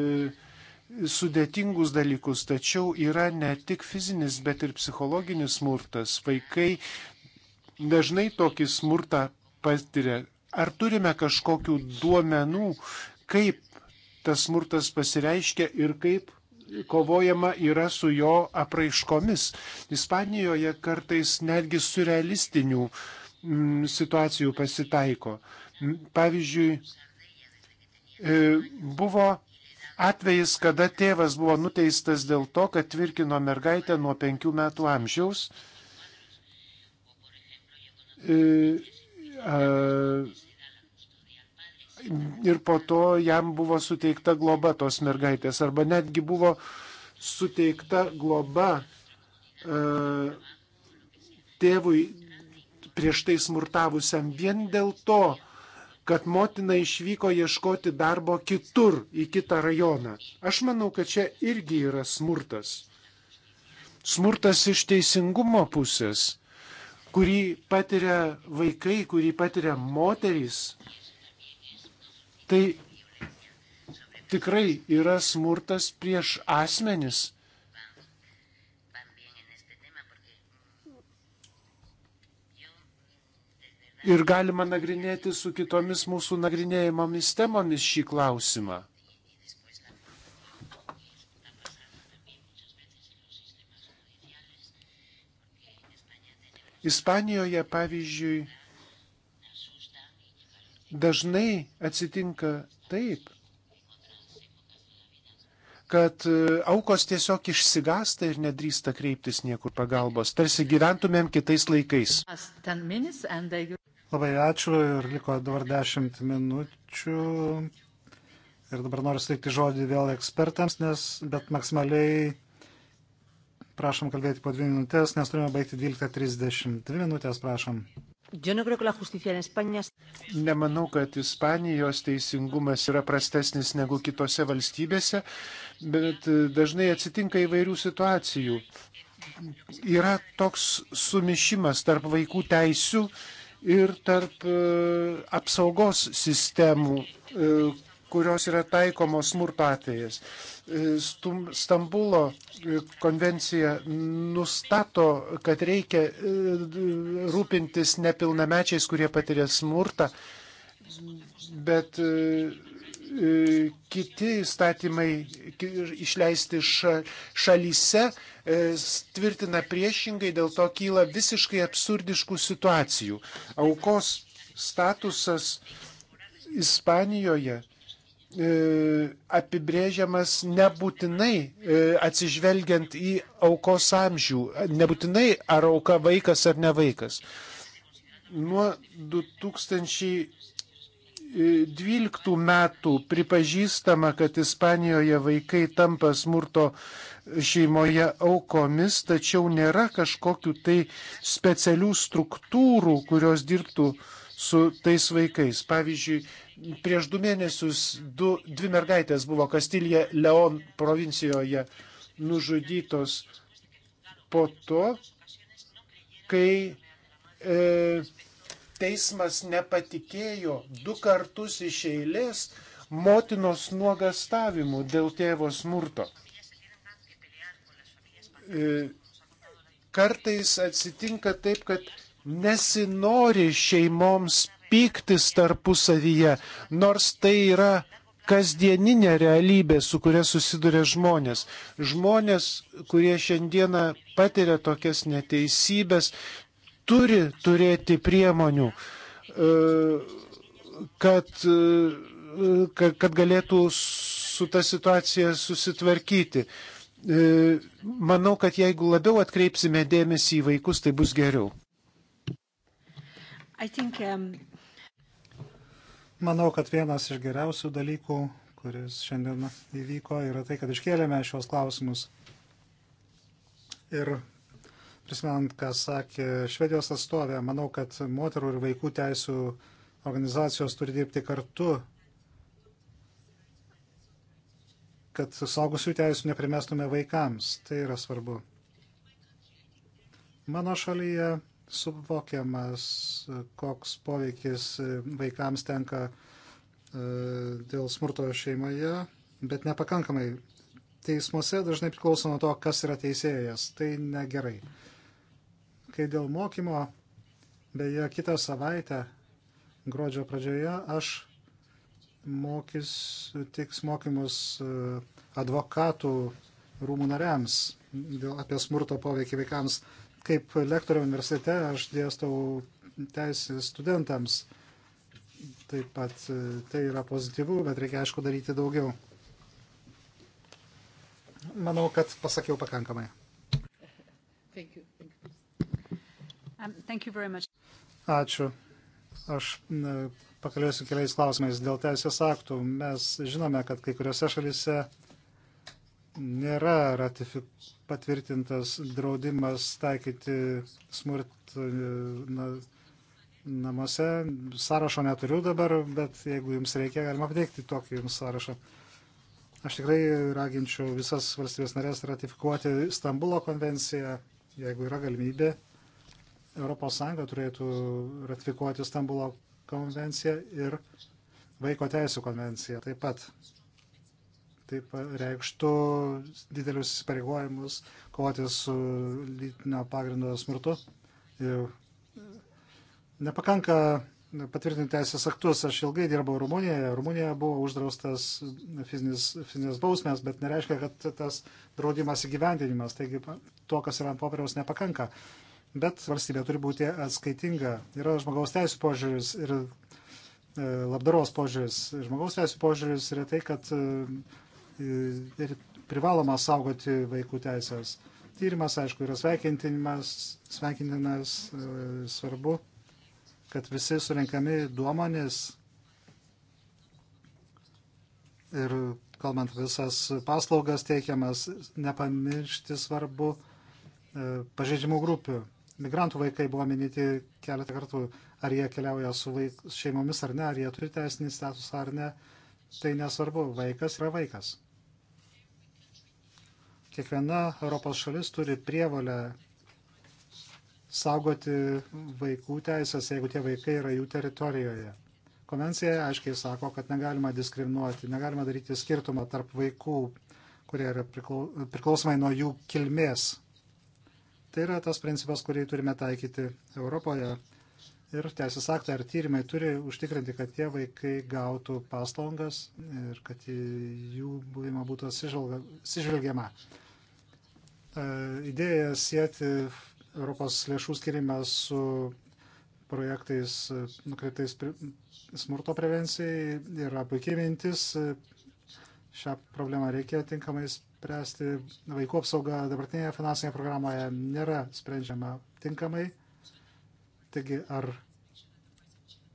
sudėtingus dalykus, tačiau yra ne tik fizinis, bet ir psichologinis smurtas. Vaikai dažnai tokį smurtą patiria Ar turime kažkokių duomenų, kaip tas smurtas pasireiškia ir kaip kovojama yra su jo apraiškomis? Ispanijoje kartais netgi surrealistinių m, mm, situacijų pasitaiko. Pavyzdžiui, e, buvo atvejis, kada tėvas buvo nuteistas dėl to, kad tvirkino mergaitę nuo penkių metų amžiaus. E, ir po to jam buvo suteikta globa tos mergaitės arba netgi buvo suteikta globa tėvui prieš tai smurtavusiam vien dėl to, kad motina išvyko ieškoti darbo kitur, į kitą rajoną. Aš manau, kad čia irgi yra smurtas. Smurtas iš teisingumo pusės kurį patiria vaikai, kurį patiria moterys, tai tikrai yra smurtas prieš asmenis. Ir galima nagrinėti su kitomis mūsų nagrinėjamomis temomis šį klausimą. Ispanijoje, pavyzdžiui, dažnai atsitinka taip, kad e, aukos tiesiog išsigasta ir nedrįsta kreiptis niekur pagalbos, tarsi gyventumėm kitais laikais. Labai ačiū ir liko dabar 10 minučių. Ir dabar noriu suteikti žodį vėl ekspertams, nes bet maksimaliai Prašom kalbėti po dvi minutės, nes turime baigti 12.30. Dvi minutės, prašom. Nemanau, kad Ispanijos teisingumas yra prastesnis negu kitose valstybėse, bet dažnai atsitinka įvairių situacijų. Yra toks sumišimas tarp vaikų teisių ir tarp e, apsaugos sistemų, e, kurios yra taikomos smurto atvejas. E, Stambulo e, konvencija nustato, kad reikia e, rūpintis nepilnamečiais, kurie patiria smurtą, bet kiti įstatymai išleisti šalyse tvirtina priešingai, dėl to kyla visiškai absurdiškų situacijų. Aukos statusas Ispanijoje E, apibrėžiamas nebūtinai e, atsižvelgiant į aukos amžių, nebūtinai ar auka vaikas ar ne vaikas. Nuo 2012 metų pripažįstama, kad Ispanijoje vaikai tampa smurto šeimoje aukomis, tačiau nėra kažkokių tai specialių struktūrų, kurios dirbtų uh, su tais vaikais. Pavyzdžiui, prieš du mėnesius du, dvi mergaitės buvo Kastilija Leon provincijoje nužudytos po to, kai e, teismas nepatikėjo du kartus iš eilės motinos nuogastavimų dėl tėvo smurto. E, kartais atsitinka taip, kad Nesinori šeimoms pyktis tarpusavyje, nors tai yra kasdieninė realybė, su kuria susiduria žmonės. Žmonės, kurie šiandieną patiria tokias neteisybės, turi turėti priemonių, e, kad, e, kad galėtų su ta situacija susitvarkyti. E, manau, kad jeigu labiau atkreipsime dėmesį į vaikus, tai bus geriau. Think, um... Manau, kad vienas iš geriausių dalykų, kuris šiandien įvyko, yra tai, kad iškėlėme šios klausimus. Ir prisimant, ką sakė Švedijos atstovė, manau, kad moterų ir vaikų teisų organizacijos turi dirbti kartu, kad saugusių teisų neprimestume vaikams. Tai yra svarbu. Mano šalyje suvokiamas, koks poveikis vaikams tenka e, dėl smurto šeimoje, bet nepakankamai. Teismuose dažnai priklauso nuo to, kas yra teisėjas. Tai negerai. Kai dėl mokymo, beje, kitą savaitę, gruodžio pradžioje, aš mokys, tiks mokymus e, advokatų rūmų nariams dėl, apie smurto poveikį vaikams. Kaip lektorė universitete aš dėstau teisės studentams. Taip pat e, tai yra pozityvu, bet reikia aišku daryti daugiau. Manau, kad pasakiau pakankamai. Thank you. Thank you um, very much. Ačiū. Aš pakalbėsiu keliais klausimais dėl teisės aktų. Mes žinome, kad kai kuriuose šalise nėra ratifik, patvirtintas draudimas taikyti smurt na, namuose. Sąrašo neturiu dabar, bet jeigu jums reikia, galima pateikti tokį jums sąrašą. Aš tikrai raginčiau visas valstybės narės ratifikuoti Stambulo konvenciją, jeigu yra galimybė. ES turėtų ratifikuoti Stambulo konvenciją ir vaiko teisų konvenciją taip pat taip reikštų didelius įsipareigojimus kovoti su lytinio pagrindo smurtu. Nepakanka patvirtinti teisės aktus. Aš ilgai dirbau Rumunijoje. Rumunijoje buvo uždraustas fizinis, fizinis bausmės, bet nereiškia, kad tas draudimas įgyvendinimas. Taigi to, kas yra ant popieriaus, nepakanka. Bet valstybė turi būti atskaitinga. Yra žmogaus teisų požiūris ir e, labdaros požiūris. Žmogaus teisų požiūris yra tai, kad e, E, ir privaloma saugoti vaikų teisės. Tyrimas, aišku, yra sveikintinimas, sveikintinas e, svarbu, kad visi surinkami duomenys ir kalbant visas paslaugas teikiamas, nepamiršti svarbu e, pažeidžiamų grupių. Migrantų vaikai buvo minėti keletą kartų, ar jie keliauja su vaik, šeimomis ar ne, ar jie turi teisinį statusą ar ne. Tai nesvarbu, vaikas yra vaikas kiekviena Europos šalis turi prievalę saugoti vaikų teisės, jeigu tie vaikai yra jų teritorijoje. Konvencija aiškiai sako, kad negalima diskriminuoti, negalima daryti skirtumą tarp vaikų, kurie yra priklausomai nuo jų kilmės. Tai yra tas principas, kurį turime taikyti Europoje. Ir teisės aktai ar tyrimai turi užtikrinti, kad tie vaikai gautų paslaugas ir kad jų buvimą būtų atsižvelgiama. Sižvelgia, E, idėja sieti Europos lėšų skirimą su projektais e, nukreiptais smurto prevencijai yra puikiai mintis. E, šią problemą reikia tinkamai spręsti. Vaikų apsauga dabartinėje finansinėje programoje nėra sprendžiama tinkamai. Taigi, ar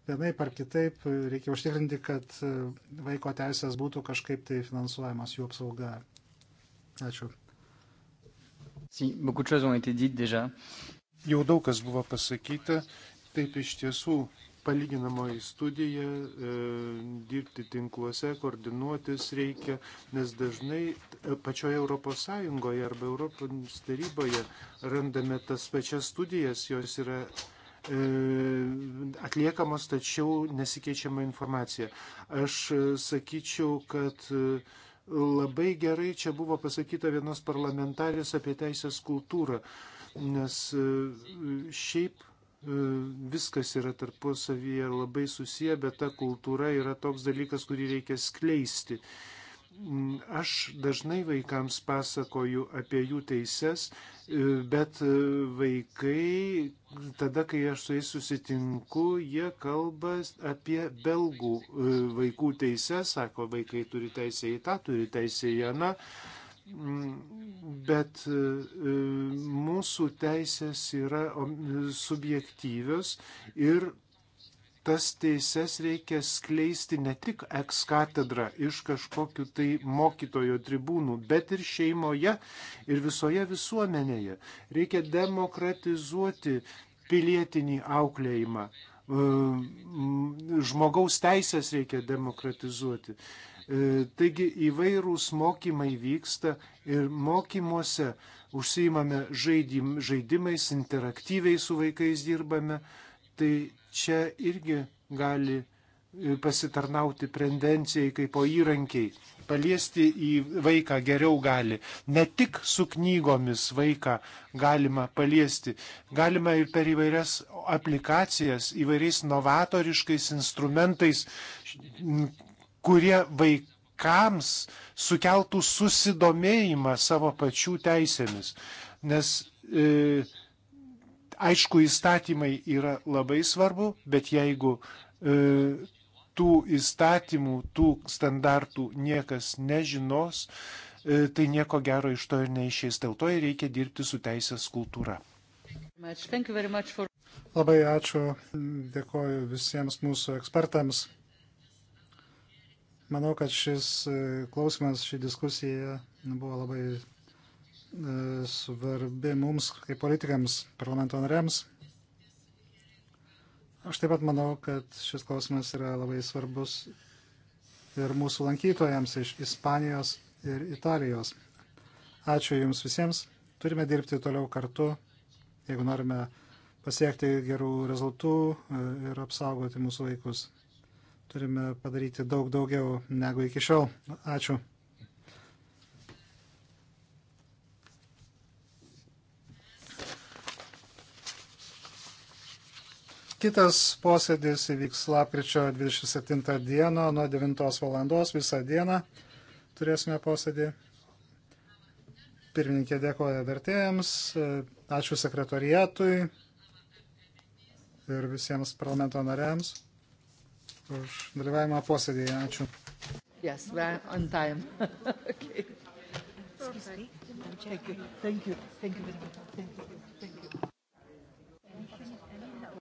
vienaip ar kitaip reikia užtikrinti, kad vaiko teisės būtų kažkaip tai finansuojamas jų apsauga. Ačiū. Si, beaucoup de choses ont été dites déjà. Jau daug kas buvo pasakyta, taip iš tiesų palyginamoji studija, e, dirbti tinkluose, koordinuotis reikia, nes dažnai e, pačioje Europos Sąjungoje arba Europos taryboje randame tas pačias studijas, jos yra e, atliekamos, tačiau nesikeičiama informacija. Aš e, sakyčiau, kad e, Labai gerai čia buvo pasakyta vienos parlamentarės apie teisės kultūrą, nes e, šiaip e, viskas yra tarpusavyje labai susiję, bet ta kultūra yra toks dalykas, kurį reikia skleisti. Mm, aš dažnai vaikams pasakoju apie jų teises, e, bet e, vaikai, tada, kai aš su jais susitinku, jie kalba apie belgų e, vaikų teises, sako, vaikai turi teisę į tą, turi teisę į aną, mm, bet mūsų teisės yra subjektyvios ir tas teises reikia skleisti ne tik eks katedra iš kažkokių tai mokytojo tribūnų, bet ir šeimoje ir visoje visuomenėje. Reikia demokratizuoti pilietinį auklėjimą. E, žmogaus teisės reikia demokratizuoti. E, taigi įvairūs mokymai vyksta ir mokymuose užsiimame žaidim, žaidimais, interaktyviai su vaikais dirbame. Tai čia irgi gali e, pasitarnauti prevencijai kaip po įrankiai. Paliesti į vaiką geriau gali. Ne tik su knygomis vaiką galima paliesti. Galima ir per įvairias aplikacijas, įvairiais novatoriškais instrumentais, kurie vaikams sukeltų susidomėjimą savo pačių teisėmis. Nes e, Aišku, įstatymai yra labai svarbu, bet jeigu e, tų įstatymų, tų standartų niekas nežinos, e, tai nieko gero iš to ir neišės. Dėl to ir reikia dirbti su teisės kultūra. For... Labai ačiū, dėkoju visiems mūsų ekspertams. Manau, kad šis e, klausimas, ši diskusija buvo labai svarbi mums, kaip politikams, parlamento nariams. Aš taip pat manau, kad šis klausimas yra labai svarbus ir mūsų lankytojams iš Ispanijos ir Italijos. Ačiū Jums visiems. Turime dirbti toliau kartu, jeigu norime pasiekti gerų rezultų e, ir apsaugoti mūsų vaikus. Turime padaryti daug daugiau negu iki šiol. Ačiū. Kitas posėdis įvyks lapkričio 27 dieną nuo 9 valandos visą dieną. Turėsime posėdį. Pirmininkė dėkoja vertėjams, ačiū sekretoriatui ir visiems parlamento nariams už dalyvavimą posėdėje. Ačiū. Yes, we're on time. okay. Perfect. Thank you. Thank you. Thank you. Thank you.